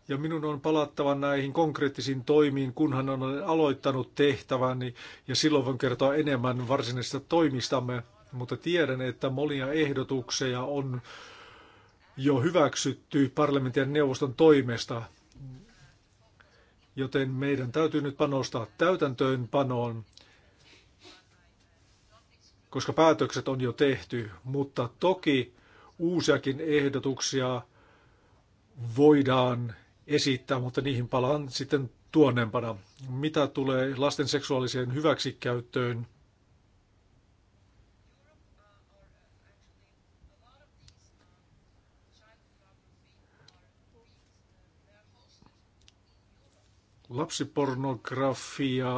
Ja minun on palattava näihin konkreettisiin toimiin, kunhan olen aloittanut tehtäväni, ja silloin voin kertoa enemmän varsinaisista toimistamme, mutta tiedän, että monia ehdotuksia on jo hyväksytty parlamentin ja neuvoston toimesta, joten meidän täytyy nyt panostaa täytäntöönpanoon koska päätökset on jo tehty, mutta toki uusiakin ehdotuksia voidaan esittää, mutta niihin palaan sitten tuonnempana. Mitä tulee lasten seksuaaliseen hyväksikäyttöön, lapsipornografia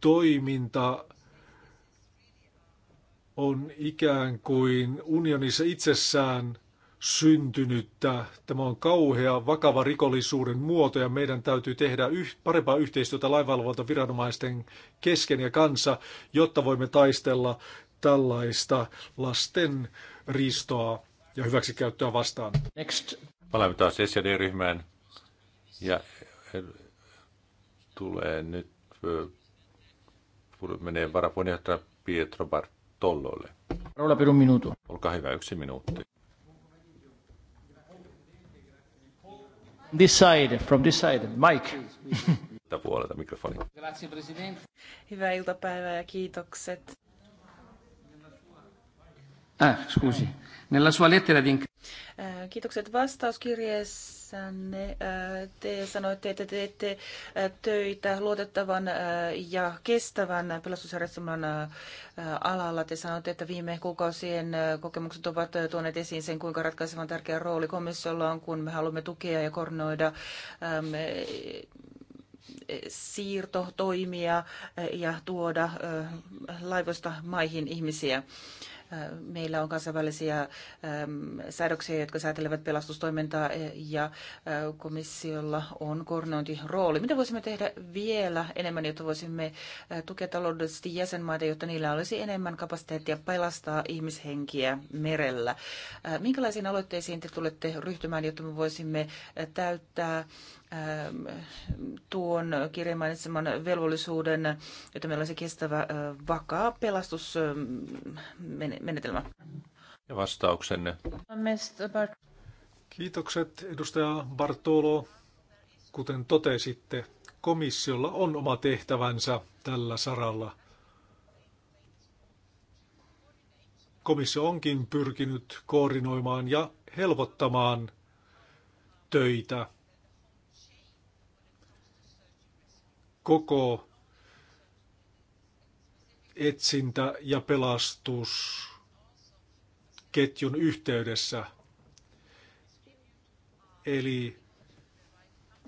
toiminta on ikään kuin unionissa itsessään syntynyttä. Tämä on kauhea, vakava rikollisuuden muoto ja meidän täytyy tehdä yh- parempaa yhteistyötä lainvalvontaviranomaisten kesken ja kanssa, jotta voimme taistella tällaista lasten riistoa ja hyväksikäyttöä vastaan. Next.
Palaamme taas SED-ryhmään ja eh, tulee nyt eh, menee varapuheenjohtaja Pietro Bart Tollolle. Rola per un minuto. Olkaa hyvä, yksi minuutti. This side, from this side, Mike. [LAUGHS] Tältä puolelta mikrofoni.
Hyvää iltapäivää ja kiitokset.
Ah, scusi.
Nella sua lettera di
Äh, kiitokset vastauskirjeessänne. Äh, te sanoitte, että teette äh, töitä luotettavan ja kestävän pelastusjärjestelmän alalla. Te sanoitte, että viime kuukausien kokemukset ovat tuoneet esiin sen, kuinka ratkaisevan tärkeä rooli komissiolla on, kun me haluamme tukea ja koordinoida e, e, siirtotoimia ja tuoda laivoista maihin ihmisiä. Meillä on kansainvälisiä ähm, säädöksiä, jotka säätelevät pelastustoimintaa e, ja äh, komissiolla on koordinointirooli. Mitä voisimme tehdä vielä enemmän, jotta voisimme äh, tukea taloudellisesti jäsenmaita, jotta niillä olisi enemmän kapasiteettia pelastaa ihmishenkiä merellä? Äh, minkälaisiin aloitteisiin te tulette ryhtymään, jotta me voisimme täyttää Ähm, tuon kirjan mainitseman velvollisuuden, että meillä olisi kestävä, vakaa pelastusmenetelmä.
Ja vastauksenne.
Kiitokset edustaja Bartolo. Kuten totesitte, komissiolla on oma tehtävänsä tällä saralla. Komissio onkin pyrkinyt koordinoimaan ja helpottamaan töitä koko etsintä- ja pelastusketjun yhteydessä. Eli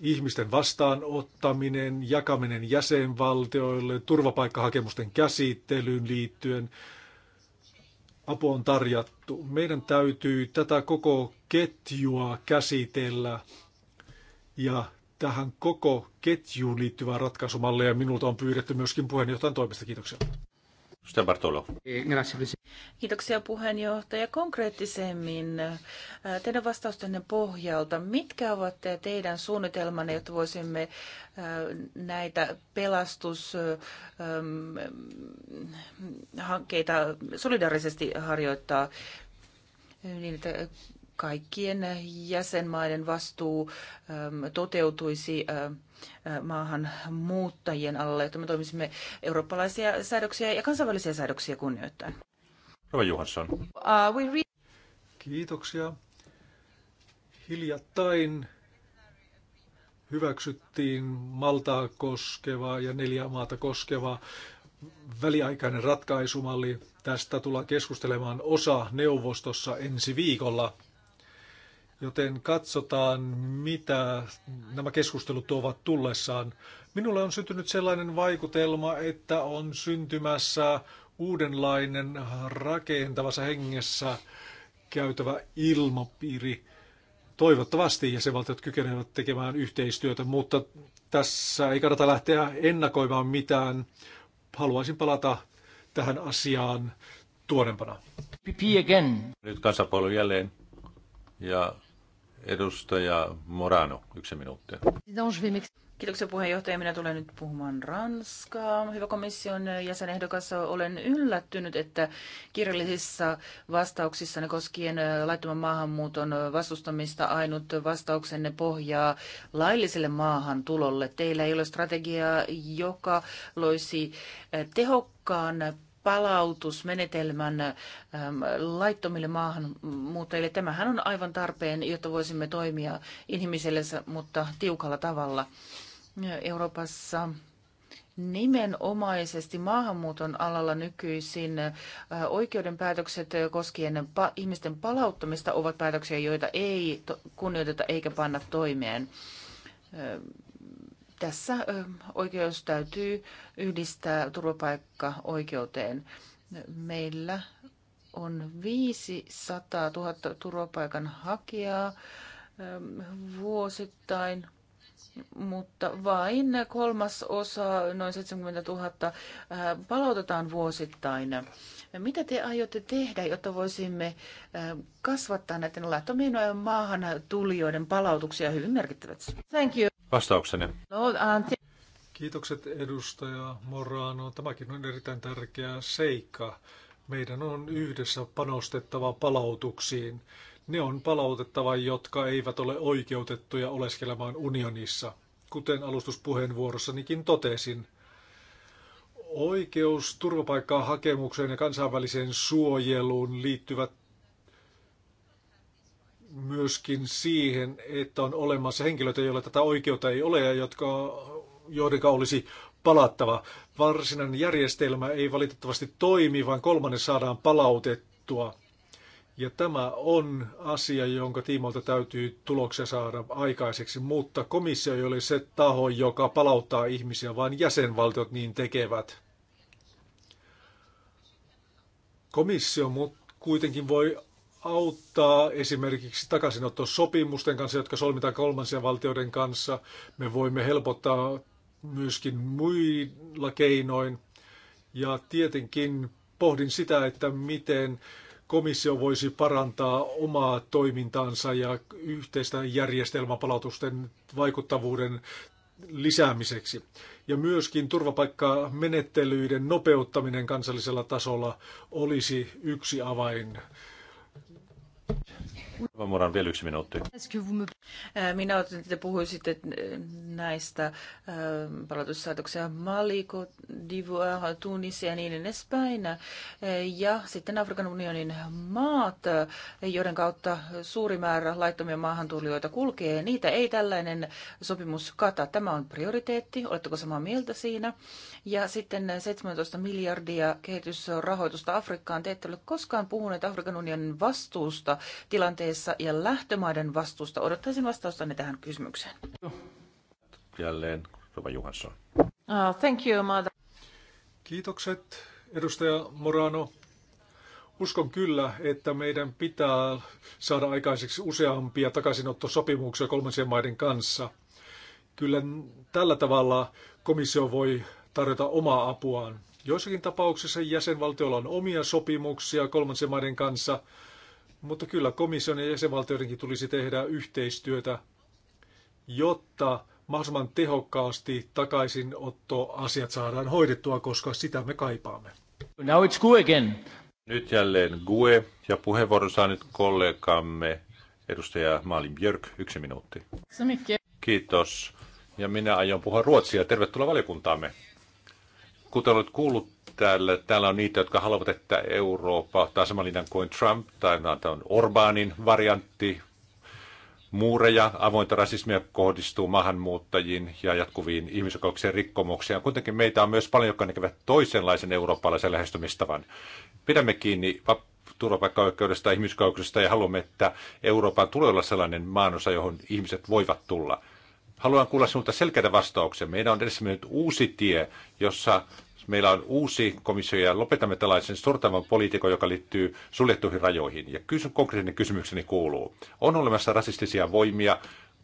ihmisten vastaanottaminen, jakaminen jäsenvaltioille, turvapaikkahakemusten käsittelyyn liittyen, apu on tarjattu. Meidän täytyy tätä koko ketjua käsitellä ja tähän koko ketjuun liittyvää ratkaisumallia. Minulta on pyydetty myöskin puheenjohtajan
toimesta. Kiitoksia. Bartolo.
Kiitoksia puheenjohtaja. Konkreettisemmin äh, teidän vastaustenne pohjalta, mitkä ovat teidän suunnitelmanne, jotta voisimme äh, näitä pelastushankkeita ähm, solidaarisesti harjoittaa niin, että kaikkien jäsenmaiden vastuu ähm, toteutuisi äh, äh, maahan muuttajien alle, että me toimisimme eurooppalaisia säädöksiä ja kansainvälisiä säädöksiä kunnioittain.
Rova Johansson. Uh,
Kiitoksia. Hiljattain
hyväksyttiin Maltaa koskeva ja neljä maata koskeva väliaikainen ratkaisumalli. Tästä tullaan keskustelemaan osa neuvostossa ensi viikolla joten katsotaan, mitä nämä keskustelut tuovat tullessaan. Minulle on syntynyt sellainen vaikutelma, että on syntymässä uudenlainen rakentavassa hengessä käytävä ilmapiiri. Toivottavasti jäsenvaltiot kykenevät tekemään yhteistyötä, mutta tässä ei kannata lähteä ennakoimaan mitään. Haluaisin palata tähän asiaan tuonempana. again.
Nyt kansanpuolue jälleen. Ja Edustaja Morano, yksi minuutti.
Kiitoksia puheenjohtaja. Minä tulen nyt puhumaan Ranskaa. Hyvä komission jäsenehdokas, olen yllättynyt, että kirjallisissa vastauksissa ne koskien laittoman maahanmuuton vastustamista ainut vastauksenne pohjaa lailliselle maahantulolle. Teillä ei ole strategiaa, joka loisi tehokkaan palautusmenetelmän ähm, laittomille maahanmuuttajille. Tämähän on aivan tarpeen, jotta voisimme toimia inhimillisellä, mutta tiukalla tavalla. Euroopassa nimenomaisesti maahanmuuton alalla nykyisin äh, oikeudenpäätökset koskien ihmisten palauttamista ovat päätöksiä, joita ei kunnioiteta eikä panna toimeen äh, tässä oikeus täytyy yhdistää turvapaikka-oikeuteen. Meillä on 500 000 turvapaikan hakijaa vuosittain, mutta vain kolmas osa, noin 70 000, palautetaan vuosittain. Mitä te aiotte tehdä, jotta voisimme kasvattaa näiden laittomien maahan tulijoiden palautuksia hyvin merkittävästi? Thank you vastauksenne. No,
Kiitokset edustaja Morano. Tämäkin on erittäin tärkeä seikka. Meidän on yhdessä panostettava palautuksiin. Ne on palautettava, jotka eivät ole oikeutettuja oleskelemaan unionissa. Kuten alustuspuheenvuorossanikin totesin, oikeus turvapaikkaa hakemukseen ja kansainväliseen suojeluun liittyvät myöskin siihen, että on olemassa henkilöitä, joilla tätä oikeutta ei ole ja jotka, joidenka olisi palattava. Varsinainen järjestelmä ei valitettavasti toimi, vaan kolmannen saadaan palautettua. Ja tämä on asia, jonka tiimoilta täytyy tuloksia saada aikaiseksi, mutta komissio ei ole se taho, joka palauttaa ihmisiä, vaan jäsenvaltiot niin tekevät. Komissio kuitenkin voi auttaa esimerkiksi takaisinottosopimusten kanssa, jotka solmitaan kolmansien valtioiden kanssa. Me voimme helpottaa myöskin muilla keinoin. Ja tietenkin pohdin sitä, että miten komissio voisi parantaa omaa toimintaansa ja yhteistä järjestelmäpalautusten vaikuttavuuden lisäämiseksi. Ja myöskin turvapaikkamenettelyiden nopeuttaminen kansallisella tasolla olisi yksi avain
vielä yksi minuutti.
Minä otin, että puhuisitte äh, näistä äh, palautussaatoksia Maliko, Divoire, Tunisia ja niin edespäin. Äh, ja sitten Afrikan unionin maat, joiden kautta suuri määrä laittomia maahantulijoita kulkee. Niitä ei tällainen sopimus kata. Tämä on prioriteetti. Oletteko samaa mieltä siinä? Ja sitten 17 miljardia kehitysrahoitusta Afrikkaan. Te ette ole koskaan puhuneet Afrikan unionin vastuusta tilanteen tilanteessa ja lähtömaiden vastuusta? Odottaisin vastaustanne tähän kysymykseen.
Jälleen Rova Johansson. Uh,
thank you, mother.
Kiitokset, edustaja Morano. Uskon kyllä, että meidän pitää saada aikaiseksi useampia takaisinottosopimuksia kolmansien maiden kanssa. Kyllä tällä tavalla komissio voi tarjota omaa apuaan. Joissakin tapauksissa jäsenvaltioilla on omia sopimuksia kolmansien maiden kanssa, mutta kyllä komission ja jäsenvaltioidenkin tulisi tehdä yhteistyötä, jotta mahdollisimman tehokkaasti takaisinottoasiat saadaan hoidettua, koska sitä me kaipaamme.
Now it's Gue again. Nyt jälleen Gue ja puheenvuoron saa nyt kollegamme edustaja Malin Björk, yksi minuutti. Kiitos. Ja minä aion puhua ruotsia. Tervetuloa valiokuntaamme. Kuten olet kuullut, täällä, täällä on niitä, jotka haluavat, että Eurooppa ottaa saman linjan kuin Trump, tai on Orbanin variantti, muureja, avointa rasismia kohdistuu maahanmuuttajiin ja jatkuviin ihmisoikeuksien rikkomuksiin. Kuitenkin meitä on myös paljon, jotka näkevät toisenlaisen eurooppalaisen lähestymistavan. Pidämme kiinni turvapaikkaoikeudesta ja ihmisoikeuksista ja haluamme, että Euroopan tulee olla sellainen maanosa, johon ihmiset voivat tulla. Haluan kuulla sinulta selkeitä vastauksia. Meidän on edessä mennyt uusi tie, jossa meillä on uusi komissio ja lopetamme tällaisen sortavan poliitikon, joka liittyy suljettuihin rajoihin. Ja kysy, konkreettinen kysymykseni kuuluu, on olemassa rasistisia voimia,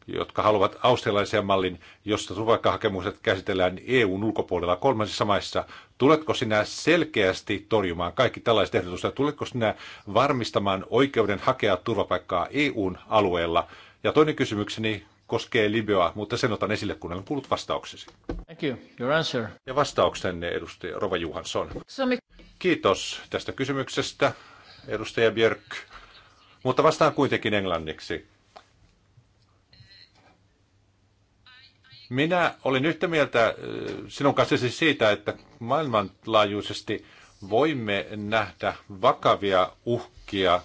jotka haluavat australialaisen mallin, josta turvapaikkahakemukset käsitellään EUn ulkopuolella kolmansissa maissa. Tuletko sinä selkeästi torjumaan kaikki tällaiset ehdotukset? Tuletko sinä varmistamaan oikeuden hakea turvapaikkaa EUn alueella? Ja toinen kysymykseni koskee Libyaa, mutta sen otan esille, kun olen kuullut vastauksesi.
Thank you. Your answer.
Ja vastauksenne, edustaja Rova Johansson. Kiitos tästä kysymyksestä, edustaja Björk. Mutta vastaan kuitenkin englanniksi. Minä olin yhtä mieltä äh, sinun kanssasi siitä, että maailmanlaajuisesti voimme nähdä vakavia uhkia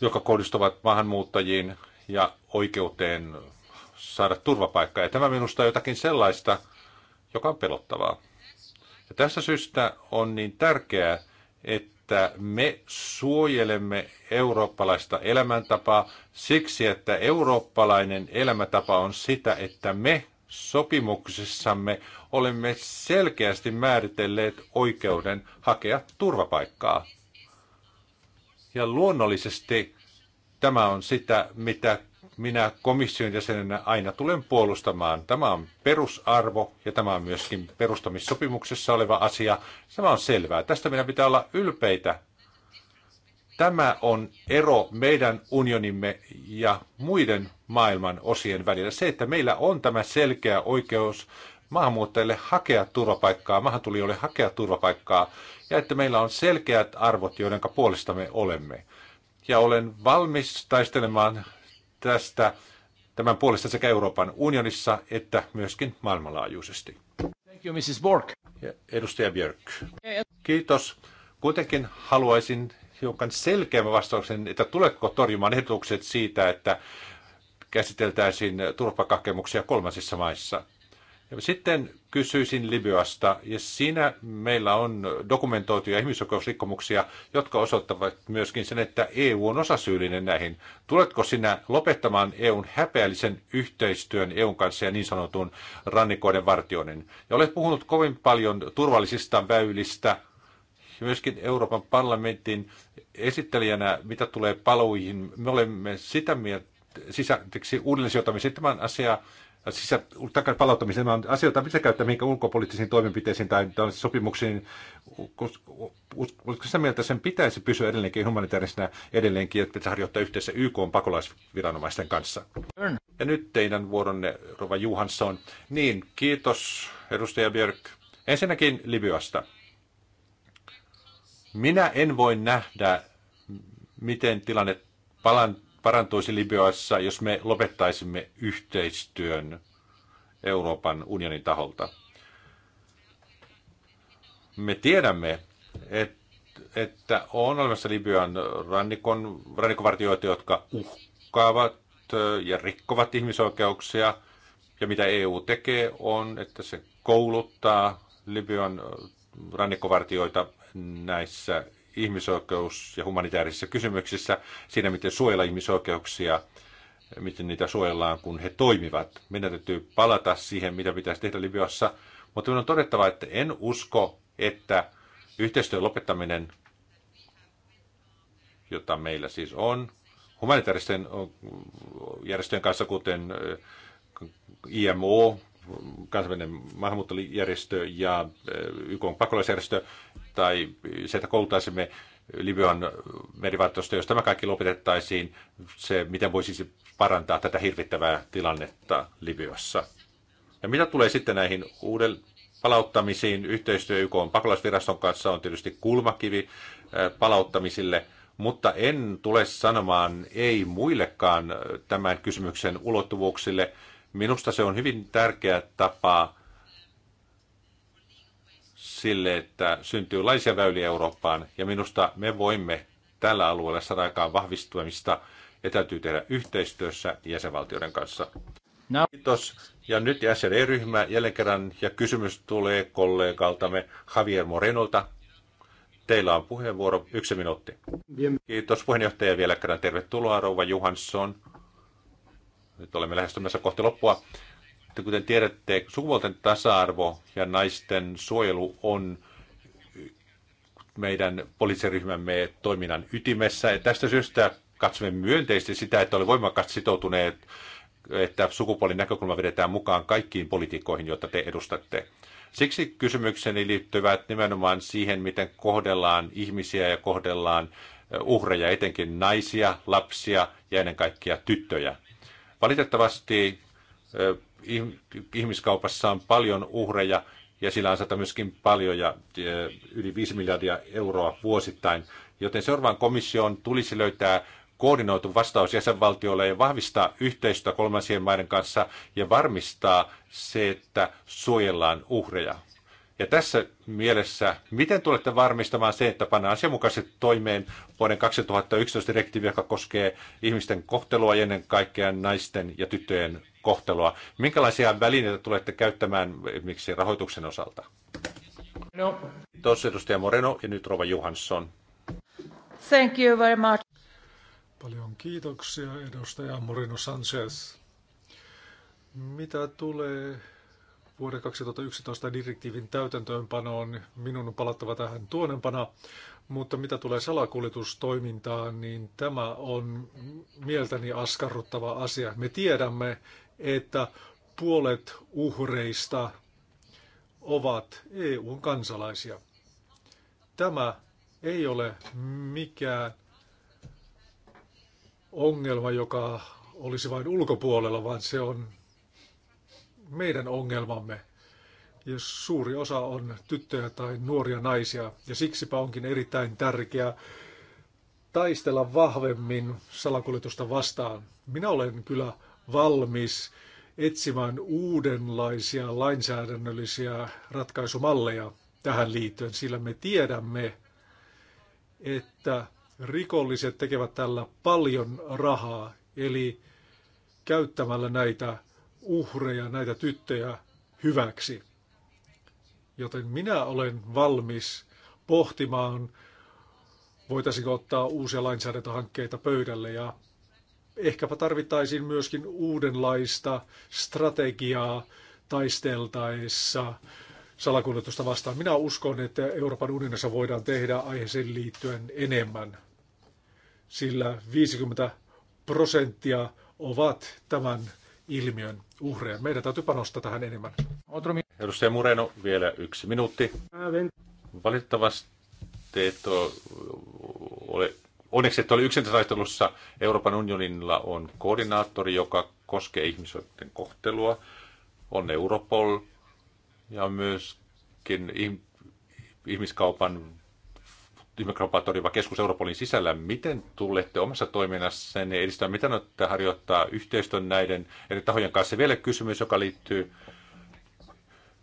jotka kohdistuvat maahanmuuttajiin ja oikeuteen saada turvapaikkaa. Ja tämä minusta on jotakin sellaista, joka on pelottavaa. Ja tästä syystä on niin tärkeää, että me suojelemme eurooppalaista elämäntapaa siksi, että eurooppalainen elämäntapa on sitä, että me sopimuksissamme olemme selkeästi määritelleet oikeuden hakea turvapaikkaa. Ja luonnollisesti tämä on sitä, mitä minä komission jäsenenä aina tulen puolustamaan. Tämä on perusarvo ja tämä on myöskin perustamissopimuksessa oleva asia. Tämä on selvää. Tästä meidän pitää olla ylpeitä. Tämä on ero meidän unionimme ja muiden maailman osien välillä. Se, että meillä on tämä selkeä oikeus maahanmuuttajille hakea turvapaikkaa, maahantulijoille hakea turvapaikkaa, ja että meillä on selkeät arvot, joiden puolesta me olemme. Ja olen valmis taistelemaan tästä tämän puolesta sekä Euroopan unionissa että myöskin maailmanlaajuisesti.
Thank you, Mrs. Bork.
Ja edustaja Björk. Kiitos. Kuitenkin haluaisin hiukan selkeämmän vastauksen, että tuletko torjumaan ehdotukset siitä, että käsiteltäisiin turvapaikkahakemuksia kolmansissa maissa. Sitten kysyisin Libyasta, ja siinä meillä on dokumentoituja ihmisoikeusrikkomuksia, jotka osoittavat myöskin sen, että EU on osasyyllinen näihin. Tuletko sinä lopettamaan EUn häpeällisen yhteistyön EUn kanssa ja niin sanotun rannikoiden vartioinnin? Ja olet puhunut kovin paljon turvallisista väylistä, myöskin Euroopan parlamentin esittelijänä, mitä tulee paluihin. Me olemme sitä mieltä, sisä, uudelleen sijoittamisen tämän asiaa sisä, takaisin palauttamiseen. Nämä on asioita, mitä käyttää mihinkä ulkopoliittisiin toimenpiteisiin tai, tai sopimuksiin. Oletko sitä mieltä, että sen pitäisi pysyä edelleenkin humanitaarisena edelleenkin, että pitäisi harjoittaa yhteensä YK on pakolaisviranomaisten kanssa? Ja nyt teidän vuoronne, Rova Juhansson. Niin, kiitos edustaja Björk. Ensinnäkin Libyasta. Minä en voi nähdä, miten tilanne parantuisi Libyassa, jos me lopettaisimme yhteistyön Euroopan unionin taholta. Me tiedämme, että on olemassa Libyan rannikon, rannikkovartioita, jotka uhkaavat ja rikkovat ihmisoikeuksia. Ja mitä EU tekee on, että se kouluttaa Libyan rannikkovartioita näissä ihmisoikeus- ja humanitaarisissa kysymyksissä, siinä miten suojella ihmisoikeuksia, miten niitä suojellaan, kun he toimivat. Meidän täytyy palata siihen, mitä pitäisi tehdä Libyassa, mutta minun on todettava, että en usko, että yhteistyön lopettaminen, jota meillä siis on, humanitaaristen järjestöjen kanssa, kuten äh, IMO, kansainvälinen maahanmuuttojärjestö ja eh, YK pakolaisjärjestö, tai se, että koulutaisimme Libyan merivartosta, jos tämä kaikki lopetettaisiin, se miten voisi parantaa tätä hirvittävää tilannetta Libyassa. Ja mitä tulee sitten näihin uuden palauttamisiin, yhteistyö YK on pakolaisviraston kanssa on tietysti kulmakivi eh, palauttamisille, mutta en tule sanomaan ei muillekaan tämän kysymyksen ulottuvuuksille, Minusta se on hyvin tärkeä tapa sille, että syntyy laisia väyliä Eurooppaan, ja minusta me voimme tällä alueella saada aikaan vahvistumista, ja täytyy tehdä yhteistyössä jäsenvaltioiden kanssa. No. Kiitos. Ja nyt SRE-ryhmä jälleen kerran, ja kysymys tulee kollegaltamme Javier Morenolta. Teillä on puheenvuoro, yksi minuutti. Kiitos puheenjohtaja vielä kerran. Tervetuloa rouva Johansson. Nyt olemme lähestymässä kohti loppua. Kuten tiedätte, sukupuolten tasa-arvo ja naisten suojelu on meidän poliisiryhmämme toiminnan ytimessä. Ja tästä syystä katsomme myönteisesti sitä, että olemme voimakkaasti sitoutuneet, että sukupuolin näkökulma vedetään mukaan kaikkiin politiikkoihin, joita te edustatte. Siksi kysymykseni liittyvät nimenomaan siihen, miten kohdellaan ihmisiä ja kohdellaan uhreja, etenkin naisia, lapsia ja ennen kaikkea tyttöjä. Valitettavasti ihmiskaupassa on paljon uhreja ja sillä on myöskin paljon ja yli 5 miljardia euroa vuosittain. Joten seuraavan komission tulisi löytää koordinoitu vastaus jäsenvaltiolle ja vahvistaa yhteistyötä kolmansien maiden kanssa ja varmistaa se, että suojellaan uhreja. Ja tässä mielessä, miten tulette varmistamaan se, että pannaan asianmukaisesti toimeen vuoden 2011 direktiivi, joka koskee ihmisten kohtelua ja ennen kaikkea naisten ja tyttöjen kohtelua? Minkälaisia välineitä tulette käyttämään esimerkiksi rahoituksen osalta? No. Tuossa edustaja Moreno ja nyt Rova Johansson.
Thank you very much.
Paljon kiitoksia edustaja Moreno Sanchez. Mitä tulee vuoden 2011 direktiivin täytäntöönpanoon. Minun on palattava tähän tuonempana, mutta mitä tulee salakuljetustoimintaan, niin tämä on mieltäni askarruttava asia. Me tiedämme, että puolet uhreista ovat EUn kansalaisia. Tämä ei ole mikään ongelma, joka olisi vain ulkopuolella, vaan se on meidän ongelmamme. Ja suuri osa on tyttöjä tai nuoria naisia. Ja siksipä onkin erittäin tärkeää taistella vahvemmin salakuljetusta vastaan. Minä olen kyllä valmis etsimään uudenlaisia lainsäädännöllisiä ratkaisumalleja tähän liittyen, sillä me tiedämme, että rikolliset tekevät tällä paljon rahaa, eli käyttämällä näitä uhreja, näitä tyttöjä hyväksi. Joten minä olen valmis pohtimaan, voitaisiinko ottaa uusia lainsäädäntöhankkeita pöydälle ja ehkäpä tarvittaisiin myöskin uudenlaista strategiaa taisteltaessa salakuljetusta vastaan. Minä uskon, että Euroopan unionissa voidaan tehdä aiheeseen liittyen enemmän, sillä 50 prosenttia ovat tämän ilmiön uhreja. Meidän täytyy panostaa tähän enemmän.
Edustaja Mureno, vielä yksi minuutti. Valitettavasti et ole, onneksi et ole yksintätaistelussa. Euroopan unionilla on koordinaattori, joka koskee ihmisoiden kohtelua. On Europol ja myöskin ihmiskaupan ihmekauppaa torjuva keskus Europolin sisällä. Miten tulette omassa toiminnassanne edistämään, miten olette harjoittaa yhteistyön näiden eri tahojen kanssa? Vielä kysymys, joka liittyy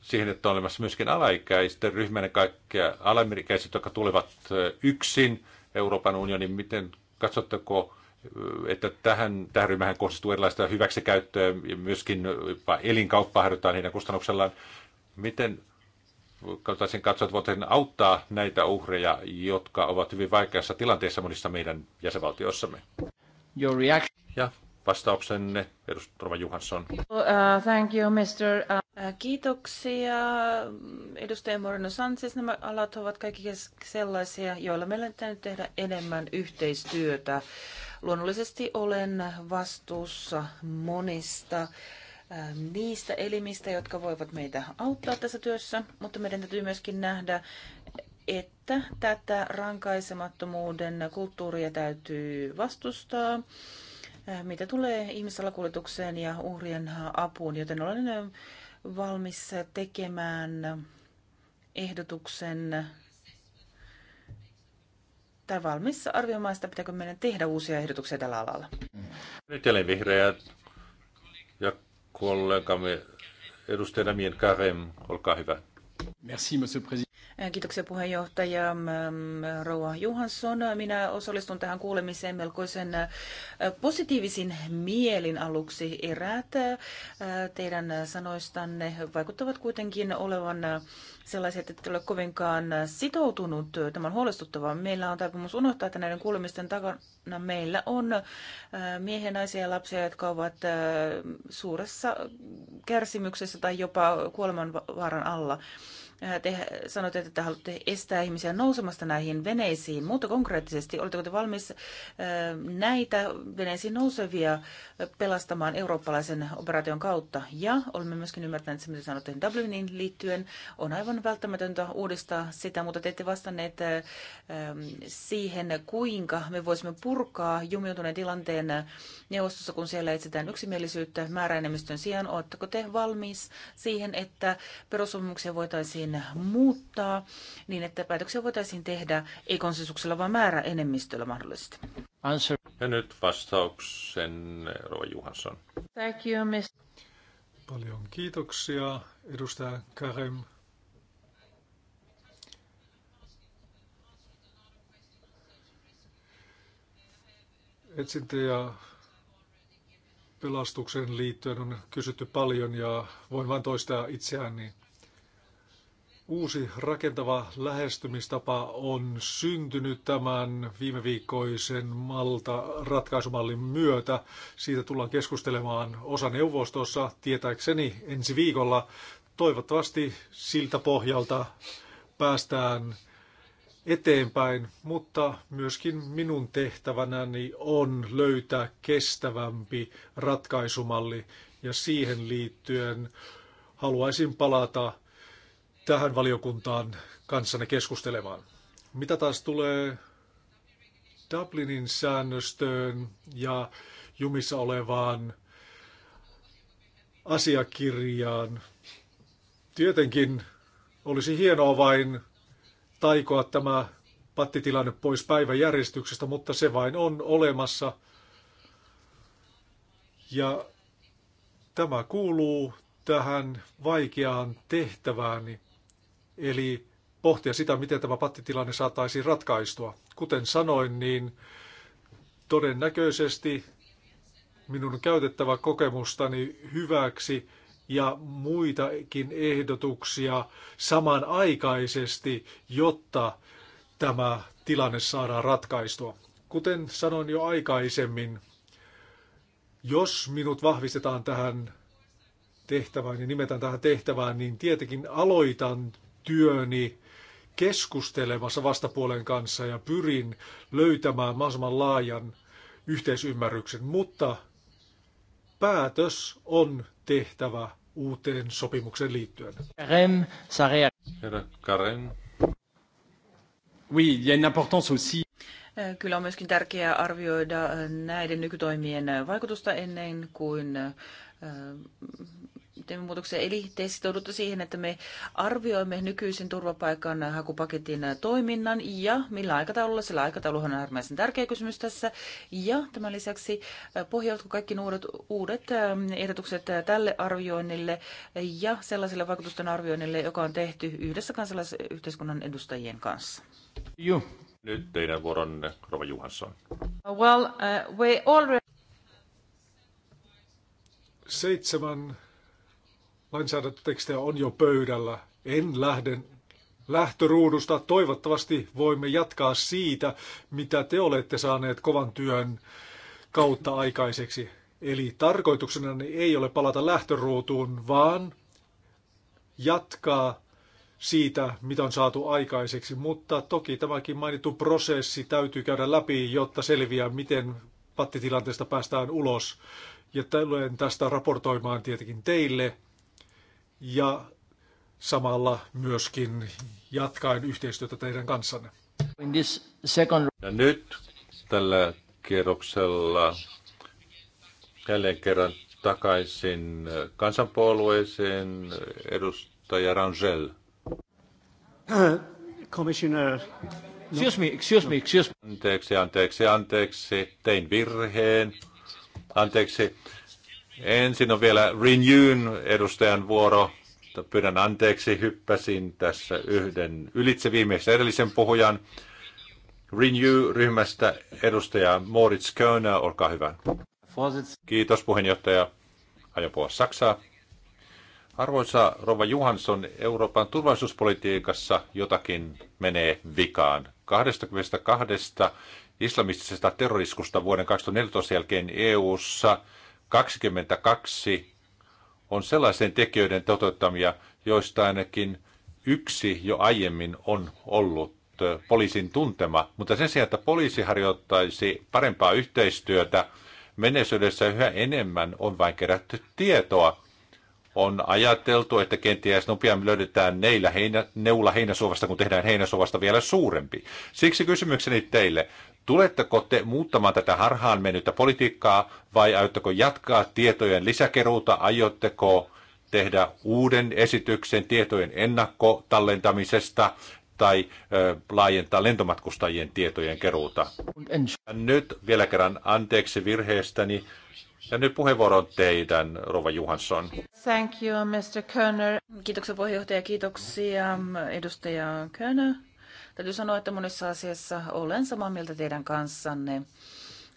siihen, että on olemassa myöskin alaikäisten ryhmänä kaikkia alaikäiset, jotka tulevat yksin Euroopan unionin. Miten katsotteko, että tähän, tähän ryhmään kohdistuu erilaista hyväksikäyttöä ja myöskin elinkauppaa harjoittaa heidän kustannuksellaan? Miten voitaisiin katsoa, että voitaisiin auttaa näitä uhreja, jotka ovat hyvin vaikeassa tilanteessa monissa meidän jäsenvaltioissamme. Your reaction. Ja vastauksenne, edustaja Johansson.
Uh, thank you, Mr. Uh, Kiitoksia. Edustaja Moreno Sanchez, nämä alat ovat kaikki sellaisia, joilla meillä on täytyy tehdä enemmän yhteistyötä. Luonnollisesti olen vastuussa monista Ähm, niistä elimistä, jotka voivat meitä auttaa tässä työssä, mutta meidän täytyy myöskin nähdä, että tätä rankaisemattomuuden kulttuuria täytyy vastustaa, äh, mitä tulee ihmissalakuljetukseen ja uhrien apuun, joten olen äh, valmis tekemään ehdotuksen tai valmis arvioimaan sitä, pitääkö meidän tehdä uusia ehdotuksia tällä alalla.
Nyt jälleen vihreät ja kollegamme edustaja Damien Karem, olkaa hyvä. Merci, monsieur
Kiitoksia puheenjohtaja ähm, Roa Johansson. Minä osallistun tähän kuulemiseen melkoisen äh, positiivisin mielin aluksi. Eräät äh, teidän sanoistanne vaikuttavat kuitenkin olevan äh, sellaisia, että ette ole kovinkaan sitoutunut. Tämä on huolestuttavaa. Meillä on taipumus unohtaa, että näiden kuulemisten takana meillä on miehen, naisia ja lapsia, jotka ovat suuressa kärsimyksessä tai jopa kuolemanvaaran alla. Äh, te sanoitte, että haluatte estää ihmisiä nousemasta näihin veneisiin, mutta konkreettisesti oletteko te valmis äh, näitä veneisiin nousevia äh, pelastamaan eurooppalaisen operaation kautta? Ja olemme myöskin ymmärtäneet, että se mitä sanoitte Dubliniin liittyen on aivan välttämätöntä uudistaa sitä, mutta te ette vastanneet ähm, siihen, kuinka me voisimme purkaa jumiutuneen tilanteen neuvostossa, kun siellä etsitään yksimielisyyttä määräenemmistön sijaan. Oletteko te valmis siihen, että perussopimuksia voitaisiin voitaisiin muuttaa niin, että päätöksiä voitaisiin tehdä ei konsensuksella, vaan määrä enemmistöllä mahdollisesti?
Answer. Ja nyt vastauksen Rova Johansson.
Thank you, miss.
Paljon kiitoksia,
edustaja Karem.
Etsintä ja pelastukseen liittyen on kysytty paljon ja voin vain toistaa itseäni. Uusi rakentava lähestymistapa on syntynyt tämän viime viikkoisen malta ratkaisumallin myötä. Siitä tullaan keskustelemaan osa neuvostossa tietääkseni ensi viikolla. Toivottavasti siltä pohjalta päästään eteenpäin, mutta myöskin minun tehtävänäni on löytää kestävämpi ratkaisumalli ja siihen liittyen haluaisin palata tähän valiokuntaan kanssanne keskustelemaan. Mitä taas tulee Dublinin säännöstöön ja jumissa olevaan asiakirjaan, tietenkin olisi hienoa vain taikoa tämä pattitilanne pois päiväjärjestyksestä, mutta se vain on olemassa. Ja tämä kuuluu tähän vaikeaan tehtävääni. Eli pohtia sitä, miten tämä pattitilanne saataisiin ratkaistua. Kuten sanoin, niin todennäköisesti minun on käytettävä kokemustani hyväksi ja muitakin ehdotuksia samanaikaisesti, jotta tämä tilanne saadaan ratkaistua. Kuten sanoin jo aikaisemmin, jos minut vahvistetaan tähän tehtävään ja nimetään tähän tehtävään, niin tietenkin aloitan työni keskustelemassa vastapuolen kanssa ja pyrin löytämään mahdollisimman laajan yhteisymmärryksen, mutta päätös on tehtävä uuteen sopimukseen liittyen.
Karen, Saria.
Herra Karen. Oui, il y a une importance aussi.
Äh, kyllä on myöskin tärkeää arvioida äh, näiden nykytoimien äh, vaikutusta ennen kuin teemme muutoksia. Eli te sitoudutte siihen, että me arvioimme nykyisen turvapaikan hakupaketin toiminnan ja millä aikataululla. Sillä aikatauluhan on äärimmäisen tärkeä kysymys tässä. Ja tämän lisäksi äh, pohjautuuko kaikki uudet, uudet äh, ehdotukset äh, tälle arvioinnille ja sellaiselle vaikutusten arvioinnille, joka on tehty yhdessä kansalaisyhteiskunnan edustajien kanssa.
Joo. Nyt teidän vuoronne, Rova Juhansson.
Well, uh, we already...
Seitsemän lainsäädäntötekstejä on jo pöydällä. En lähde lähtöruudusta. Toivottavasti voimme jatkaa siitä, mitä te olette saaneet kovan työn kautta aikaiseksi. Eli tarkoituksena ei ole palata lähtöruutuun, vaan jatkaa siitä, mitä on saatu aikaiseksi. Mutta toki tämäkin mainittu prosessi täytyy käydä läpi, jotta selviää, miten pattitilanteesta päästään ulos. Ja tulen tästä raportoimaan tietenkin teille ja samalla myöskin jatkaen yhteistyötä teidän kanssanne.
Second... Ja nyt tällä kierroksella jälleen kerran takaisin kansanpuolueeseen edustaja Rangel.
Commissioner. No. Excuse me, excuse me,
excuse me. Anteeksi, anteeksi, anteeksi. Tein virheen. Anteeksi. Ensin on vielä Renewn edustajan vuoro. Pyydän anteeksi, hyppäsin tässä yhden ylitse viimeisen edellisen puhujan. Renew-ryhmästä edustaja Moritz Körner, olkaa hyvä. Kiitos puheenjohtaja. Aion puhua Saksaa. Arvoisa Rova Johansson, Euroopan turvallisuuspolitiikassa jotakin menee vikaan. 22 islamistisesta terroriskusta vuoden 2014 jälkeen EU:ssa ssa 22 on sellaisen tekijöiden toteuttamia, joista ainakin yksi jo aiemmin on ollut poliisin tuntema, mutta sen sijaan, että poliisi harjoittaisi parempaa yhteistyötä, menneisyydessä yhä enemmän on vain kerätty tietoa, on ajateltu, että kenties nopeammin löydetään neillä heinä, neula heinäsuovasta, kun tehdään heinäsuovasta vielä suurempi. Siksi kysymykseni teille, tuletteko te muuttamaan tätä harhaan mennyttä politiikkaa vai aiotteko jatkaa tietojen lisäkeruuta, aiotteko tehdä uuden esityksen tietojen ennakkotallentamisesta tai ö, laajentaa lentomatkustajien tietojen keruuta. Nyt vielä kerran anteeksi virheestäni. Ja nyt puheenvuoro on teidän, Rova Johansson.
Thank you, Mr. Körner. Kiitoksia puheenjohtaja, kiitoksia edustaja Körner. Täytyy sanoa, että monessa asiassa olen samaa mieltä teidän kanssanne.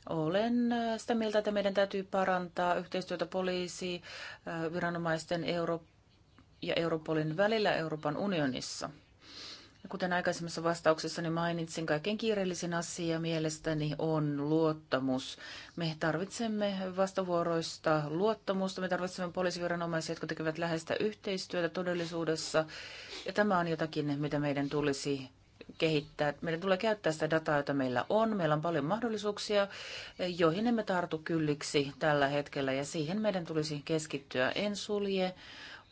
Olen sitä mieltä, että meidän täytyy parantaa yhteistyötä poliisi, äh, viranomaisten Euro- ja Europolin välillä Euroopan unionissa. Kuten aikaisemmassa vastauksessani niin mainitsin, kaiken kiireellisin asia mielestäni on luottamus. Me tarvitsemme vastavuoroista luottamusta, me tarvitsemme poliisiviranomaisia, jotka tekevät läheistä yhteistyötä todellisuudessa. Ja tämä on jotakin, mitä meidän tulisi kehittää. Meidän tulee käyttää sitä dataa, jota meillä on. Meillä on paljon mahdollisuuksia, joihin emme tartu kylliksi tällä hetkellä ja siihen meidän tulisi keskittyä. En sulje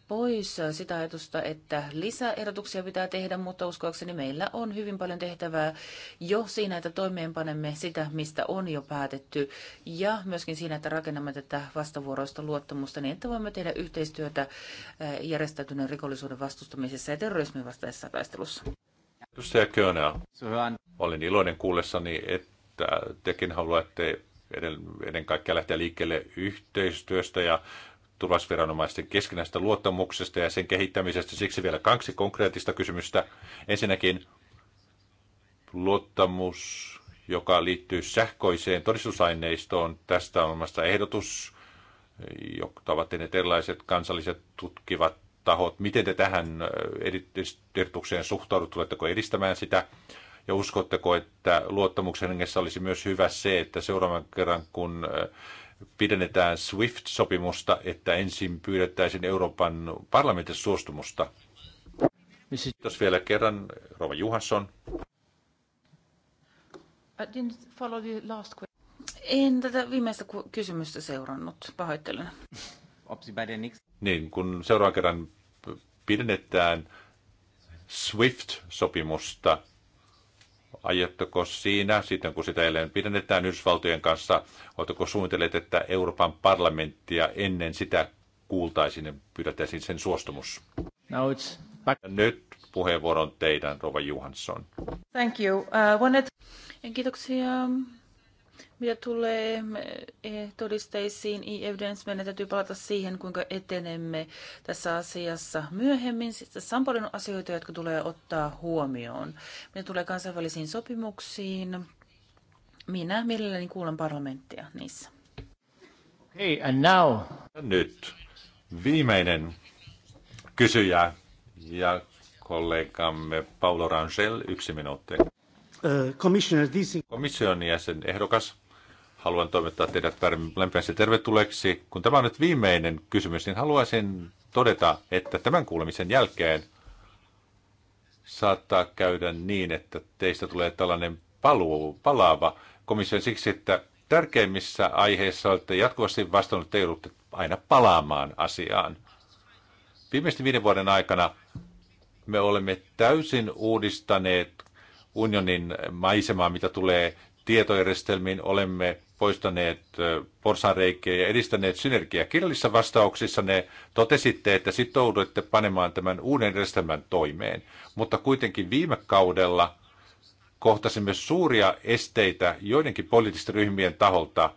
pois sitä ajatusta, että lisäehdotuksia pitää tehdä, mutta uskoakseni meillä on hyvin paljon tehtävää jo siinä, että toimeenpanemme sitä, mistä on jo päätetty, ja myöskin siinä, että rakennamme tätä vastavuoroista luottamusta niin, että voimme tehdä yhteistyötä äh, järjestäytyneen rikollisuuden vastustamisessa ja terrorismin vastaisessa taistelussa.
Edustaja Könä, olin iloinen kuullessani, että tekin haluatte ennen kaikkea lähteä liikkeelle yhteistyöstä ja turvallisuusviranomaisten keskinäisestä luottamuksesta ja sen kehittämisestä. Siksi vielä kaksi konkreettista kysymystä. Ensinnäkin luottamus, joka liittyy sähköiseen todistusaineistoon. Tästä on olemassa ehdotus, jota ovat tehneet erilaiset kansalliset tutkivat tahot. Miten te tähän äh, ehdotukseen suhtaudut, Tuletteko edistämään sitä? Ja uskotteko, että luottamuksen hengessä olisi myös hyvä se, että seuraavan kerran, kun äh, pidennetään SWIFT-sopimusta, että ensin pyydettäisiin Euroopan parlamentin suostumusta. Kiitos vielä kerran, Rova Juhansson.
En tätä viimeistä kysymystä seurannut, pahoittelen.
Niin, kun seuraavan kerran pidennetään SWIFT-sopimusta, Aiotteko siinä, sitten kun sitä eilen pidennetään Yhdysvaltojen kanssa, oletteko suunnitelleet, että Euroopan parlamenttia ennen sitä kuultaisiin ja pyydettäisiin sen suostumus? Now it's back. Nyt puheenvuoron teidän, Rova Johansson.
Thank you. Uh, wanted... Kiitoksia. Mitä tulee eh, todisteisiin, e-evidence, meidän täytyy palata siihen, kuinka etenemme tässä asiassa myöhemmin. Siis tässä on paljon asioita, jotka tulee ottaa huomioon. Mitä tulee kansainvälisiin sopimuksiin, minä mielelläni kuulen parlamenttia niissä.
Hey, and now. Nyt viimeinen kysyjä ja kollegamme Paulo Rangel, yksi minuutti. Uh, komission jäsen ehdokas, haluan toivottaa teidät lämpimästi tervetulleeksi. Kun tämä on nyt viimeinen kysymys, niin haluaisin todeta, että tämän kuulemisen jälkeen saattaa käydä niin, että teistä tulee tällainen paluu, palaava komission siksi, että tärkeimmissä aiheissa olette jatkuvasti vastannut, että joudutte aina palaamaan asiaan. Viimeisten viiden vuoden aikana me olemme täysin uudistaneet unionin maisemaa, mitä tulee tietojärjestelmiin, olemme poistaneet porsanreikkejä ja edistäneet synergiaa. Kirjallisissa vastauksissa ne totesitte, että sitouduitte panemaan tämän uuden järjestelmän toimeen, mutta kuitenkin viime kaudella kohtasimme suuria esteitä joidenkin poliittisten ryhmien taholta,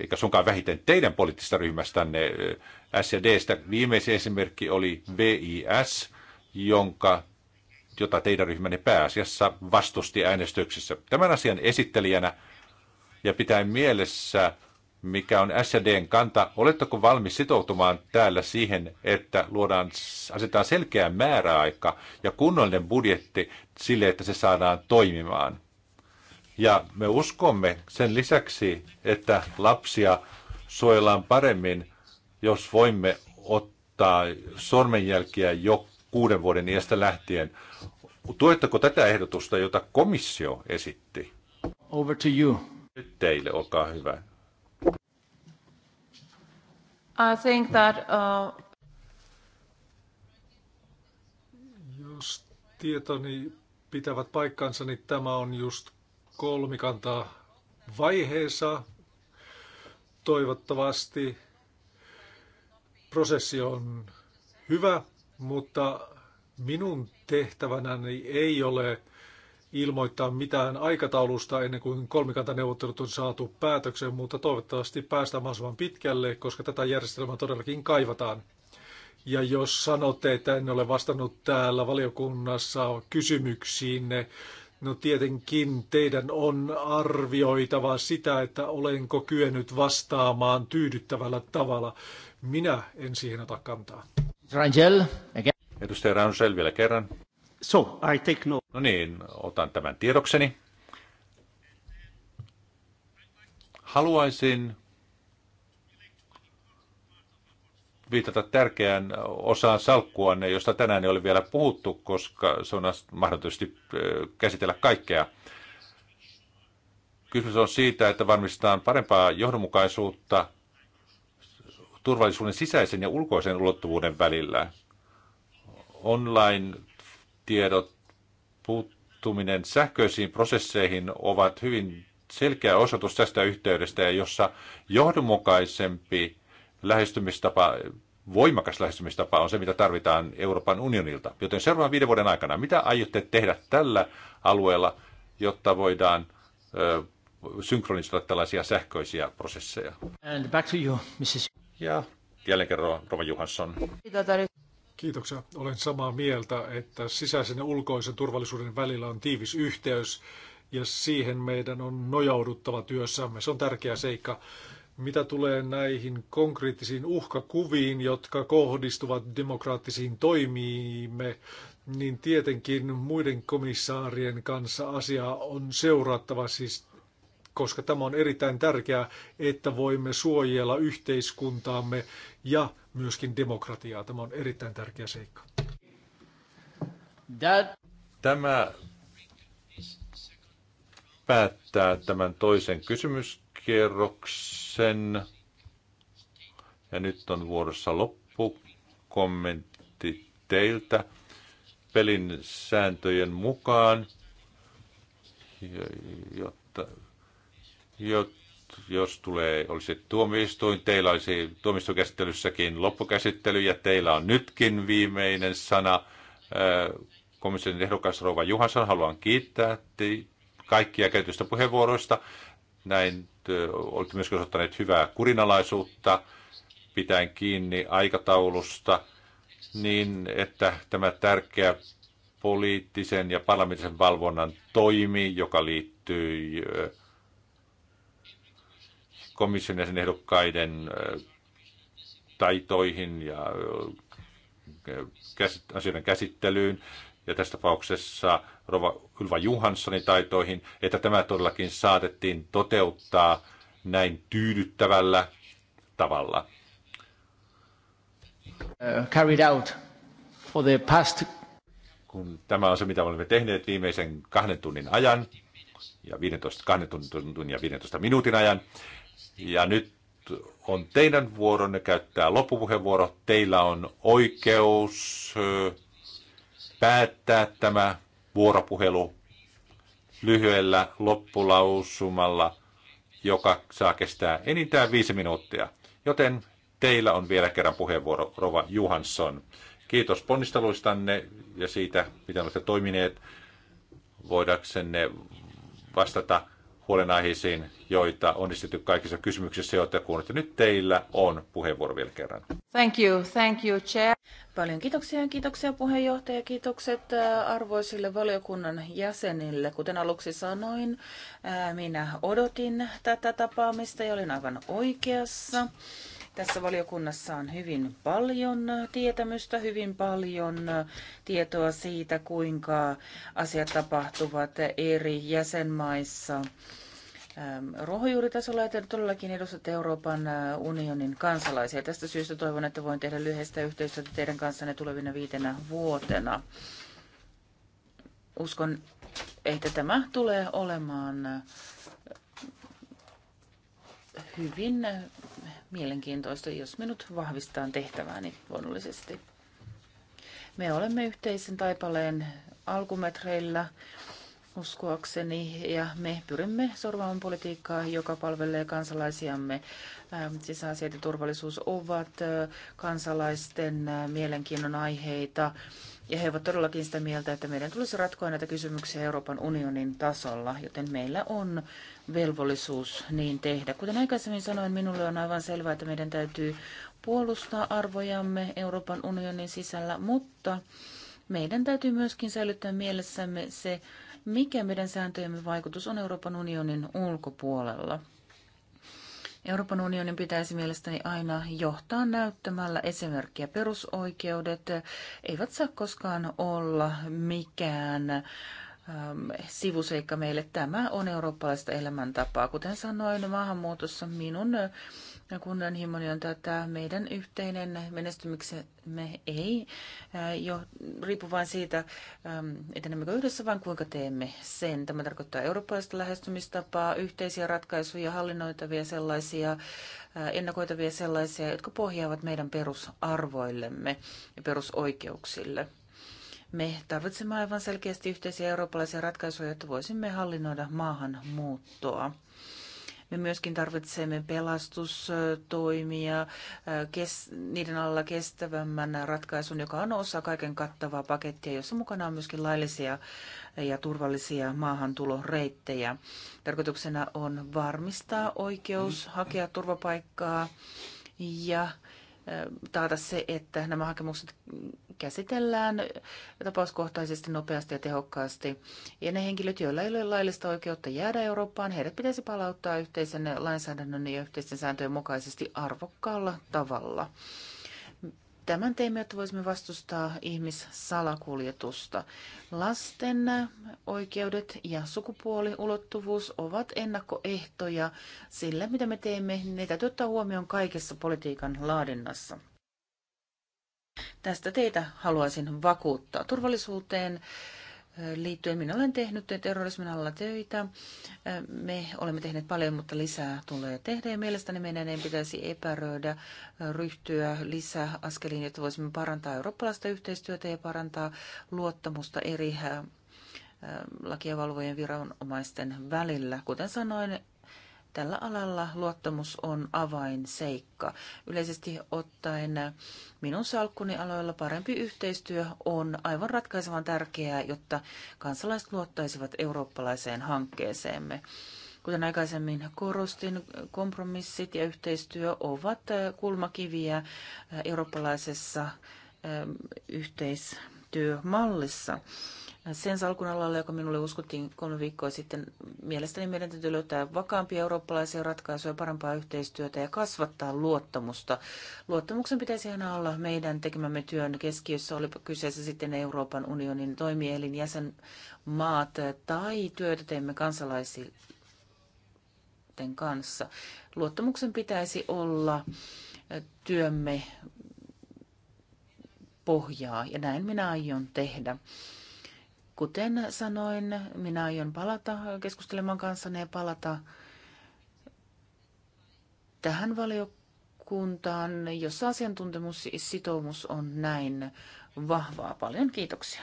eikä sunkaan vähiten teidän poliittisesta ryhmästänne S&Dstä. Viimeisin esimerkki oli VIS, jonka jota teidän ryhmänne pääasiassa vastusti äänestyksessä. Tämän asian esittelijänä ja pitäen mielessä, mikä on SDn kanta, oletteko valmis sitoutumaan täällä siihen, että luodaan, asetetaan selkeä määräaika ja kunnollinen budjetti sille, että se saadaan toimimaan? Ja me uskomme sen lisäksi, että lapsia suojellaan paremmin, jos voimme ottaa sormenjälkiä jo kuuden vuoden iästä lähtien. Tuetteko tätä ehdotusta, jota komissio esitti? Over to you. Nyt teille, olkaa hyvä.
I think that, uh... Jos
tietoni pitävät paikkansa, niin tämä on just kolmikanta vaiheessa. Toivottavasti prosessi on hyvä mutta minun tehtävänäni ei ole ilmoittaa mitään aikataulusta ennen kuin kolmikantaneuvottelut on saatu päätökseen, mutta toivottavasti päästään mahdollisimman pitkälle, koska tätä järjestelmää todellakin kaivataan. Ja jos sanotte, että en ole vastannut täällä valiokunnassa kysymyksiin, no tietenkin teidän on arvioitava sitä, että olenko kyennyt vastaamaan tyydyttävällä tavalla. Minä en siihen ota kantaa.
Rangel. Again. Edustaja Rangel vielä kerran. So, I take no. no niin, otan tämän tiedokseni. Haluaisin viitata tärkeään osaan salkkuanne, josta tänään ei ole vielä puhuttu, koska se on mahdollisesti käsitellä kaikkea. Kysymys on siitä, että varmistetaan parempaa johdonmukaisuutta turvallisuuden sisäisen ja ulkoisen ulottuvuuden välillä. Online-tiedot, puuttuminen sähköisiin prosesseihin ovat hyvin selkeä osoitus tästä yhteydestä, ja jossa johdonmukaisempi lähestymistapa, voimakas lähestymistapa on se, mitä tarvitaan Euroopan unionilta. Joten seuraavan viiden vuoden aikana, mitä aiotte tehdä tällä alueella, jotta voidaan synkronisoida tällaisia sähköisiä prosesseja.
And back to you,
Mrs. Ja jälleen kerran Rova Johansson.
Kiitoksia. Olen samaa mieltä, että sisäisen ja ulkoisen turvallisuuden välillä on tiivis yhteys ja siihen meidän on nojauduttava työssämme. Se on tärkeä seikka. Mitä tulee näihin konkreettisiin uhkakuviin, jotka kohdistuvat demokraattisiin toimiimme, niin tietenkin muiden komissaarien kanssa asiaa on seurattava, siis koska tämä on erittäin tärkeää, että voimme suojella yhteiskuntaamme ja myöskin demokratiaa. Tämä on erittäin tärkeä seikka.
Tämä päättää tämän toisen kysymyskierroksen. Ja nyt on vuorossa loppukommentti teiltä pelin sääntöjen mukaan, jotta Jot, jos tulee, olisi tuomioistuin, teillä olisi tuomistokäsittelyssäkin loppukäsittely ja teillä on nytkin viimeinen sana. Äh, komission ehdokas Rova Juhansson, haluan kiittää kaikkia käytöstä puheenvuoroista. Näin olette myös osoittaneet hyvää kurinalaisuutta, pitäen kiinni aikataulusta, niin että tämä tärkeä poliittisen ja parlamentisen valvonnan toimi, joka liittyy äh, komission jäsenehdokkaiden taitoihin ja asioiden käsittelyyn ja tässä tapauksessa Rova Ylva Juhanssonin taitoihin, että tämä todellakin saatettiin toteuttaa näin tyydyttävällä tavalla.
Uh, carried out for the past
kun tämä on se, mitä olemme tehneet viimeisen kahden tunnin ajan ja 15, kahden tunnin ja 15 minuutin ajan, ja nyt on teidän vuoronne käyttää loppupuheenvuoro. Teillä on oikeus päättää tämä vuoropuhelu lyhyellä loppulausumalla, joka saa kestää enintään viisi minuuttia. Joten teillä on vielä kerran puheenvuoro, Rova Johansson. Kiitos ponnisteluistanne ja siitä, miten olette toimineet voidaksenne vastata huolenaiheisiin, joita on esitetty kaikissa kysymyksissä, joita kuunnit. nyt teillä on puheenvuoro vielä kerran.
Thank you, thank you, chair. Paljon kiitoksia, kiitoksia puheenjohtaja, kiitokset äh, arvoisille valiokunnan jäsenille. Kuten aluksi sanoin, äh, minä odotin tätä tapaamista ja olin aivan oikeassa tässä valiokunnassa on hyvin paljon tietämystä, hyvin paljon tietoa siitä, kuinka asiat tapahtuvat eri jäsenmaissa ähm, ruohonjuuritasolla ja todellakin edustatte Euroopan äh, unionin kansalaisia. Tästä syystä toivon, että voin tehdä lyhyestä yhteistyötä teidän kanssanne tulevina viitenä vuotena. Uskon, että tämä tulee olemaan äh, hyvin mielenkiintoista, jos minut vahvistaan tehtävääni luonnollisesti. Me olemme yhteisen taipaleen alkumetreillä uskoakseni, ja me pyrimme sorvaamaan politiikkaa, joka palvelee kansalaisiamme. Ähm, Sisäasiat ja turvallisuus ovat äh, kansalaisten äh, mielenkiinnon aiheita, ja he ovat todellakin sitä mieltä, että meidän tulisi ratkoa näitä kysymyksiä Euroopan unionin tasolla, joten meillä on velvollisuus niin tehdä. Kuten aikaisemmin sanoin, minulle on aivan selvää, että meidän täytyy puolustaa arvojamme Euroopan unionin sisällä, mutta meidän täytyy myöskin säilyttää mielessämme se, mikä meidän sääntöjemme vaikutus on Euroopan unionin ulkopuolella. Euroopan unionin pitäisi mielestäni aina johtaa näyttämällä esimerkkiä. Perusoikeudet eivät saa koskaan olla mikään ähm, sivuseikka meille. Tämä on eurooppalaista elämäntapaa. Kuten sanoin maahanmuutossa, minun ja kunnianhimoni on tätä meidän yhteinen menestymiksemme ei jo riippu vain siitä, etenemmekö yhdessä, vaan kuinka teemme sen. Tämä tarkoittaa eurooppalaista lähestymistapaa, yhteisiä ratkaisuja, hallinnoitavia sellaisia, ennakoitavia sellaisia, jotka pohjaavat meidän perusarvoillemme ja perusoikeuksille. Me tarvitsemme aivan selkeästi yhteisiä eurooppalaisia ratkaisuja, jotta voisimme hallinnoida maahanmuuttoa. Me myöskin tarvitsemme pelastustoimia, äh, kes, niiden alla kestävämmän ratkaisun, joka on osa kaiken kattavaa pakettia, jossa mukana on myöskin laillisia ja turvallisia maahantuloreittejä. Tarkoituksena on varmistaa oikeus hakea turvapaikkaa ja taata se, että nämä hakemukset käsitellään tapauskohtaisesti nopeasti ja tehokkaasti. Ja ne henkilöt, joilla ei ole laillista oikeutta jäädä Eurooppaan, heidät pitäisi palauttaa yhteisen lainsäädännön ja yhteisten sääntöjen mukaisesti arvokkaalla tavalla. Tämän teemme, että voisimme vastustaa ihmissalakuljetusta. Lasten oikeudet ja sukupuoliulottuvuus ovat ennakkoehtoja sillä, mitä me teemme. Ne täytyy ottaa huomioon kaikessa politiikan laadinnassa. Tästä teitä haluaisin vakuuttaa. Turvallisuuteen liittyen. Minä olen tehnyt terrorismin alla töitä. Me olemme tehneet paljon, mutta lisää tulee tehdä. Ja mielestäni meidän ei pitäisi epäröidä ryhtyä askeliin, jotta voisimme parantaa eurooppalaista yhteistyötä ja parantaa luottamusta eri lakia valvojen viranomaisten välillä. Kuten sanoin, tällä alalla luottamus on avainseikka. Yleisesti ottaen minun salkkuni aloilla parempi yhteistyö on aivan ratkaisevan tärkeää, jotta kansalaiset luottaisivat eurooppalaiseen hankkeeseemme. Kuten aikaisemmin korostin, kompromissit ja yhteistyö ovat kulmakiviä eurooppalaisessa yhteistyömallissa sen salkun alalle, joka minulle uskottiin kolme viikkoa sitten. Mielestäni meidän täytyy löytää vakaampia eurooppalaisia ratkaisuja, parempaa yhteistyötä ja kasvattaa luottamusta. Luottamuksen pitäisi aina olla meidän tekemämme työn keskiössä, oli kyseessä sitten Euroopan unionin toimielin jäsenmaat tai työtä teemme kansalaisten kanssa. Luottamuksen pitäisi olla työmme pohjaa ja näin minä aion tehdä. Kuten sanoin, minä aion palata keskustelemaan kanssanne ja palata tähän valiokuntaan, jossa asiantuntemus ja sitoumus on näin vahvaa. Paljon kiitoksia.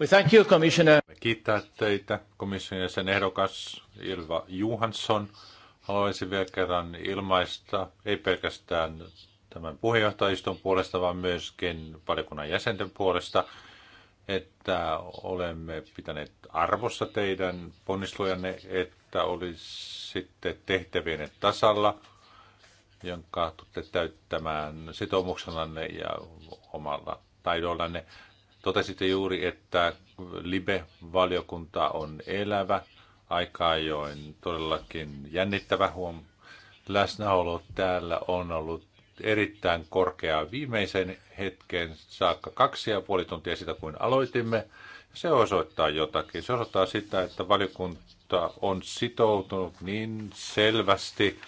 We thank you, Commissioner. Kiittää teitä, komission jäsen ehdokas Ilva Johansson. Haluaisin vielä kerran ilmaista, ei pelkästään tämän puheenjohtajiston puolesta, vaan myöskin valiokunnan jäsenten puolesta, että olemme pitäneet arvossa teidän ponnistelujanne, että olisitte tehtävien tasalla, jonka tulette täyttämään sitoumuksellanne ja omalla taidollanne. Totesitte juuri, että Libe-valiokunta on elävä, aika ajoin todellakin jännittävä huom. Läsnäolo täällä on ollut erittäin korkeaa viimeisen hetken saakka kaksi ja puoli tuntia sitä, kuin aloitimme. Se osoittaa jotakin. Se osoittaa sitä, että valiokunta on sitoutunut niin selvästi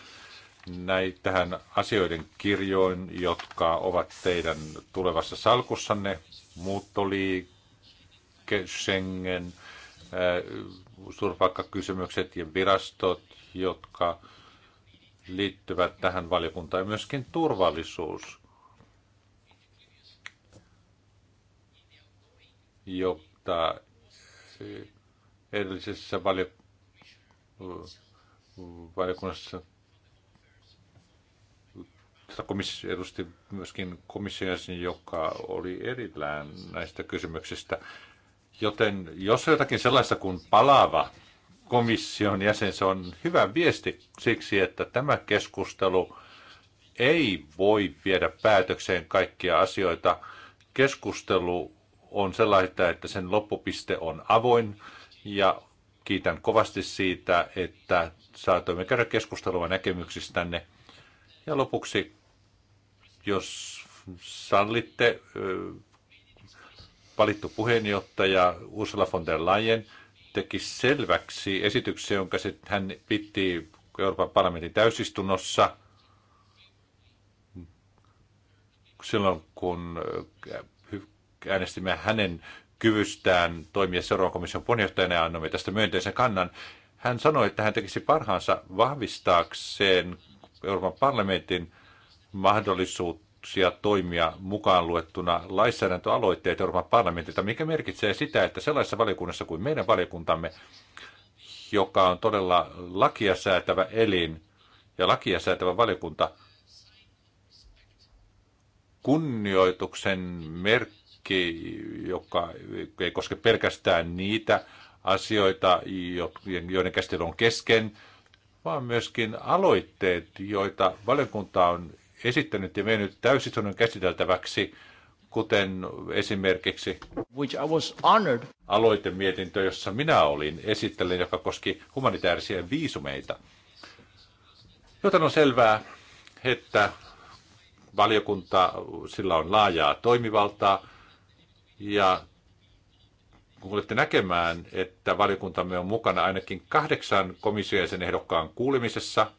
näitähän asioiden kirjoin, jotka ovat teidän tulevassa salkussanne, muuttoliike, Schengen, äh, suurpaikkakysymykset ja virastot, jotka liittyvät tähän valiokuntaan ja myöskin turvallisuus, jota eh, edellisessä valio, valiokunnassa komissio edusti myöskin komission joka oli erillään näistä kysymyksistä. Joten jos jotakin sellaista kuin palava komission jäsen. Se on hyvä viesti siksi, että tämä keskustelu ei voi viedä päätökseen kaikkia asioita. Keskustelu on sellaista, että sen loppupiste on avoin ja kiitän kovasti siitä, että saatoimme käydä keskustelua näkemyksistänne. Ja lopuksi, jos sallitte, valittu puheenjohtaja Ursula von der Leyen – teki selväksi esityksen, jonka se, hän piti Euroopan parlamentin täysistunnossa silloin, kun äh, äänestimme hänen kyvystään toimia seuraavan komission puheenjohtajana ja annoimme tästä myönteisen kannan. Hän sanoi, että hän tekisi parhaansa vahvistaakseen Euroopan parlamentin mahdollisuutta uusia toimia mukaan luettuna lainsäädäntöaloitteet Euroopan parlamentilta, mikä merkitsee sitä, että sellaisessa valiokunnassa kuin meidän valiokuntamme, joka on todella lakia säätävä elin ja lakia säätävä valiokunta, kunnioituksen merkki, joka ei koske pelkästään niitä asioita, joiden käsittely on kesken, vaan myöskin aloitteet, joita valiokunta on esittänyt ja mennyt täysistunnon käsiteltäväksi, kuten esimerkiksi Which I was honored. aloitemietintö, jossa minä olin esittelen, joka koski humanitaarisia viisumeita. Joten on selvää, että valiokunta, sillä on laajaa toimivaltaa ja kun tulette näkemään, että valiokuntamme on mukana ainakin kahdeksan komission ehdokkaan kuulemisessa –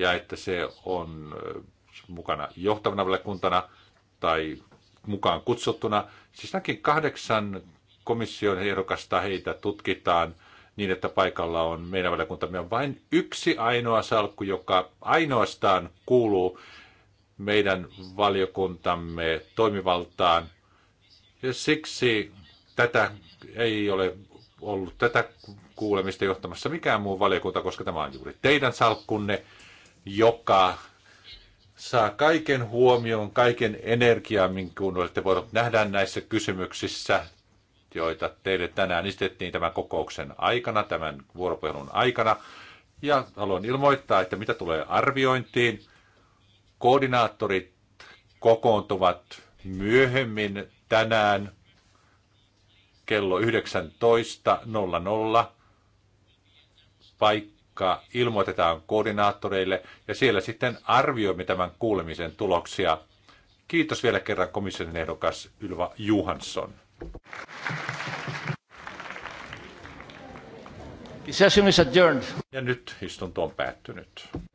ja että se on äh, mukana johtavana valiokuntana tai mukaan kutsuttuna. Siis näkin kahdeksan komission ehdokasta heitä tutkitaan niin, että paikalla on meidän valiokuntamme on vain yksi ainoa salkku, joka ainoastaan kuuluu meidän valiokuntamme toimivaltaan. Ja siksi tätä ei ole ollut tätä kuulemista johtamassa mikään muu valiokunta, koska tämä on juuri teidän salkkunne joka saa kaiken huomioon, kaiken energian, minkä olette voineet nähdä näissä kysymyksissä, joita teille tänään istettiin tämän kokouksen aikana, tämän vuoropuhelun aikana. Ja haluan ilmoittaa, että mitä tulee arviointiin, koordinaattorit kokoontuvat myöhemmin tänään kello 19.00 paikka jotka ilmoitetaan koordinaattoreille ja siellä sitten arvioimme tämän kuulemisen tuloksia. Kiitos vielä kerran komission ehdokas Ylva Johansson. Ja nyt istunto on päättynyt.